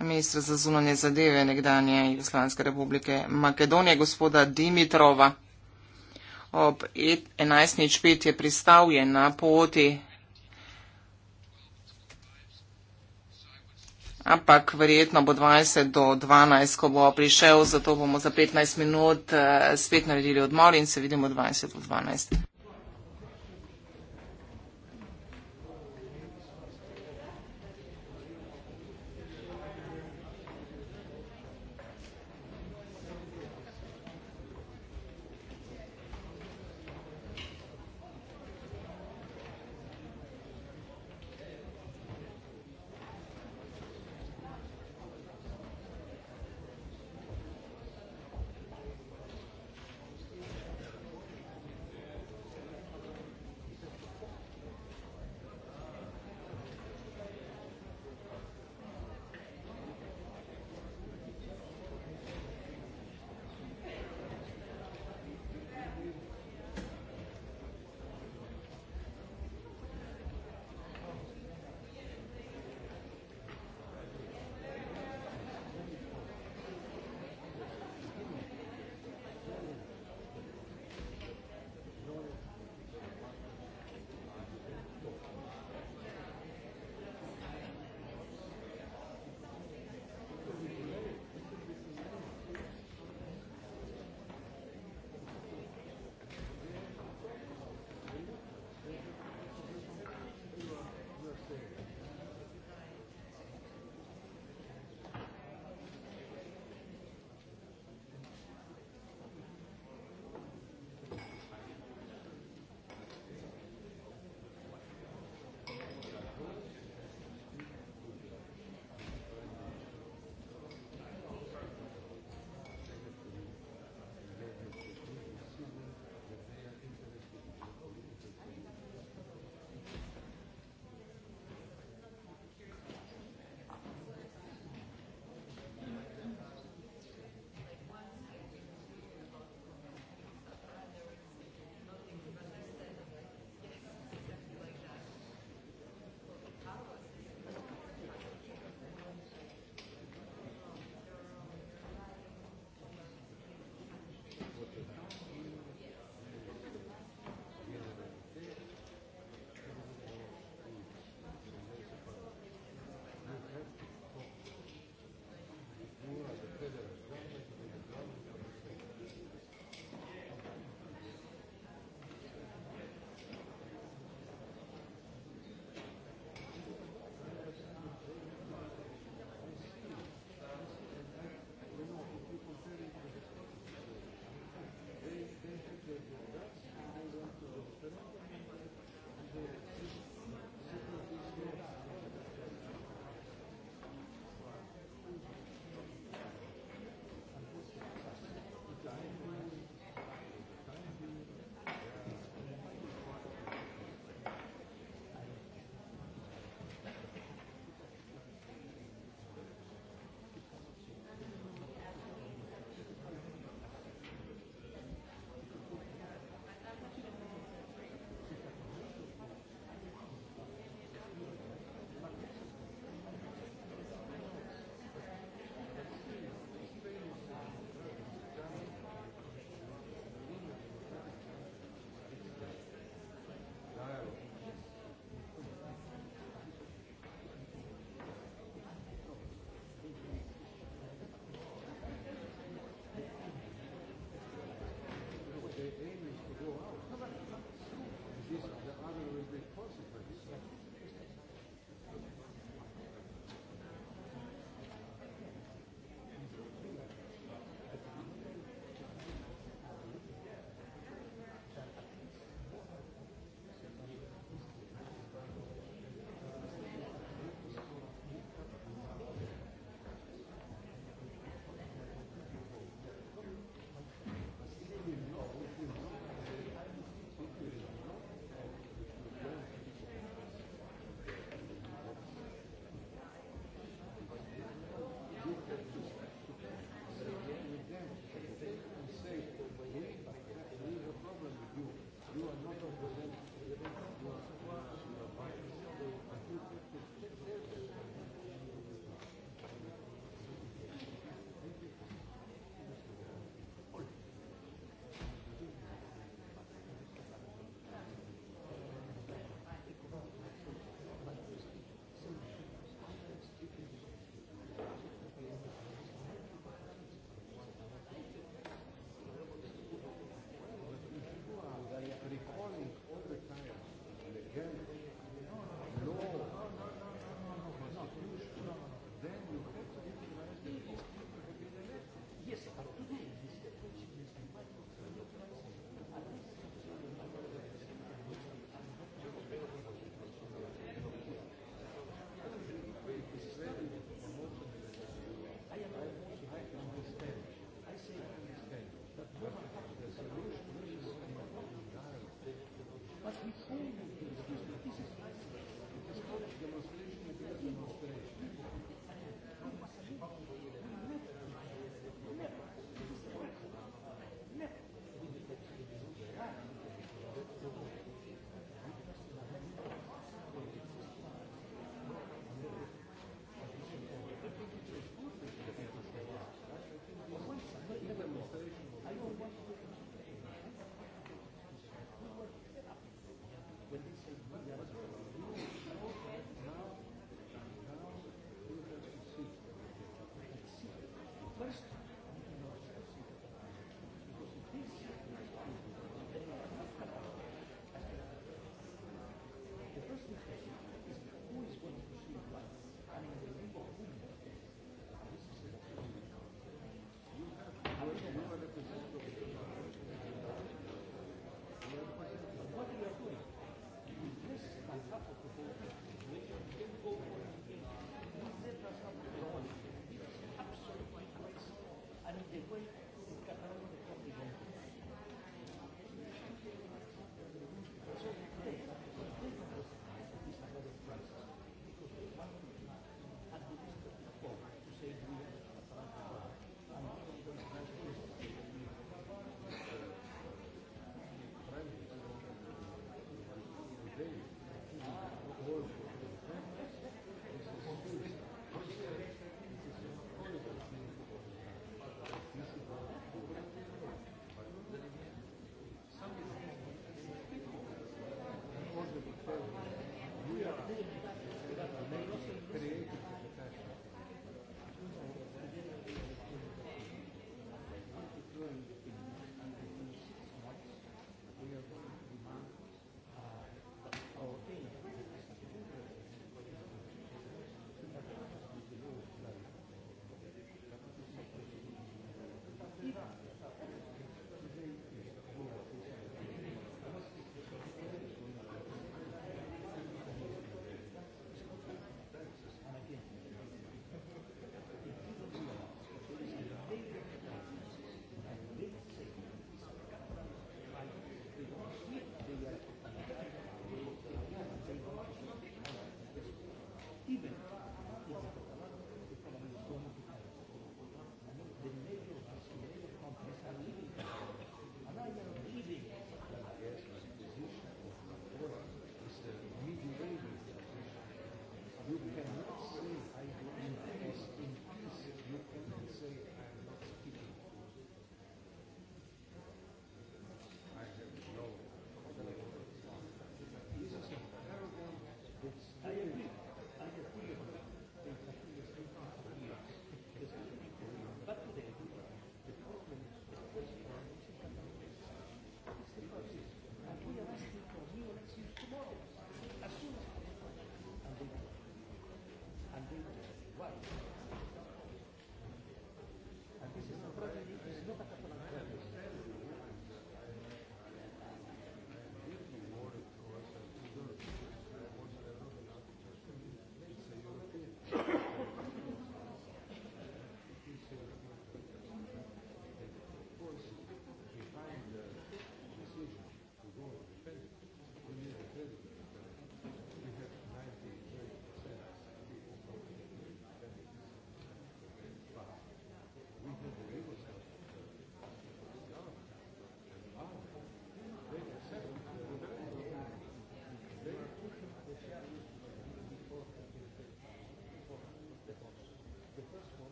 ministra za zunanje zadeve nekdanje Jugoslavijske republike Makedonije, gospoda Dimitrova. Ob 11.05 je pristal je na poti ampak verjetno bo 20 do 12, ko bo prišel, zato bomo za 15 minut eh, spet naredili odmor in se vidimo 20 do 12.
Thank you.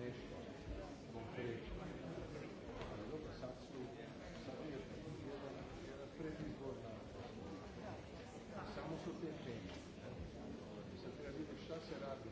nešto konkrečno. Ali dobro, sad su, sad je jedan predizbor na Samo su te teme. Sad treba vidjeti šta se radi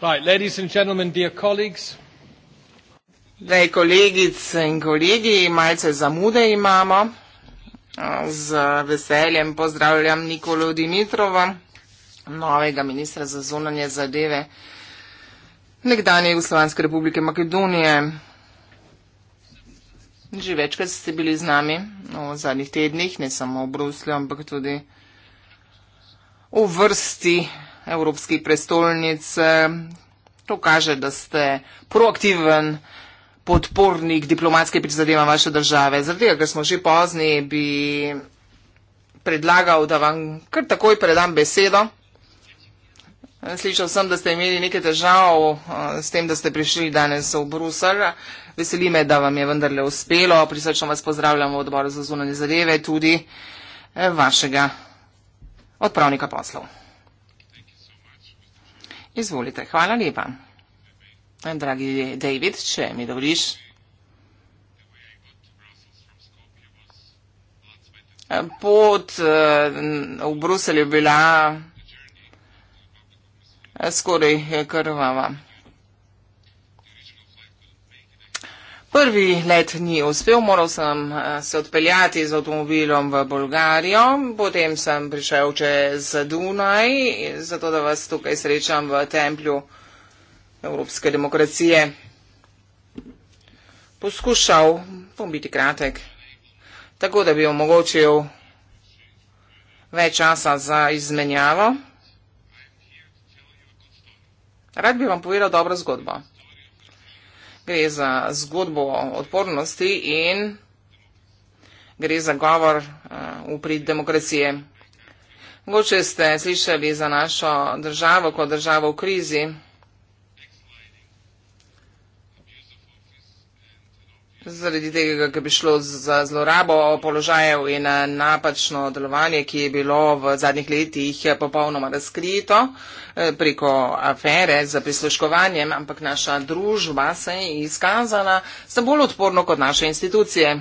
Right,
ladies and gentlemen, dear colleagues.
Zdaj, kolegice in kolegi, malce zamude imamo. Z veseljem pozdravljam Nikolo Dimitrova, novega ministra za zunanje zadeve nekdanje Jugoslovanske republike Makedonije. Že večkrat ste bili z nami v zadnjih tednih, ne samo v Bruslju, ampak tudi v vrsti Evropski prestolnice. To kaže, da ste proaktiven podpornik diplomatske prizadeva vaše države. Zaradi tega, ker smo že pozni, bi predlagal, da vam kar takoj predam besedo. Slišal sem, da ste imeli nekaj težav eh, s tem, da ste prišli danes v Brusel. Veseli me, da vam je vendarle uspelo. Prisrčno vas pozdravljam v odboru za zunanje zadeve, tudi eh, vašega odpravnika poslov. Izvolite, hvala lepa. Dragi David, če mi dovoliš. Pot eh, v Bruselju je bila eh, skoraj krvava. Prvi let ni uspel, moral sem eh, se odpeljati z avtomobilom v Bolgarijo, potem sem prišel čez Dunaj, zato da vas tukaj srečam v templju Evropske demokracije. Poskušal bom biti kratek, tako da bi omogočil več časa za izmenjavo. Rad bi vam povedal dobro zgodbo gre za zgodbo o odpornosti in gre za govor uh, eh, uprit demokracije. Mogoče ste slišali za našo državo kot državo v krizi. Zaradi tega, ker bi šlo za zlorabo položajev in eh, napačno delovanje, ki je bilo v zadnjih letih eh, popolnoma razkrito eh, preko afere za prisluškovanjem, ampak naša družba se je izkazala, sta bolj odporno kot naše institucije.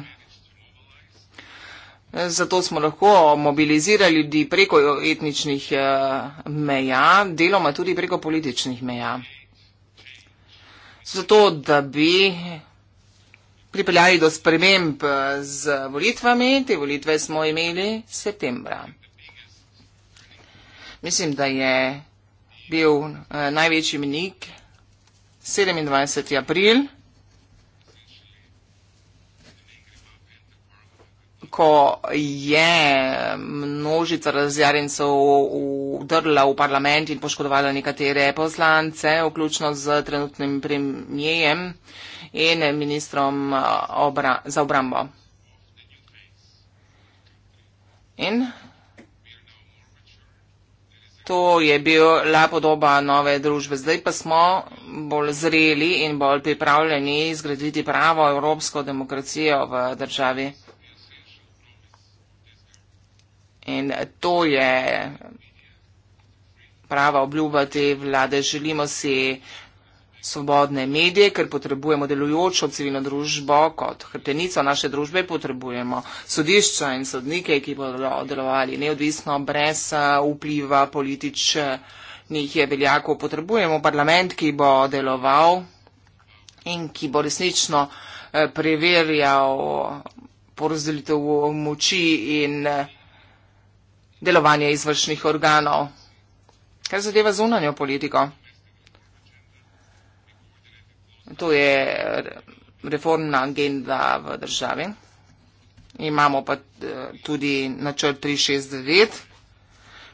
Zato smo lahko mobilizirali ljudi preko etničnih meja, deloma tudi preko političnih meja. Zato, da bi pripeljali do sprememb eh, z volitvami. Te volitve smo imeli septembra. Mislim, da je bil eh, največji menik 27. april, ko je množica razjarencev vdrla v parlament in poškodovala nekatere poslance, vključno z trenutnim premijejem in ministrom eh, obra, za obrambo. In to je bila podoba nove družbe. Zdaj pa smo bolj zreli in bolj pripravljeni zgraditi pravo evropsko demokracijo v državi. In to je prava obljuba te vlade. Želimo si uh, svobodne medije, ker potrebujemo delujočo civilno družbo kot hrbtenico naše družbe, potrebujemo sodišča in sodnike, ki bodo delovali neodvisno, brez eh, vpliva političnih veljakov, potrebujemo parlament, ki bo deloval in ki bo resnično eh, preverjal porozdelitev moči in eh, delovanje izvršnih organov. Kar zadeva zunanjo politiko. To je eh, reformna agenda v državi. Imamo pa eh, tudi načrt 369,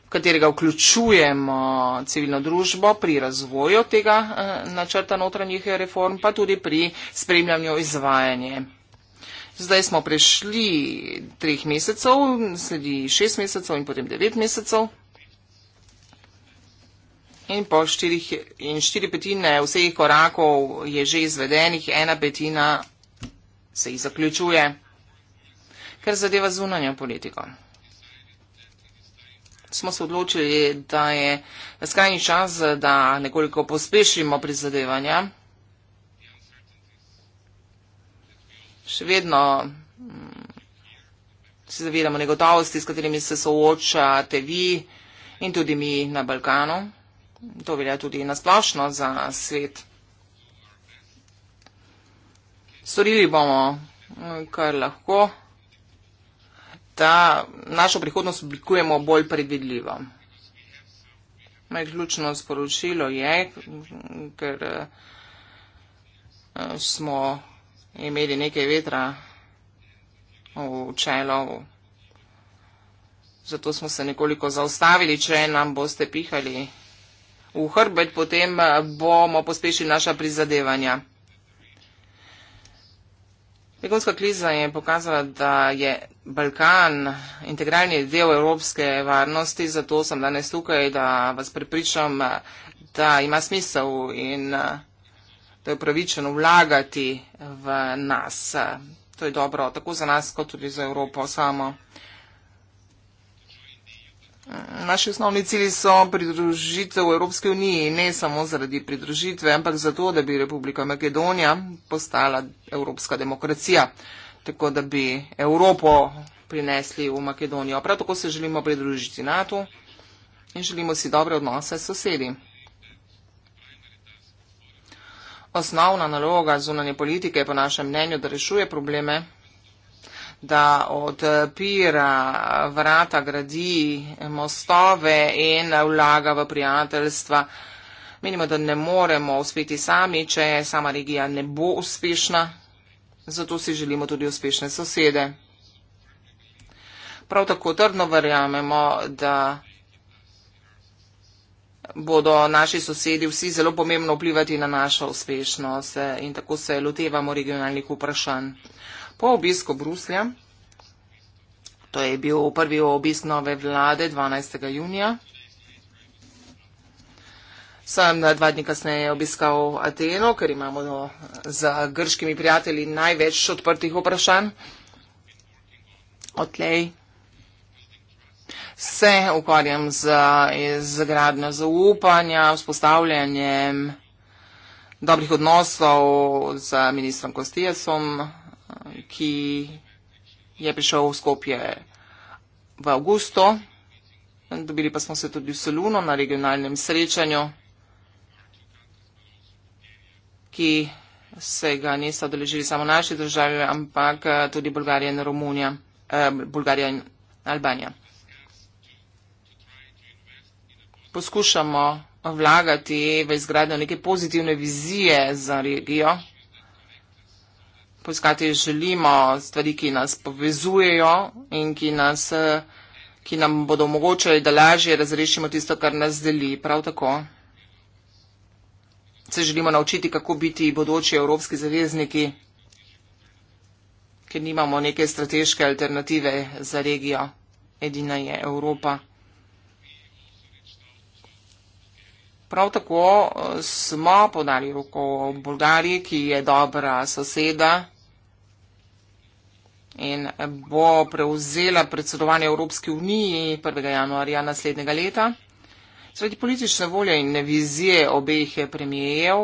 v katerega vključujemo civilno družbo pri razvoju tega eh, načrta notranjih reform, pa tudi pri spremljanju izvajanja. Zdaj smo prešli treh mesecev, sledi šest mesecev in potem devet mesecev. In po štirih in štiri petine vseh korakov je že izvedenih, ena petina se jih zaključuje, ker zadeva zunanjo politiko. Smo se odločili, da je skrajni čas, da nekoliko pospešimo prizadevanja. Še vedno mm, se zavedamo negotovosti, s katerimi se soočate vi in tudi mi na Balkanu. To velja tudi nasplošno za svet. Storili bomo, mm, kar lahko, da našo prihodnost oblikujemo bolj predvidljivo. Moje ključno sporočilo je, ker eh, smo imeli nekaj vetra v čelo, zato smo se nekoliko zaustavili, če nam boste pihali v hrbet, potem eh, bomo pospešili naša prizadevanja. Begonska kliza je pokazala, da je Balkan integralni del evropske varnosti, zato sem danes tukaj, da vas prepričam, da ima smisel in eh, da je upravičeno vlagati v nas. To je dobro, tako za nas, kot tudi za Evropo samo. Naši osnovni cilji so pridružitev Evropske unije, ne samo zaradi pridružitve, ampak zato, da bi Republika Makedonija postala evropska demokracija, tako da bi Evropo prinesli v Makedonijo. Prav tako se želimo pridružiti NATO in želimo si dobre odnose s sosedi. Osnovna naloga zunanje politike je po našem mnenju, da rešuje probleme da odpira vrata, gradi mostove in vlaga v prijateljstva. Menimo, da ne moremo uspeti sami, če sama regija ne bo uspešna. Zato si želimo tudi uspešne sosede. Prav tako trdno verjamemo, da bodo naši sosedi vsi zelo pomembno vplivati na našo uspešnost in tako se lotevamo regionalnih vprašanj. Po obisku Bruslja, to je bil prvi obisk nove vlade 12. junija, sem eh, dva dni kasneje obiskal Ateno, ker imamo no, z grškimi prijatelji največ odprtih vprašanj. Odtlej se ukvarjam z izgradnjo zaupanja, vzpostavljanjem dobrih odnosov z ministrom Kostijesom ki je prišel v Skopje v avgusto. Dobili pa smo se tudi v Soluno na regionalnem srečanju, ki se ga niso odeležili samo naši državi, ampak tudi Bolgarija in, Romunija, eh, Bolgarija in Albanija. Poskušamo vlagati v izgradnjo neke pozitivne vizije za regijo poiskati želimo stvari, ki nas povezujejo in ki, nas, ki nam bodo omogočali, da lažje razrešimo tisto, kar nas deli. Prav tako se želimo naučiti, kako biti bodoči evropski zavezniki, ker nimamo neke strateške alternative za regijo. Edina je Evropa. Prav tako eh, smo podali roko Bulgariji, ki je dobra soseda in bo prevzela predsedovanje Evropske unije 1. januarja naslednjega leta. Sredi politične volje in vizije obeh premijev,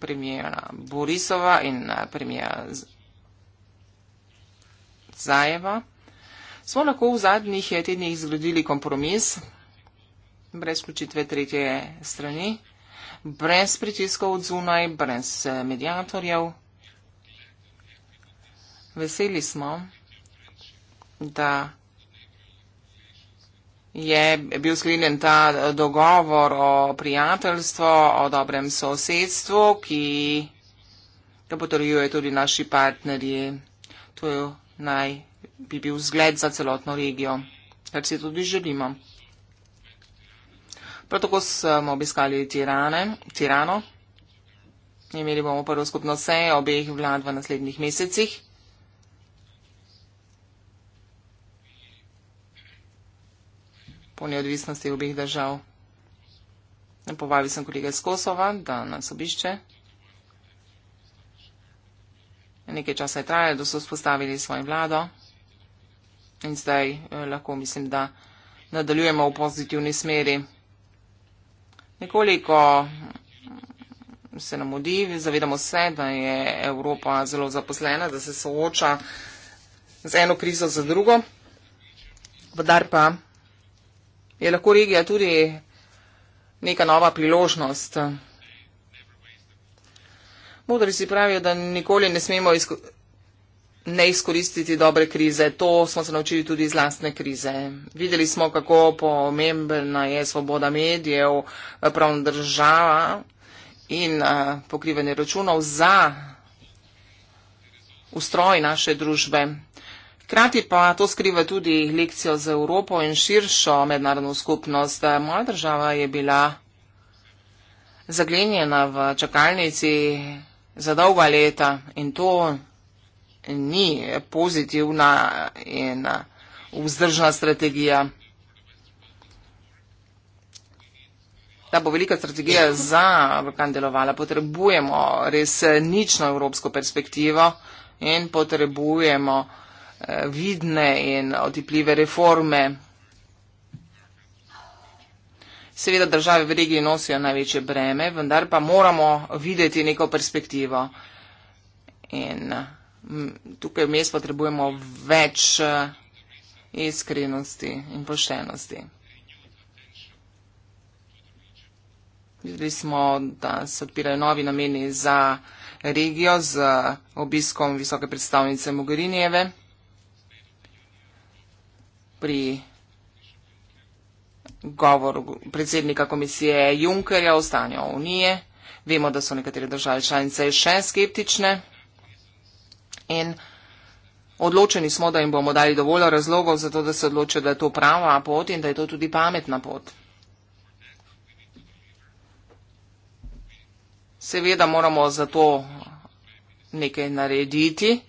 premijera Borisova in eh, premijera Zajeva, smo lahko v zadnjih eh, tednih zgradili kompromis brez vključitve tretje strani, brez pritiskov od zunaj, brez eh, mediatorjev. Veseli smo, da je bil sklenjen ta dogovor o prijateljstvu, o dobrem sosedstvu, ki ga potrjuje tudi naši partnerji. To je naj bi bil zgled za celotno regijo, kar si tudi želimo. Prav tako smo obiskali tirane, Tirano. Imeli bomo prvo skupno sejo obeh vlad v naslednjih mesecih. po neodvisnosti obih držav. Povabil sem kolega iz Kosova, da nas obišče. Nekaj časa je trajalo, da so spostavili svojo vlado in zdaj eh, lahko mislim, da nadaljujemo v pozitivni smeri. Nekoliko mm, se nam odi, zavedamo se, da je Evropa zelo zaposlena, da se sooča z eno krizo za drugo. Vendar pa je lahko regija tudi neka nova priložnost. Modri si pravijo, da nikoli ne smemo izko ne izkoristiti dobre krize. To smo se naučili tudi iz lastne krize. Videli smo, kako pomembna je svoboda medijev, pravna država in pokrivanje računov za ustroj naše družbe. Hkrati pa to skriva tudi lekcijo za Evropo in širšo mednarodno skupnost. Moja država je bila zaglenjena v čakalnici za dolga leta in to ni pozitivna in vzdržna strategija. Da bo velika strategija za vulkan delovala, potrebujemo res nično evropsko perspektivo in potrebujemo. Eh, vidne in otipljive reforme. Seveda države v regiji nosijo največje breme, vendar pa moramo videti neko perspektivo. In mm, tukaj vmes potrebujemo več eh, iskrenosti in poštenosti. Videli smo, da se odpirajo novi nameni za regijo z obiskom visoke predstavnice Mogherinijeve pri govoru predsednika komisije Junkerja o stanju Unije. Vemo, da so nekatere države članice še skeptične in odločeni smo, da jim bomo dali dovolj razlogov za to, da se odločijo, da je to prava pot in da je to tudi pametna pot. Seveda moramo za to nekaj narediti.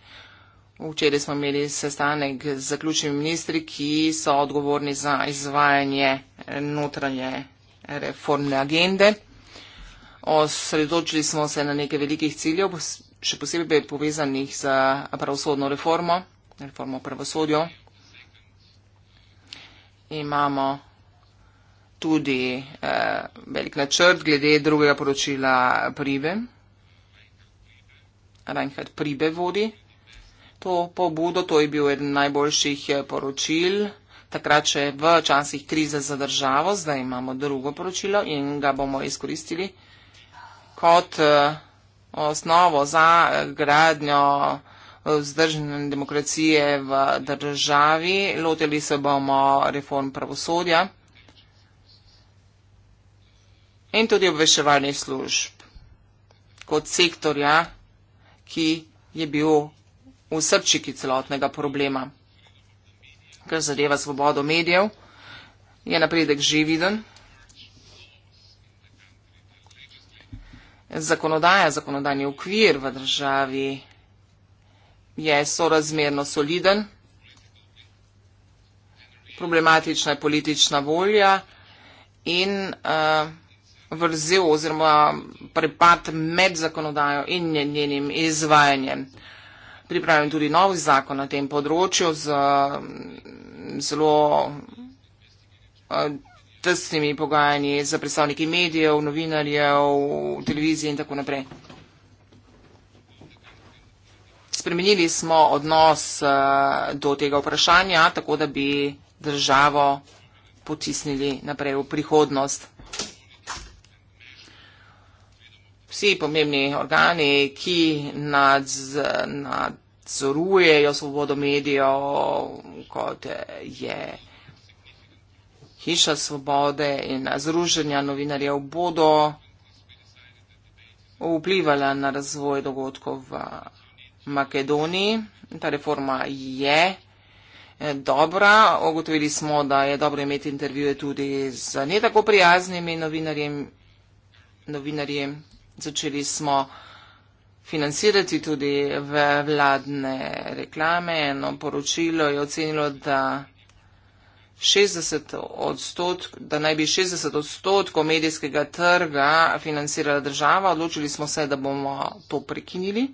Včeraj smo imeli sestanek z zaključnimi ministri, ki so odgovorni za izvajanje eh, notranje reformne agende. Osredotočili smo se na nekaj velikih ciljev, še posebej povezanih z pravosodno reformo, reformo pravosodjo. Imamo tudi eh, velik načrt glede drugega poročila Pribe. Reinhard Pribe vodi to pobudo. To je bil eden najboljših eh, poročil. Takrat še v časih krize za državo, zdaj imamo drugo poročilo in ga bomo izkoristili kot eh, osnovo za eh, gradnjo vzdržene demokracije v državi. Loteli se bomo reform pravosodja in tudi obveščevalnih služb kot sektorja, ki je bil v srčiki celotnega problema. Kar zadeva svobodo medijev, je napredek žividen. Zakonodaja, zakonodajni okvir v državi je sorazmerno soliden. Problematična je politična volja in uh, vrzel oziroma prepad med zakonodajo in njenim izvajanjem. Uh, pripravljen tudi nov zakon na tem področju z mm, zelo eh, tesnimi pogajanji za predstavniki medijev, novinarjev, televizije in tako naprej. Spremenili smo odnos eh, do tega vprašanja, tako da bi državo potisnili naprej v prihodnost. vsi pomembni organi, ki nadz, nadzorujejo svobodo medijev, kot je Hiša svobode in Združenja novinarjev, bodo vplivala na razvoj dogodkov v Makedoniji. Ta reforma je dobra. Ogotovili smo, da je dobro imeti intervjuje tudi z ne tako prijaznimi novinarjem, novinarjem Začeli smo financirati tudi vladne reklame. Eno poročilo je ocenilo, da, 60 odstotk, da naj bi 60 odstotkov medijskega trga financirala država. Odločili smo se, da bomo to prekinili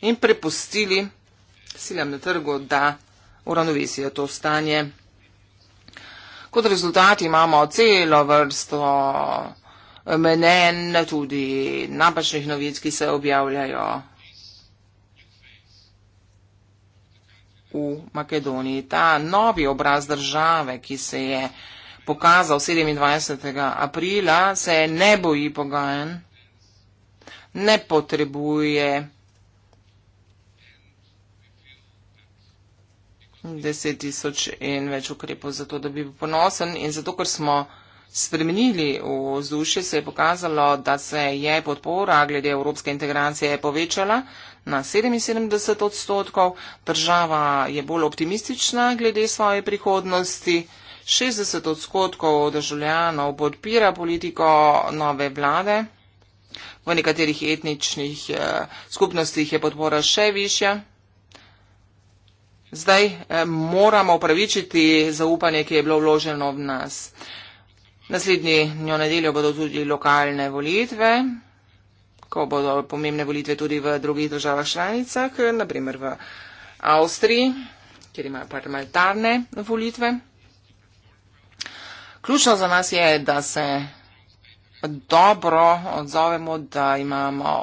in prepustili silam na trgu, da uravnovesijo to stanje. Kot rezultat imamo celo vrsto mnen, tudi napačnih novic, ki se objavljajo v Makedoniji. Ta novi obraz države, ki se je pokazal 27. aprila, se ne boji pogajanj, ne potrebuje deset tisoč in več ukrepov za to, da bi bil ponosen in zato, ker smo spremenili. V vzdušju se je pokazalo, da se je podpora glede evropske integracije povečala na 77 odstotkov, država je bolj optimistična glede svoje prihodnosti. 60 odstotkov državljanov podpira politiko nove vlade, v nekaterih etničnih eh, skupnostih je podpora še višja. Zdaj eh, moramo upravičiti zaupanje, ki je bilo vloženo v nas. Naslednji njo nedeljo bodo tudi lokalne volitve, ko bodo pomembne volitve tudi v drugih državah članicah, naprimer v Avstriji, kjer imajo parlamentarne volitve. Ključno za nas je, da se dobro odzovemo, da imamo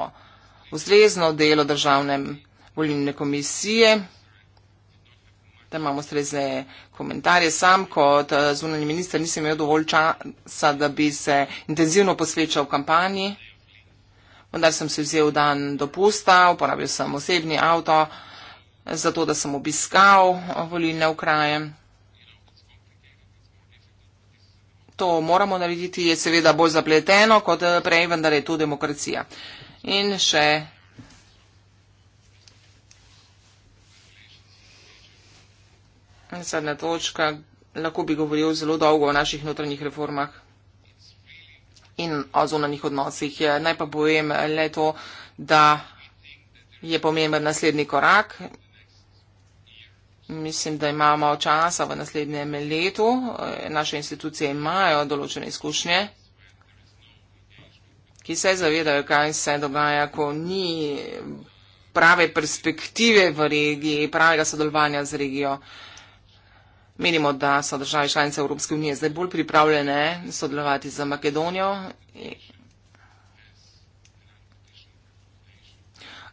ustrezno delo državne volilne komisije da imamo strezne komentarje. Sam kot eh, zunanji minister nisem imel dovolj časa, da bi se intenzivno posvečal kampanji, vendar sem se vzel dan dopusta, uporabil sem osebni avto, zato da sem obiskal volilne okraje. To moramo narediti, je seveda bolj zapleteno kot eh, prej, vendar je to demokracija. In še Zadnja točka. Lahko bi govoril zelo dolgo o naših notranjih reformah in o zunanjih odnosih. Naj pa povem le to, da je pomemben naslednji korak. Mislim, da imamo časa v naslednjem letu. Naše institucije imajo določene izkušnje, ki se zavedajo, kaj se dogaja, ko ni prave perspektive v regiji, pravega sodelovanja z regijo. Menimo, da so države članice Evropske unije zdaj bolj pripravljene sodelovati za Makedonijo.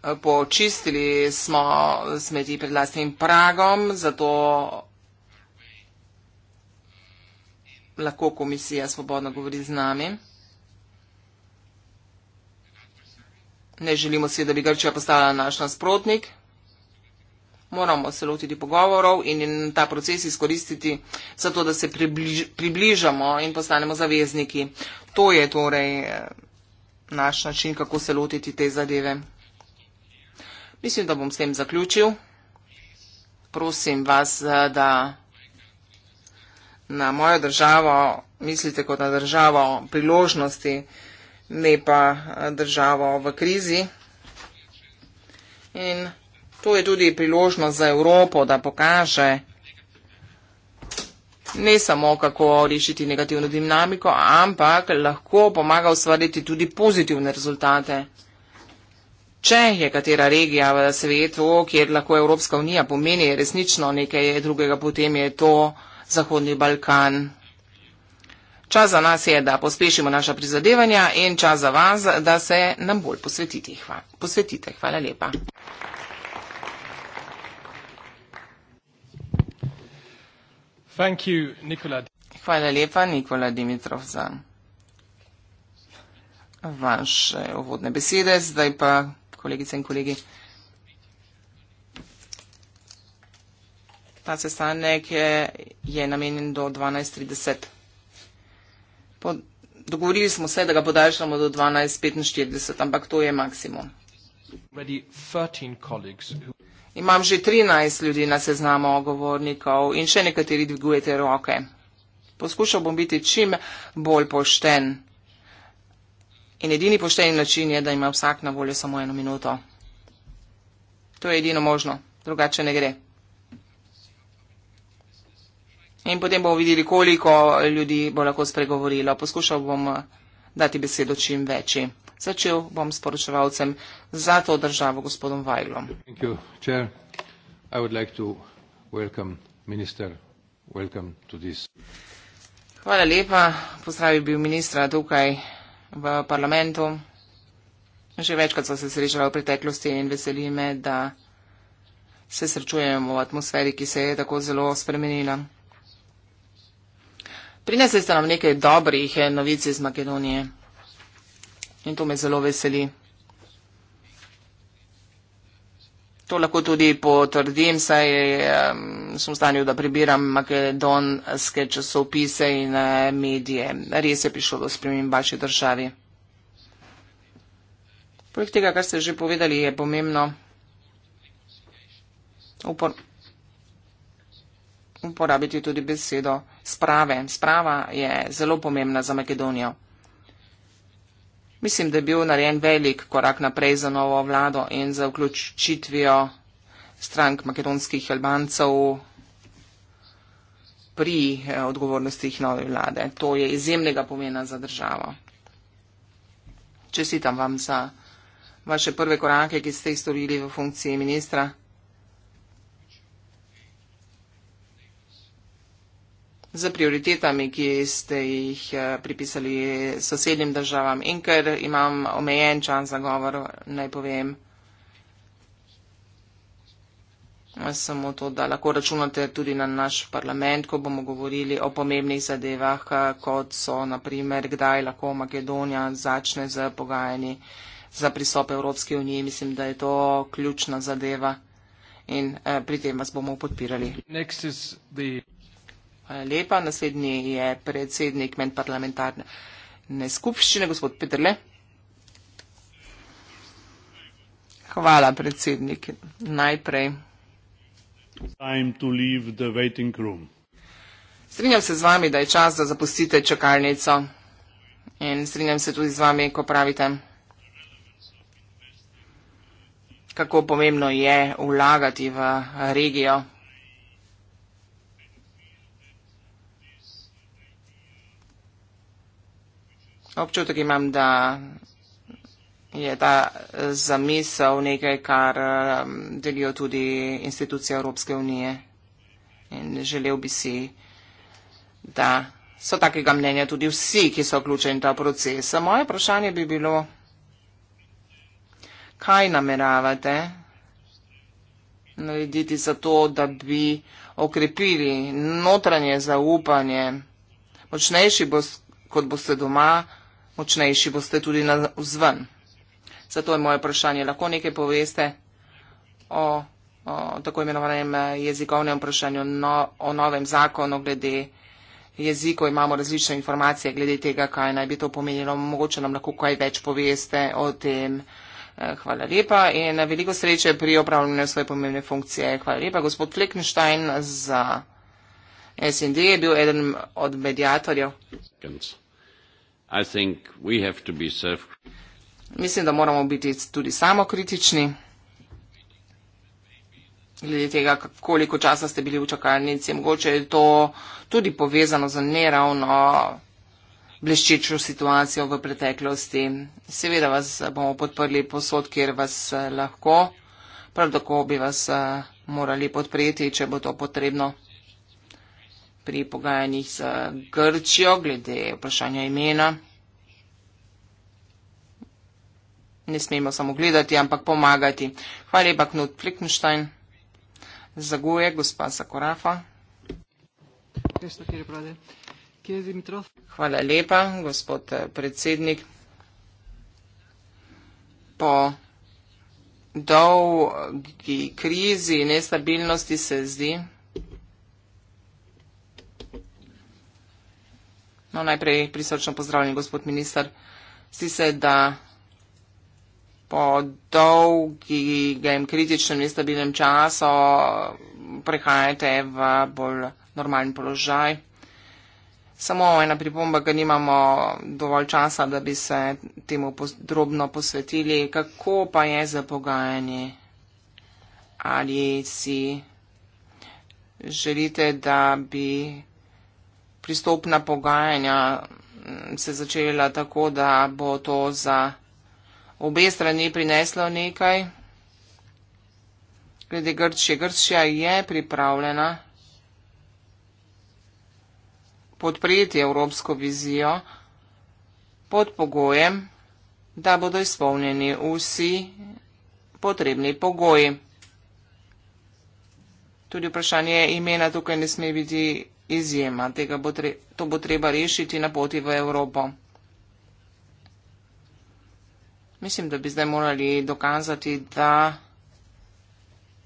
Eh, počistili smo smeti pred lastnim pragom, zato lahko komisija svobodno govori z nami. Ne želimo si, da bi Grčija postala naš nasprotnik moramo se lotiti pogovorov in, in ta proces izkoristiti za to, da se približ, približamo in postanemo zavezniki. To je torej eh, naš način, kako se lotiti te zadeve. Mislim, da bom s tem zaključil. Prosim vas, eh, da na mojo državo mislite kot na državo priložnosti, ne pa eh, državo v krizi. In To je tudi priložnost za Evropo, da pokaže ne samo, kako rešiti negativno dinamiko, ampak lahko pomaga ustvariti tudi pozitivne rezultate. Če je katera regija v svetu, kjer lahko Evropska unija pomeni resnično nekaj drugega, potem je to Zahodni Balkan. Čas za nas je, da pospešimo naša prizadevanja in čas za vas, da se nam bolj posvetite. Hvala, posvetite. Hvala lepa. Thank you, Nikola. Hvala lepa, Nikola Dimitrov, za vaše uvodne besede. Zdaj pa, kolegice in kolegi, ta sestanek je, je namenjen do 12.30. Po, dogovorili smo se, da ga podaljšamo do 12.45, ampak to je maksimum.
Ready 13 colleagues who
Imam že 13 ljudi na seznamu ogovornikov in še nekateri dvigujete roke. Poskušal bom biti čim bolj pošten. In edini pošteni način je, da ima vsak na voljo samo eno minuto. To je edino možno, drugače ne gre. In potem bomo videli, koliko ljudi bo lahko spregovorilo. Poskušal bom eh, dati besedo čim večji. Začel bom s poročevalcem za to državo, gospodom Vajlom. Hvala lepa. Pozdravil bi ministra tukaj v parlamentu. Že večkrat sem se srečala v preteklosti in veseli me, da se srečujemo v atmosferi, ki se je tako zelo spremenila. Prinesli ste nam nekaj dobrih novic iz Makedonije in to me zelo veseli. To lahko tudi potrdim, saj sem v stanju, da prebiram makedonske časopise in eh, medije. Res je prišlo do spremenj v vaši državi. Poleg tega, kar ste že povedali, je pomembno upor uporabiti tudi besedo sprave. Sprava je zelo pomembna za Makedonijo mislim, da je bil narejen velik korak naprej za novo vlado in za vključitvijo strank makedonskih Albancev pri eh, odgovornostih nove vlade. To je izjemnega pomena za državo. Čestitam vam za vaše prve korake, ki ste jih storili v funkciji ministra. z prioritetami, ki ste jih eh, pripisali sosednjim državam. In ker imam omejen čas za govor, naj povem samo to, da lahko računate tudi na naš parlament, ko bomo govorili o pomembnih zadevah, kot so naprimer, kdaj lahko Makedonija začne z pogajanji za pristop Evropske unije. Mislim, da je to ključna zadeva. In eh, pri tem vas bomo podpirali.
Next is
the... Hvala lepa. Naslednji je predsednik medparlamentarne skupščine, gospod Petrle. Hvala, predsednik. Najprej.
Time to leave the waiting room.
Strinjam se z vami, da je čas, da zapustite čakalnico. In strinjam se tudi z vami, ko pravite, kako pomembno je vlagati v regijo. občutek imam, da je ta zamisel nekaj, kar um, delijo tudi institucije Evropske unije. In želel bi si, da so takega mnenja tudi vsi, ki so vključeni v ta proces. Moje vprašanje bi bilo, kaj nameravate narediti za to, da bi okrepili notranje zaupanje, močnejši bo, kot boste doma, močnejši boste tudi na vzven. Zato je moje vprašanje, lahko nekaj poveste o, o tako imenovanem eh, jezikovnem vprašanju, no, o novem zakonu glede jezikov. Imamo različne informacije glede tega, kaj naj bi to pomenilo. Mogoče nam lahko kaj več poveste o tem. Eh, hvala lepa in veliko sreče pri opravljanju svoje pomembne funkcije. Hvala lepa, gospod Fleckenstein za SND je bil eden od medijatorjev. Gens. Mislim, da moramo biti tudi samokritični glede tega, koliko časa ste bili v čakalnici. Mogoče je to tudi povezano z neravno bleščečo situacijo v preteklosti. Seveda vas bomo podprli posod, kjer vas eh, lahko. Prav tako bi vas eh, morali podpreti, če bo to potrebno pri pogajanjih z Grčijo glede vprašanja imena. Ne smemo samo gledati, ampak pomagati. Hvala lepa, Knut Flickenstein. Zaguje, gospa Sakorafa. Hvala lepa, gospod eh, predsednik. Po dolgi krizi in nestabilnosti se zdi, No, najprej prisrčno pozdravljen, gospod minister. Zdi se, da po dolgem kritičnem in stabilnem času prehajate v bolj normalen položaj. Samo ena pripomba, ker nimamo dovolj časa, da bi se temu podrobno posvetili. Kako pa je za pogajanje? Ali si želite, da bi pristopna pogajanja mm, se začela tako, da bo to za obe strani prineslo nekaj. Glede Grčije, Grčija je pripravljena podpreti evropsko vizijo pod pogojem, da bodo izpolnjeni vsi potrebni pogoji. Tudi vprašanje imena tukaj ne sme biti izjema. Tega bo tre, to bo treba rešiti na poti v Evropo. Mislim, da bi zdaj morali dokazati, da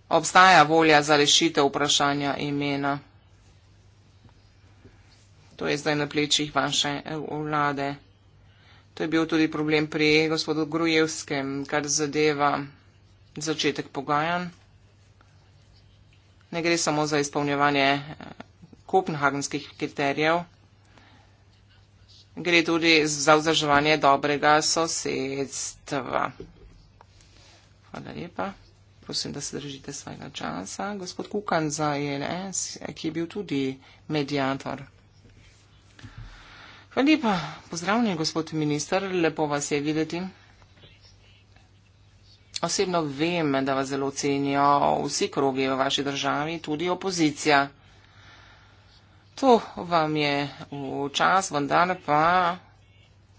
obstaja volja za rešitev vprašanja imena. To je zdaj na plečih vaše eh, vlade. To je bil tudi problem pri gospodu Grujevskem, kar zadeva začetek pogajanj. Ne gre samo za izpolnjevanje eh, kopenhagenskih kriterijev. Gre tudi za vzdrževanje dobrega sosedstva. Hvala lepa. Prosim, da se držite svojega časa. Gospod Kukan za ENS, ki je bil tudi medijator. Hvala lepa. Pozdravljen, gospod minister. Lepo vas je videti. Osebno vem, da vas zelo cenijo vsi krogi v vaši državi, tudi opozicija. To vam je v čas, vendar pa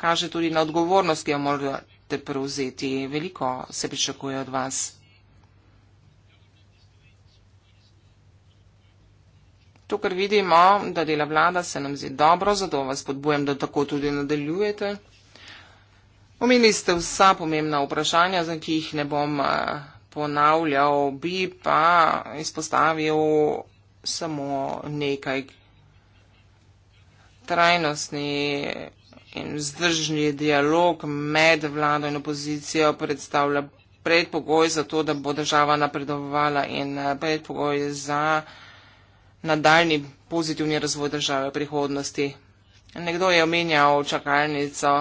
kaže tudi na odgovornost, ki jo morate prevzeti. Veliko se pričakuje od vas. To, kar vidimo, da dela vlada, se nam zdi dobro, zato vas podbujam, da tako tudi nadaljujete. Omenili ste vsa pomembna vprašanja, za ki jih ne bom eh, ponavljal, bi pa izpostavil samo nekaj, trajnostni in vzdržni dialog med vlado in opozicijo predstavlja predpogoj za to, da bo država napredovala in eh, predpogoj za nadaljni pozitivni razvoj države v prihodnosti. Nekdo je omenjal čakalnico.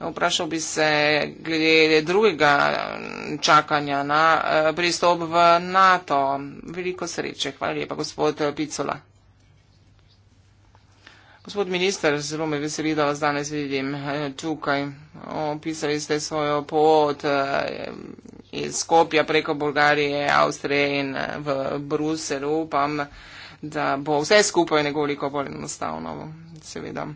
Vprašal bi se glede drugega mm, čakanja na eh, pristop v NATO. Veliko sreče. Hvala lepa, gospod eh, Picola. Gospod minister, zelo me veseli, da vas danes vidim eh, tukaj. Opisali ste svojo pot eh, iz Skopja preko Bolgarije, Avstrije in eh, v Bruselj. Upam, da bo vse skupaj nekoliko bolj enostavno, seveda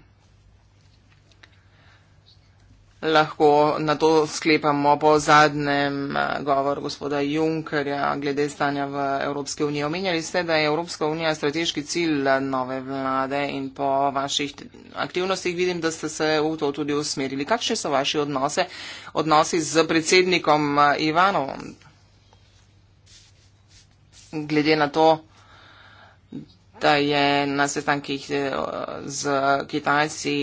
lahko na to sklepamo po zadnjem eh, govoru gospoda Junkerja glede stanja v Evropske unije. Omenjali ste, da je Evropska unija strateški cilj eh, nove vlade in po vaših aktivnostih vidim, da ste se v to tudi usmerili. Kakšni so vaši odnose, odnosi z predsednikom eh, Ivanovom? Glede na to, da je na sestankih eh, z Kitajci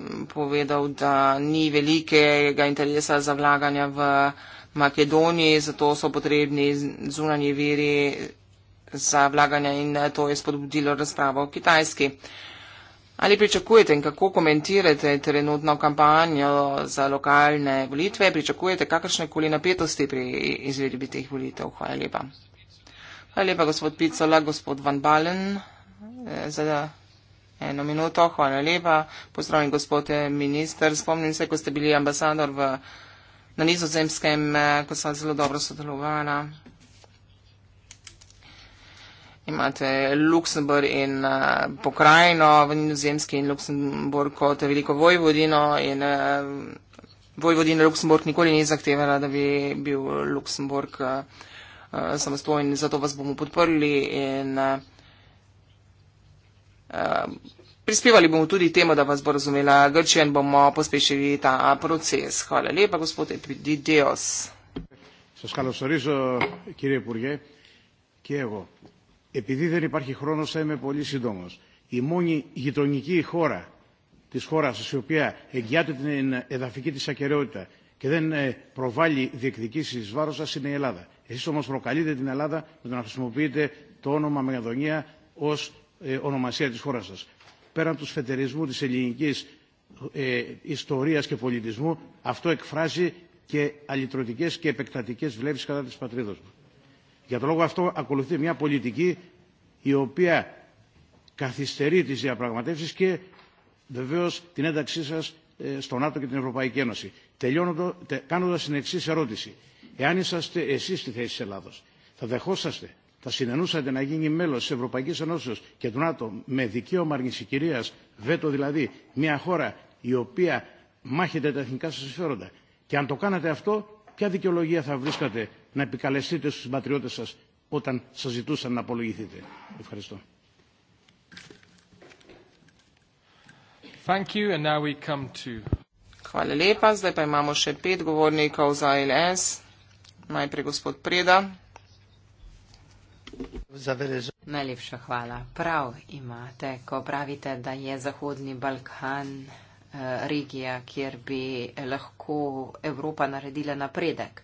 mm, povedal, da ni velikega interesa za vlaganja v Makedoniji, zato so potrebni zunanje viri za vlaganja in eh, to je spodbudilo razpravo o Kitajski. Ali pričakujete in kako komentirate trenutno kampanjo za lokalne volitve? Pričakujete kakršne koli napetosti pri izvedbi teh volitev? Hvala lepa. Hvala lepa, gospod Picola, gospod Van Balen, eh, za eno minuto. Hvala lepa. Pozdravljen, gospod eh, minister. Spomnim se, ko ste bili ambasador v, na nizozemskem, eh, ko sem zelo dobro sodelovala. Imate Luksemburg in pokrajino v nizozemski in Luksemburg kot veliko vojvodino in vojvodina Luksemburg nikoli ni zahtevala, da bi bil Luksemburg uh, eh, samostojni, zato vas bomo podprli in uh, prispevali bomo tudi temu, da vas bo razumela Grčija in bomo pospešili ta proces. Hvala lepa, gospod Epididios.
Επειδή δεν υπάρχει χρόνο, θα είμαι πολύ σύντομο. Η μόνη γειτονική χώρα τη χώρα, η οποία εγγυάται την εδαφική τη ακαιρεότητα και δεν προβάλλει διεκδικήσει βάρο σα, είναι η Ελλάδα. Εσεί όμω προκαλείτε την Ελλάδα με το να χρησιμοποιείτε το όνομα Μεγαδονία ω ε, ονομασία τη χώρα σα. Πέραν του φετερισμού τη ελληνική ε, ιστορία και πολιτισμού, αυτό εκφράζει και αλυτρωτικέ και επεκτατικέ βλέψει κατά τη πατρίδα μου. Για τον λόγο αυτό, ακολουθεί μια πολιτική η οποία καθυστερεί τι διαπραγματεύσει και βεβαίω την ένταξή σα στο ΝΑΤΟ και την Ευρωπαϊκή Ένωση. Κάνοντα την εξή ερώτηση εάν είσαστε εσεί στη θέση τη Ελλάδο, θα δεχόσαστε, θα συνενούσατε να γίνει μέλο τη Ευρωπαϊκή Ενώσεω και του ΝΑΤΟ με δικαίωμα αρνησικυρία, βέτο δηλαδή, μια χώρα η οποία μάχεται τα εθνικά σα συμφέροντα. Και αν το κάνατε αυτό, ποια δικαιολογία θα βρίσκατε να επικαλεστείτε στου συμπατριώτε σα όταν σα ζητούσαν να απολογηθείτε. Ευχαριστώ.
Thank you, and now we come to...
Hvala lepa. Zdaj pa imamo še pet govornikov za
LS najprej gospod Preda. Najlepša hvala. Prav imate, ko pravite, da je Zahodni Balkan eh, regija, kjer bi lahko Evropa naredila napredek.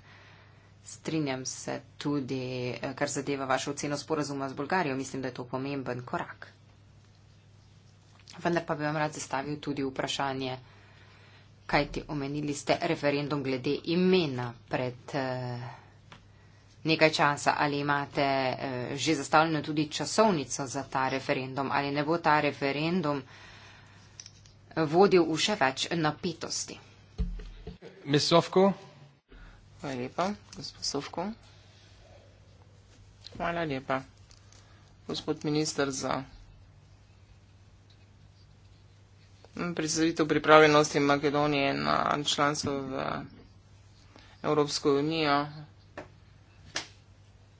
Strinjam se tudi, eh, kar zadeva vašo oceno sporazuma z Bolgarijo. Mislim, da je to pomemben korak. Vendar pa bi vam rad zastavil tudi vprašanje kajti omenili ste referendum glede imena pred eh, nekaj časa. Ali imate eh, že zastavljeno tudi časovnico za ta referendum? Ali ne bo ta referendum eh, vodil v še več napetosti?
Ms. Sovko.
Hvala lepa, gospod Sovko. Hvala lepa,
gospod minister, za predstavitev pripravljenosti Makedonije na članstvo v Evropsko unijo.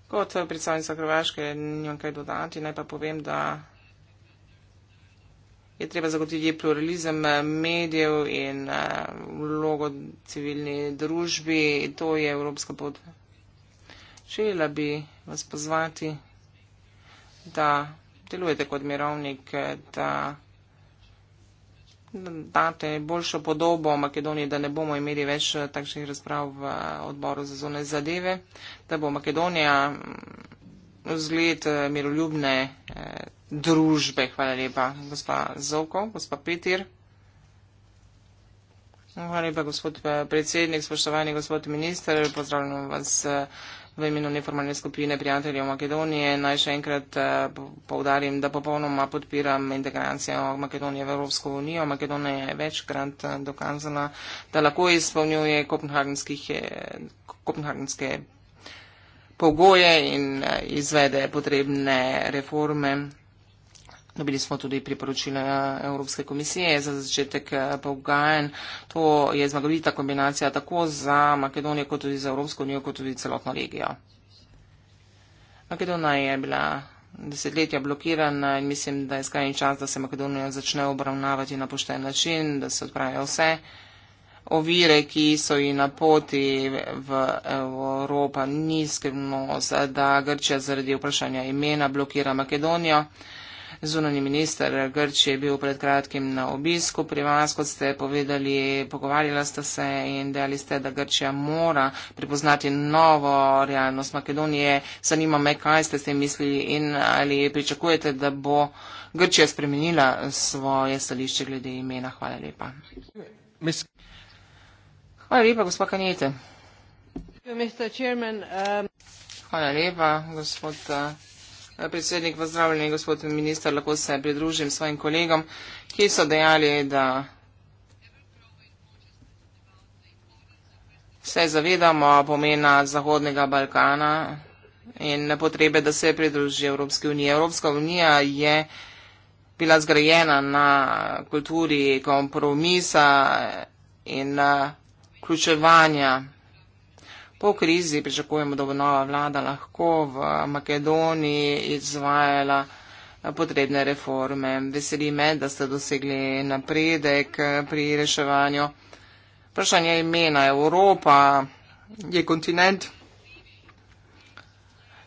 Kot predstavnica Hrvaške nimam kaj dodati, naj pa povem, da je treba zagotoviti pluralizem medijev in eh, vlogo civilni družbi. To je Evropska pot. Želela bi vas pozvati, da delujete kot mirovnik, da date boljšo podobo Makedoniji, da ne bomo imeli več eh, takšnih razprav v eh, odboru za zone zadeve, da bo Makedonija vzgled mm, eh, miroljubne družbe. Hvala lepa, gospa Zoko, gospa Petir. Hvala lepa, gospod predsednik, spoštovani gospod minister, pozdravljam vas v imenu neformalne skupine prijateljev Makedonije. Naj še enkrat eh, povdarim, da popolnoma podpiram integracijo Makedonije v Evropsko unijo. Makedonija je večkrat eh, dokazala, da lahko izpolnjuje eh, kopenhagenske pogoje in izvede potrebne reforme. Dobili smo tudi priporočila Evropske komisije za začetek eh, pogajanj. To je zmagovita kombinacija tako za Makedonijo, kot tudi za Evropsko unijo, kot tudi celotno regijo. Makedonija je bila desetletja blokirana in mislim, da je skrajni čas, da se Makedonija začne obravnavati na pošten način, da se odpravijo vse ovire, ki so ji na poti v Evropa. Ni skrbno, da Grčija zaradi vprašanja imena blokira Makedonijo. Zunani minister Grči je bil pred kratkim na obisku pri vas, kot ste povedali, pogovarjala ste se in dejali ste, da Grčija mora pripoznati novo realnost Makedonije. Zanima me, kaj ste s tem mislili in ali pričakujete, da bo Grčija spremenila svoje stališče glede imena. Hvala lepa. Um- Hvala lepa, gospod Kanjete. Hvala lepa, gospod predsednik, pozdravljeni gospod minister, lahko se pridružim svojim kolegom, ki so dejali, da se zavedamo pomena Zahodnega Balkana in potrebe, da se pridruži Evropski uniji. Evropska unija je bila zgrajena na kulturi kompromisa in vključevanja Po krizi pričakujemo, da bo nova vlada lahko v Makedoniji izvajala potrebne reforme. Veseli me, da ste dosegli napredek pri reševanju. Vprašanje imena Evropa je kontinent,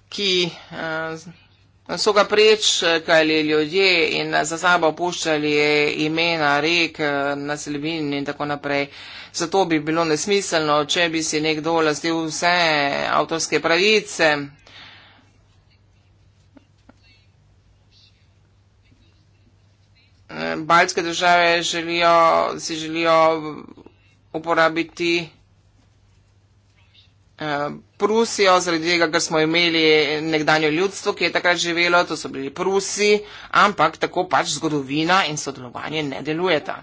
ki. Uh, so ga prečkali ljudje in za sabo puščali imena, rek, naselbin in tako naprej. Zato bi bilo nesmiselno, če bi si nekdo lastil vse avtorske pravice. Baljske države želijo, si želijo uporabiti. Uh, Prusijo, zaradi tega, ker smo imeli nekdanje ljudstvo, ki je takrat živelo, to so bili Prusi, ampak tako pač zgodovina in sodelovanje ne delujeta.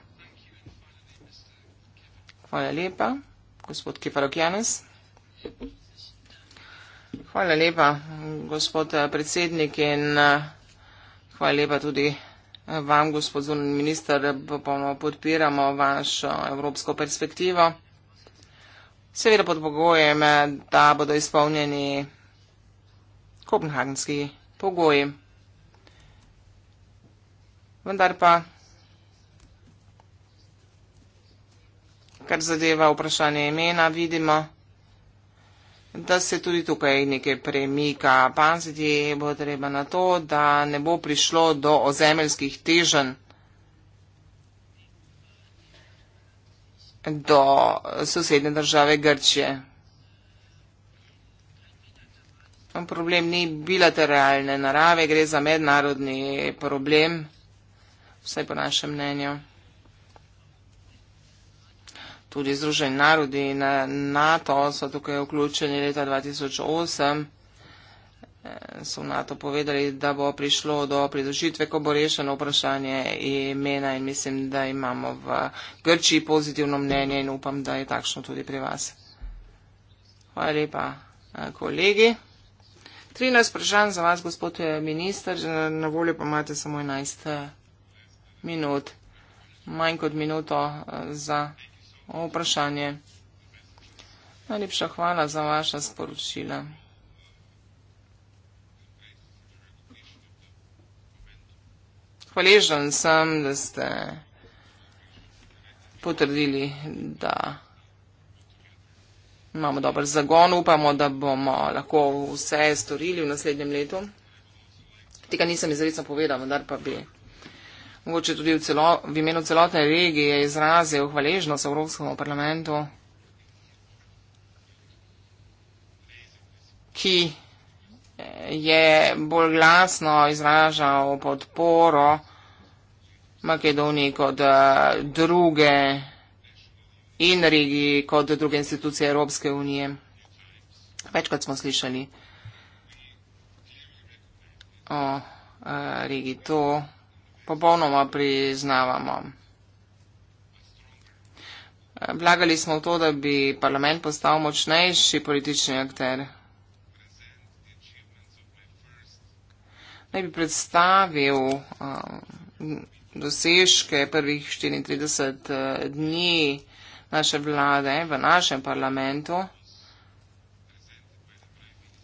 Hvala lepa, gospod Kiparokjanes. Hvala lepa, gospod eh, predsednik in eh, hvala lepa tudi. Eh, vam, gospod zunanji minister, popolnoma podpiramo vašo evropsko perspektivo seveda pod pogojem, eh, da bodo izpolnjeni kopenhagenski pogoji. Vendar pa, kar zadeva vprašanje imena, vidimo, da se tudi tukaj nekaj premika. Paziti bo treba na to, da ne bo prišlo do ozemeljskih teženj. do sosedne države Grčije. Problem ni bilateralne narave, gre za mednarodni problem, vsaj po našem mnenju. Tudi Združeni narodi in eh, NATO so tukaj vključeni leta 2008. Eh, so NATO povedali, da bo prišlo do pridružitve, ko bo rešeno vprašanje imena in mislim, da imamo v Grčiji pozitivno mnenje in upam, da je takšno tudi pri vas. Hvala lepa, eh, kolegi. 13 vprašanj za vas, gospod eh, minister, že na voljo pa imate samo 11 minut, manj kot minuto za vprašanje. Najlepša hvala za vaša sporočila. Hvaležen sem, da ste potrdili, da imamo dober zagon. Upamo, da bomo lahko vse storili v naslednjem letu. Tega nisem izredno povedal, vendar pa bi. Mogoče tudi v, celo, v imenu celotne regije izrazil hvaležnost Evropskemu parlamentu, ki je bolj glasno izražal podporo Makedoniji kot eh, druge in regiji kot druge institucije Evropske unije. Večkrat smo slišali o eh, regiji. To popolnoma priznavamo. Vlagali smo v to, da bi parlament postal močnejši politični akter. naj bi predstavil um, dosežke prvih 34 eh, dni naše vlade v našem parlamentu.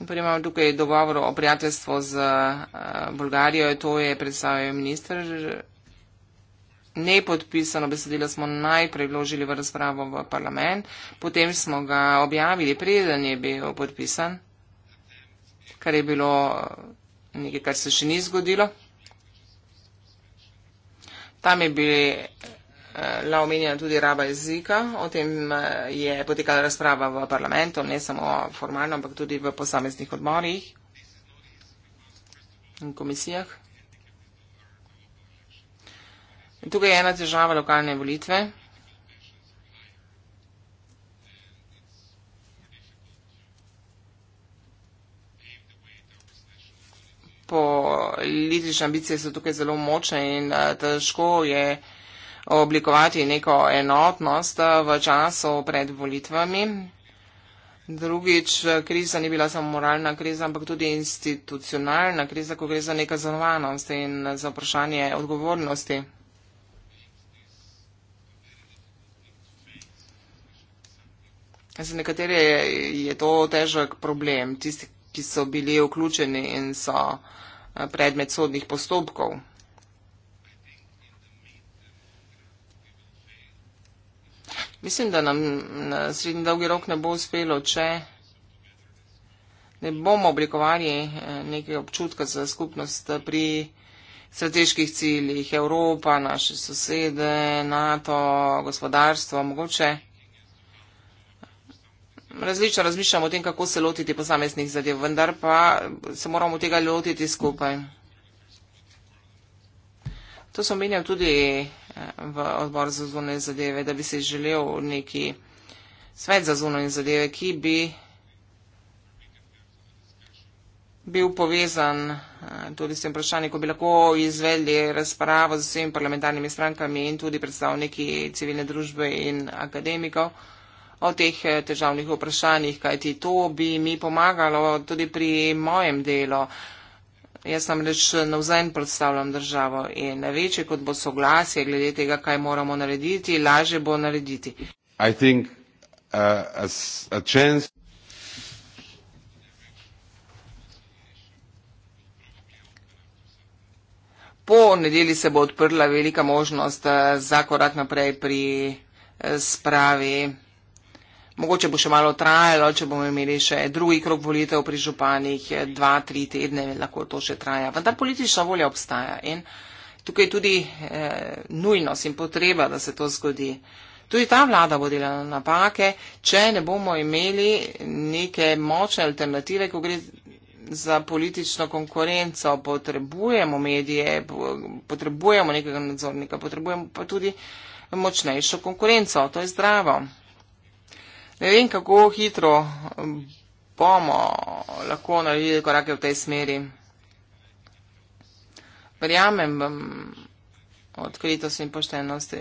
Imamo tukaj dogovor o prijateljstvu z eh, Bolgarijo, to je predstavil minister. Nepodpisano besedilo smo najprej vložili v razpravo v parlament, potem smo ga objavili, preden je bil podpisan, kar je bilo nekaj, kar se še ni zgodilo. Tam je eh, bila omenjena tudi raba jezika, o tem eh, je potekala razprava v parlamentu, ne samo formalno, ampak tudi v posameznih odmorih in komisijah. In tukaj je ena težava lokalne volitve. politične ambicije so tukaj zelo močne in eh, težko je oblikovati neko enotnost eh, v času pred volitvami. Drugič, eh, kriza ni bila samo moralna kriza, ampak tudi institucionalna kriza, ko gre za neka zanovanost in za vprašanje odgovornosti. Za nekatere je to težek problem, tisti, ki so bili vključeni in so eh, predmet sodnih postopkov. Mislim, da nam na srednji dolgi rok ne bo uspelo, če ne bomo oblikovali eh, nekega občutka za skupnost pri strateških ciljih Evropa, naše sosede, NATO, gospodarstvo, mogoče različno razmišljamo o tem, kako se lotiti posameznih zadev, vendar pa se moramo tega lotiti skupaj. To sem menjal tudi eh, v odbor za zunanje zadeve, da bi se želel neki svet za zunanje zadeve, ki bi bil povezan eh, tudi s tem vprašanjem, ko bi lahko izvedli razpravo z vsemi parlamentarnimi strankami in tudi predstavniki civilne družbe in akademikov o teh eh, težavnih vprašanjih, kajti to bi mi pomagalo tudi pri mojem delu. Jaz sem reč eh, navzven predstavljam državo in večje kot bo soglasje glede tega, kaj moramo narediti, lažje bo narediti.
Think, uh, a, a chance...
Po nedelji se bo odprla velika možnost eh, za korak naprej pri spravi. Mogoče bo še malo trajalo, če bomo imeli še drugi krok volitev pri županih, eh, dva, tri tedne, lahko to še traja. Vendar politična volja obstaja in tukaj je tudi eh, nujnost in potreba, da se to zgodi. Tudi ta vlada bo delala napake, če ne bomo imeli neke močne alternative, ko gre za politično konkurenco. Potrebujemo medije, potrebujemo nekega nadzornika, potrebujemo pa tudi močnejšo konkurenco. To je zdravo ne vem, kako hitro bomo lahko naredili korake v tej smeri. Verjamem vam odkritost in poštenost.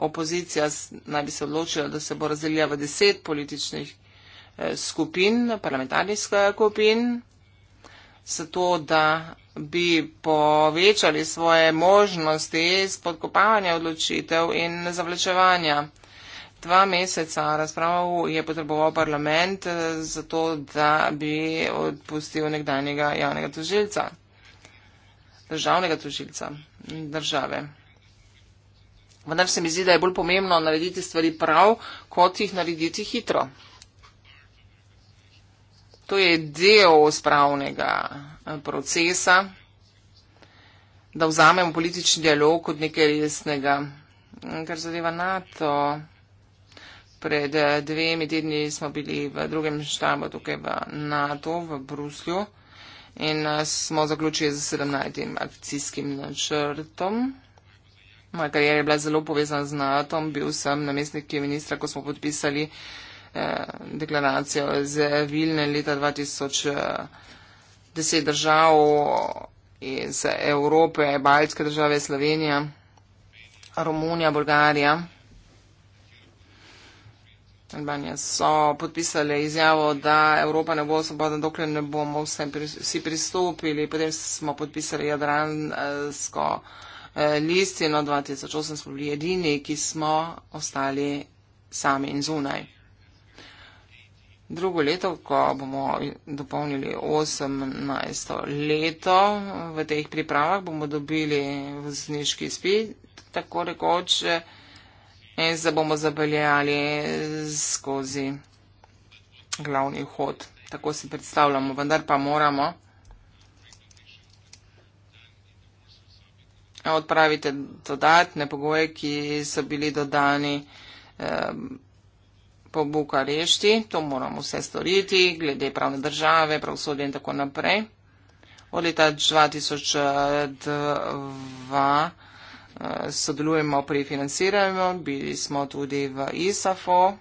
Opozicija naj bi se odločila, da se bo razdelila v deset političnih eh, skupin, parlamentarnih skupin, zato da bi povečali svoje možnosti spodkopavanja odločitev in zavlačevanja dva meseca razprava je potreboval parlament eh, za to, da bi odpustil nekdanjega javnega tožilca, državnega tožilca države. Vendar se mi zdi, da je bolj pomembno narediti stvari prav, kot jih narediti hitro. To je del spravnega eh, procesa, da vzamemo politični dialog kot nekaj resnega. Kar zadeva NATO, pred eh, dvemi tedni smo bili v drugem štabu tukaj v NATO v Bruslju in eh, smo zaključili z 17. akcijskim načrtom. Moja karijera je bila zelo povezana z NATO, bil sem namestnik ministra, ko smo podpisali eh, deklaracijo z Vilne leta 2010 eh, držav iz Evrope, Baljske države, Slovenija, Romunija, Bolgarija. Albanije so podpisali izjavo, da Evropa ne bo osvobodna, dokler ne bomo vsi pri, pristopili. Potem smo podpisali Jadransko eh, listino 2008, smo bili edini, ki smo ostali sami in zunaj. Drugo leto, ko bomo dopolnili 18. leto v teh pripravah, bomo dobili vzniški spit, tako rekoče. Eh, in se bomo zabeljali skozi glavni vhod. Tako si predstavljamo, vendar pa moramo odpraviti dodatne pogoje, ki so bili dodani po Bukarešti. To moramo vse storiti, glede pravne države, pravosodje in tako naprej. Od leta 2002 sodelujemo pri financiranju, bili smo tudi v ISAFO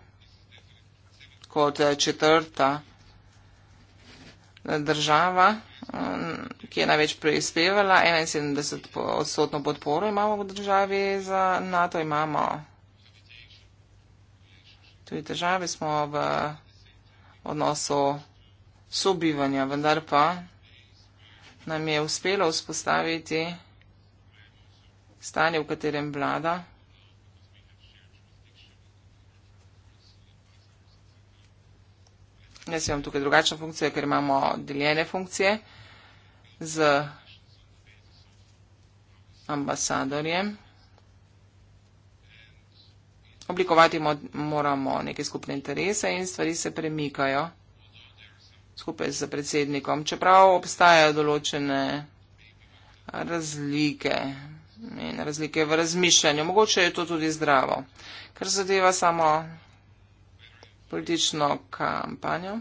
kot eh, četrta eh, država, eh, ki je največ prispevala, 71 odstotno podporo imamo v državi za NATO, imamo tudi države, smo v odnosu sobivanja, vendar pa nam je uspelo vzpostaviti stanje, v katerem vlada. Jaz imam tukaj drugačno funkcijo, ker imamo deljene funkcije z ambasadorjem. Oblikovati moramo neke skupne interese in stvari se premikajo skupaj z predsednikom, čeprav obstajajo določene razlike in razlike v razmišljanju. Mogoče je to tudi zdravo. Kar zadeva samo politično kampanjo.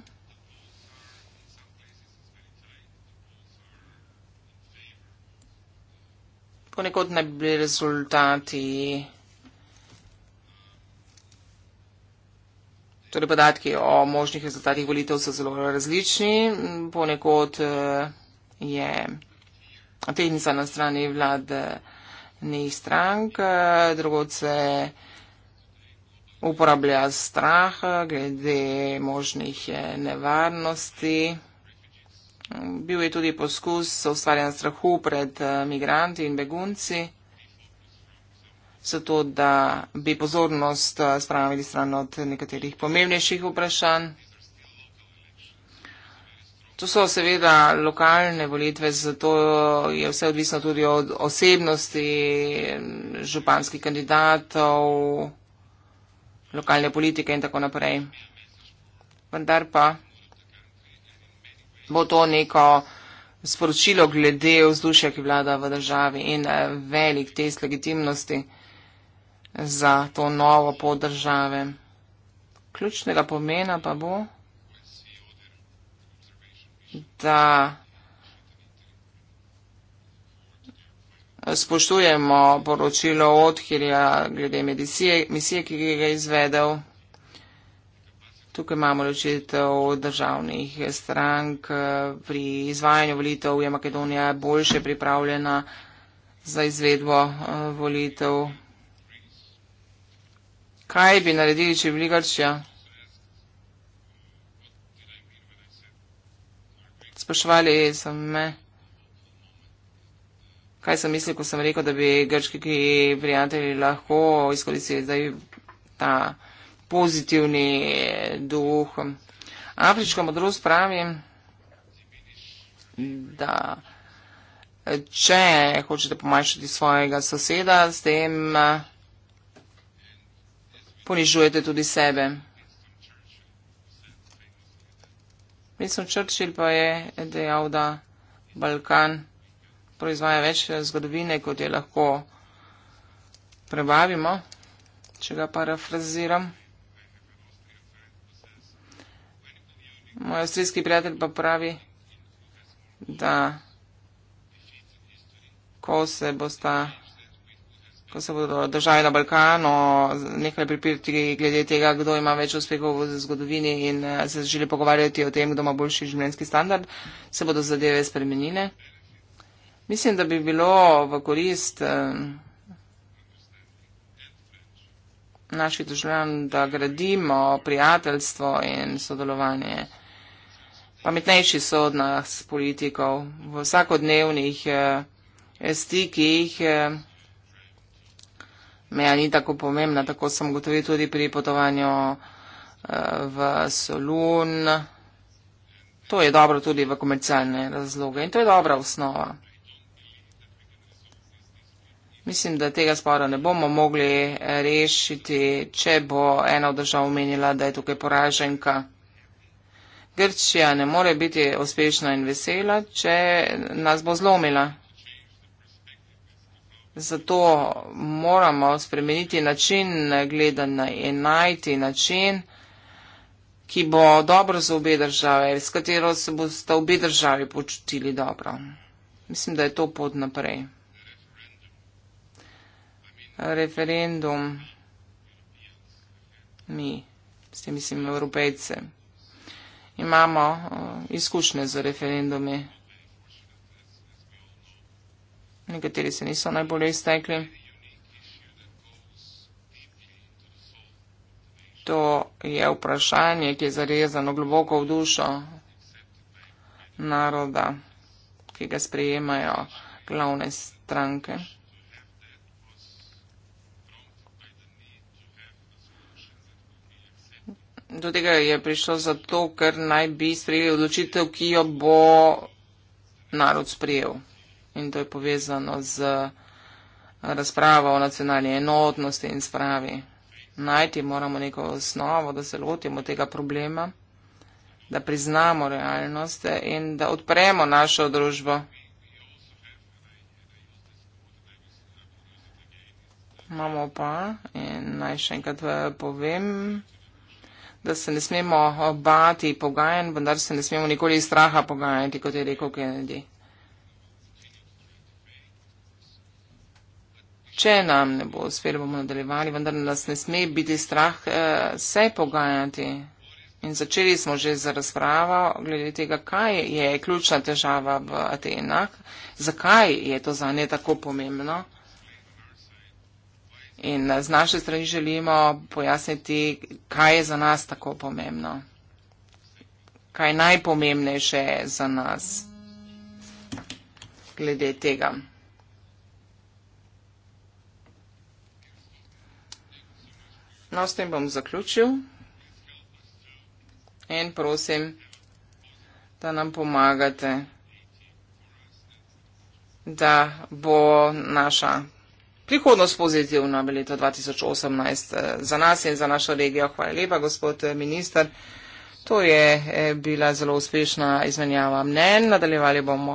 Ponekod naj bi bili rezultati, torej podatki o možnih rezultatih volitev so zelo različni. Ponekod eh, je tehnica na strani vlade nekih strank, eh, drugod se uporablja strah eh, glede možnih eh, nevarnosti. Bil je tudi poskus ustvarjanja strahu pred migranti in begunci, zato da bi pozornost spravili stran od nekaterih pomembnejših vprašanj. To so seveda lokalne volitve, zato je vse odvisno tudi od osebnosti županskih kandidatov, lokalne politike in tako naprej. Vendar pa bo to neko sporočilo glede vzdušja, ki vlada v državi in eh, velik test legitimnosti za to novo pod države. Ključnega pomena pa bo da spoštujemo poročilo odhirja glede medicije, misije, ki ga je izvedel. Tukaj imamo ločitev državnih strank. Pri izvajanju volitev je Makedonija boljše pripravljena za izvedbo eh, volitev. Kaj bi naredili, če bi bili Grčija? spraševali so me, kaj sem mislil, ko sem rekel, da bi grški prijatelji lahko izkoristili zdaj ta pozitivni duh. Afriška modrost pravi, da če hočete pomanjšati svojega soseda, s tem eh, ponižujete tudi sebe. Mislim, Churchill pa je dejal, da Balkan proizvaja več eh, zgodovine, kot je lahko prebavimo, če ga parafraziram. Moj avstrijski prijatelj pa pravi, da ko se bosta ko se bodo države na Balkanu nekaj pripirti glede tega, kdo ima več uspehov v zgodovini in eh, se želi pogovarjati o tem, kdo ima boljši življenjski standard, se bodo zadeve spremenile. Mislim, da bi bilo v korist eh, naših državljan, da gradimo prijateljstvo in sodelovanje. Pametnejši so od nas politikov v vsakodnevnih eh, stikih. Eh, meja ni tako pomembna, tako sem gotovil tudi pri potovanju eh, v Solun. To je dobro tudi v komercialne razloge in to je dobra osnova. Mislim, da tega spora ne bomo mogli eh, rešiti, če bo ena od držav omenila, da je tukaj poraženka. Grčija ne more biti uspešna in vesela, če nas bo zlomila. Zato moramo spremeniti način gledanja in najti način, ki bo dobro za obe države, s katero se boste obe državi počutili dobro. Mislim, da je to pot naprej. Referendum mi, s tem mislim evropejce, imamo uh, izkušnje z referendumi nekateri se niso najbolje iztekli. To je vprašanje, ki je zarezano globoko v dušo naroda, ki ga sprejemajo glavne stranke. Do tega je prišlo zato, ker naj bi sprejeli odločitev, ki jo bo narod sprejel in to je povezano z razpravo o nacionalni enotnosti in spravi. Najti moramo neko osnovo, da se lotimo tega problema, da priznamo realnost in da odpremo našo družbo. Imamo pa, in naj še enkrat eh, povem, da se ne smemo bati pogajanj, vendar se ne smemo nikoli iz straha pogajati, kot je rekel Kennedy. Če nam ne bo uspelo, bomo nadaljevali, vendar nas ne sme biti strah eh, se pogajati. In začeli smo že z razpravo glede tega, kaj je ključna težava v Atenah, zakaj je to za nje tako pomembno. In eh, z naše strani želimo pojasniti, kaj je za nas tako pomembno. Kaj je najpomembnejše za nas glede tega. No, s tem bom zaključil. In prosim, da nam pomagate, da bo naša prihodnost pozitivna v leto 2018 eh, za nas in za našo regijo. Hvala lepa, gospod eh, minister. To je eh, bila zelo uspešna izmenjava mnen. Nadaljevali bomo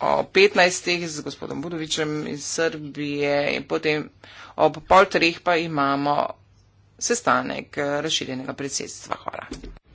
o 15. z gospodom Budovičem iz Srbije in potem ob pol treh pa imamo
sestanek eh, razširjenega predsedstva. Hvala.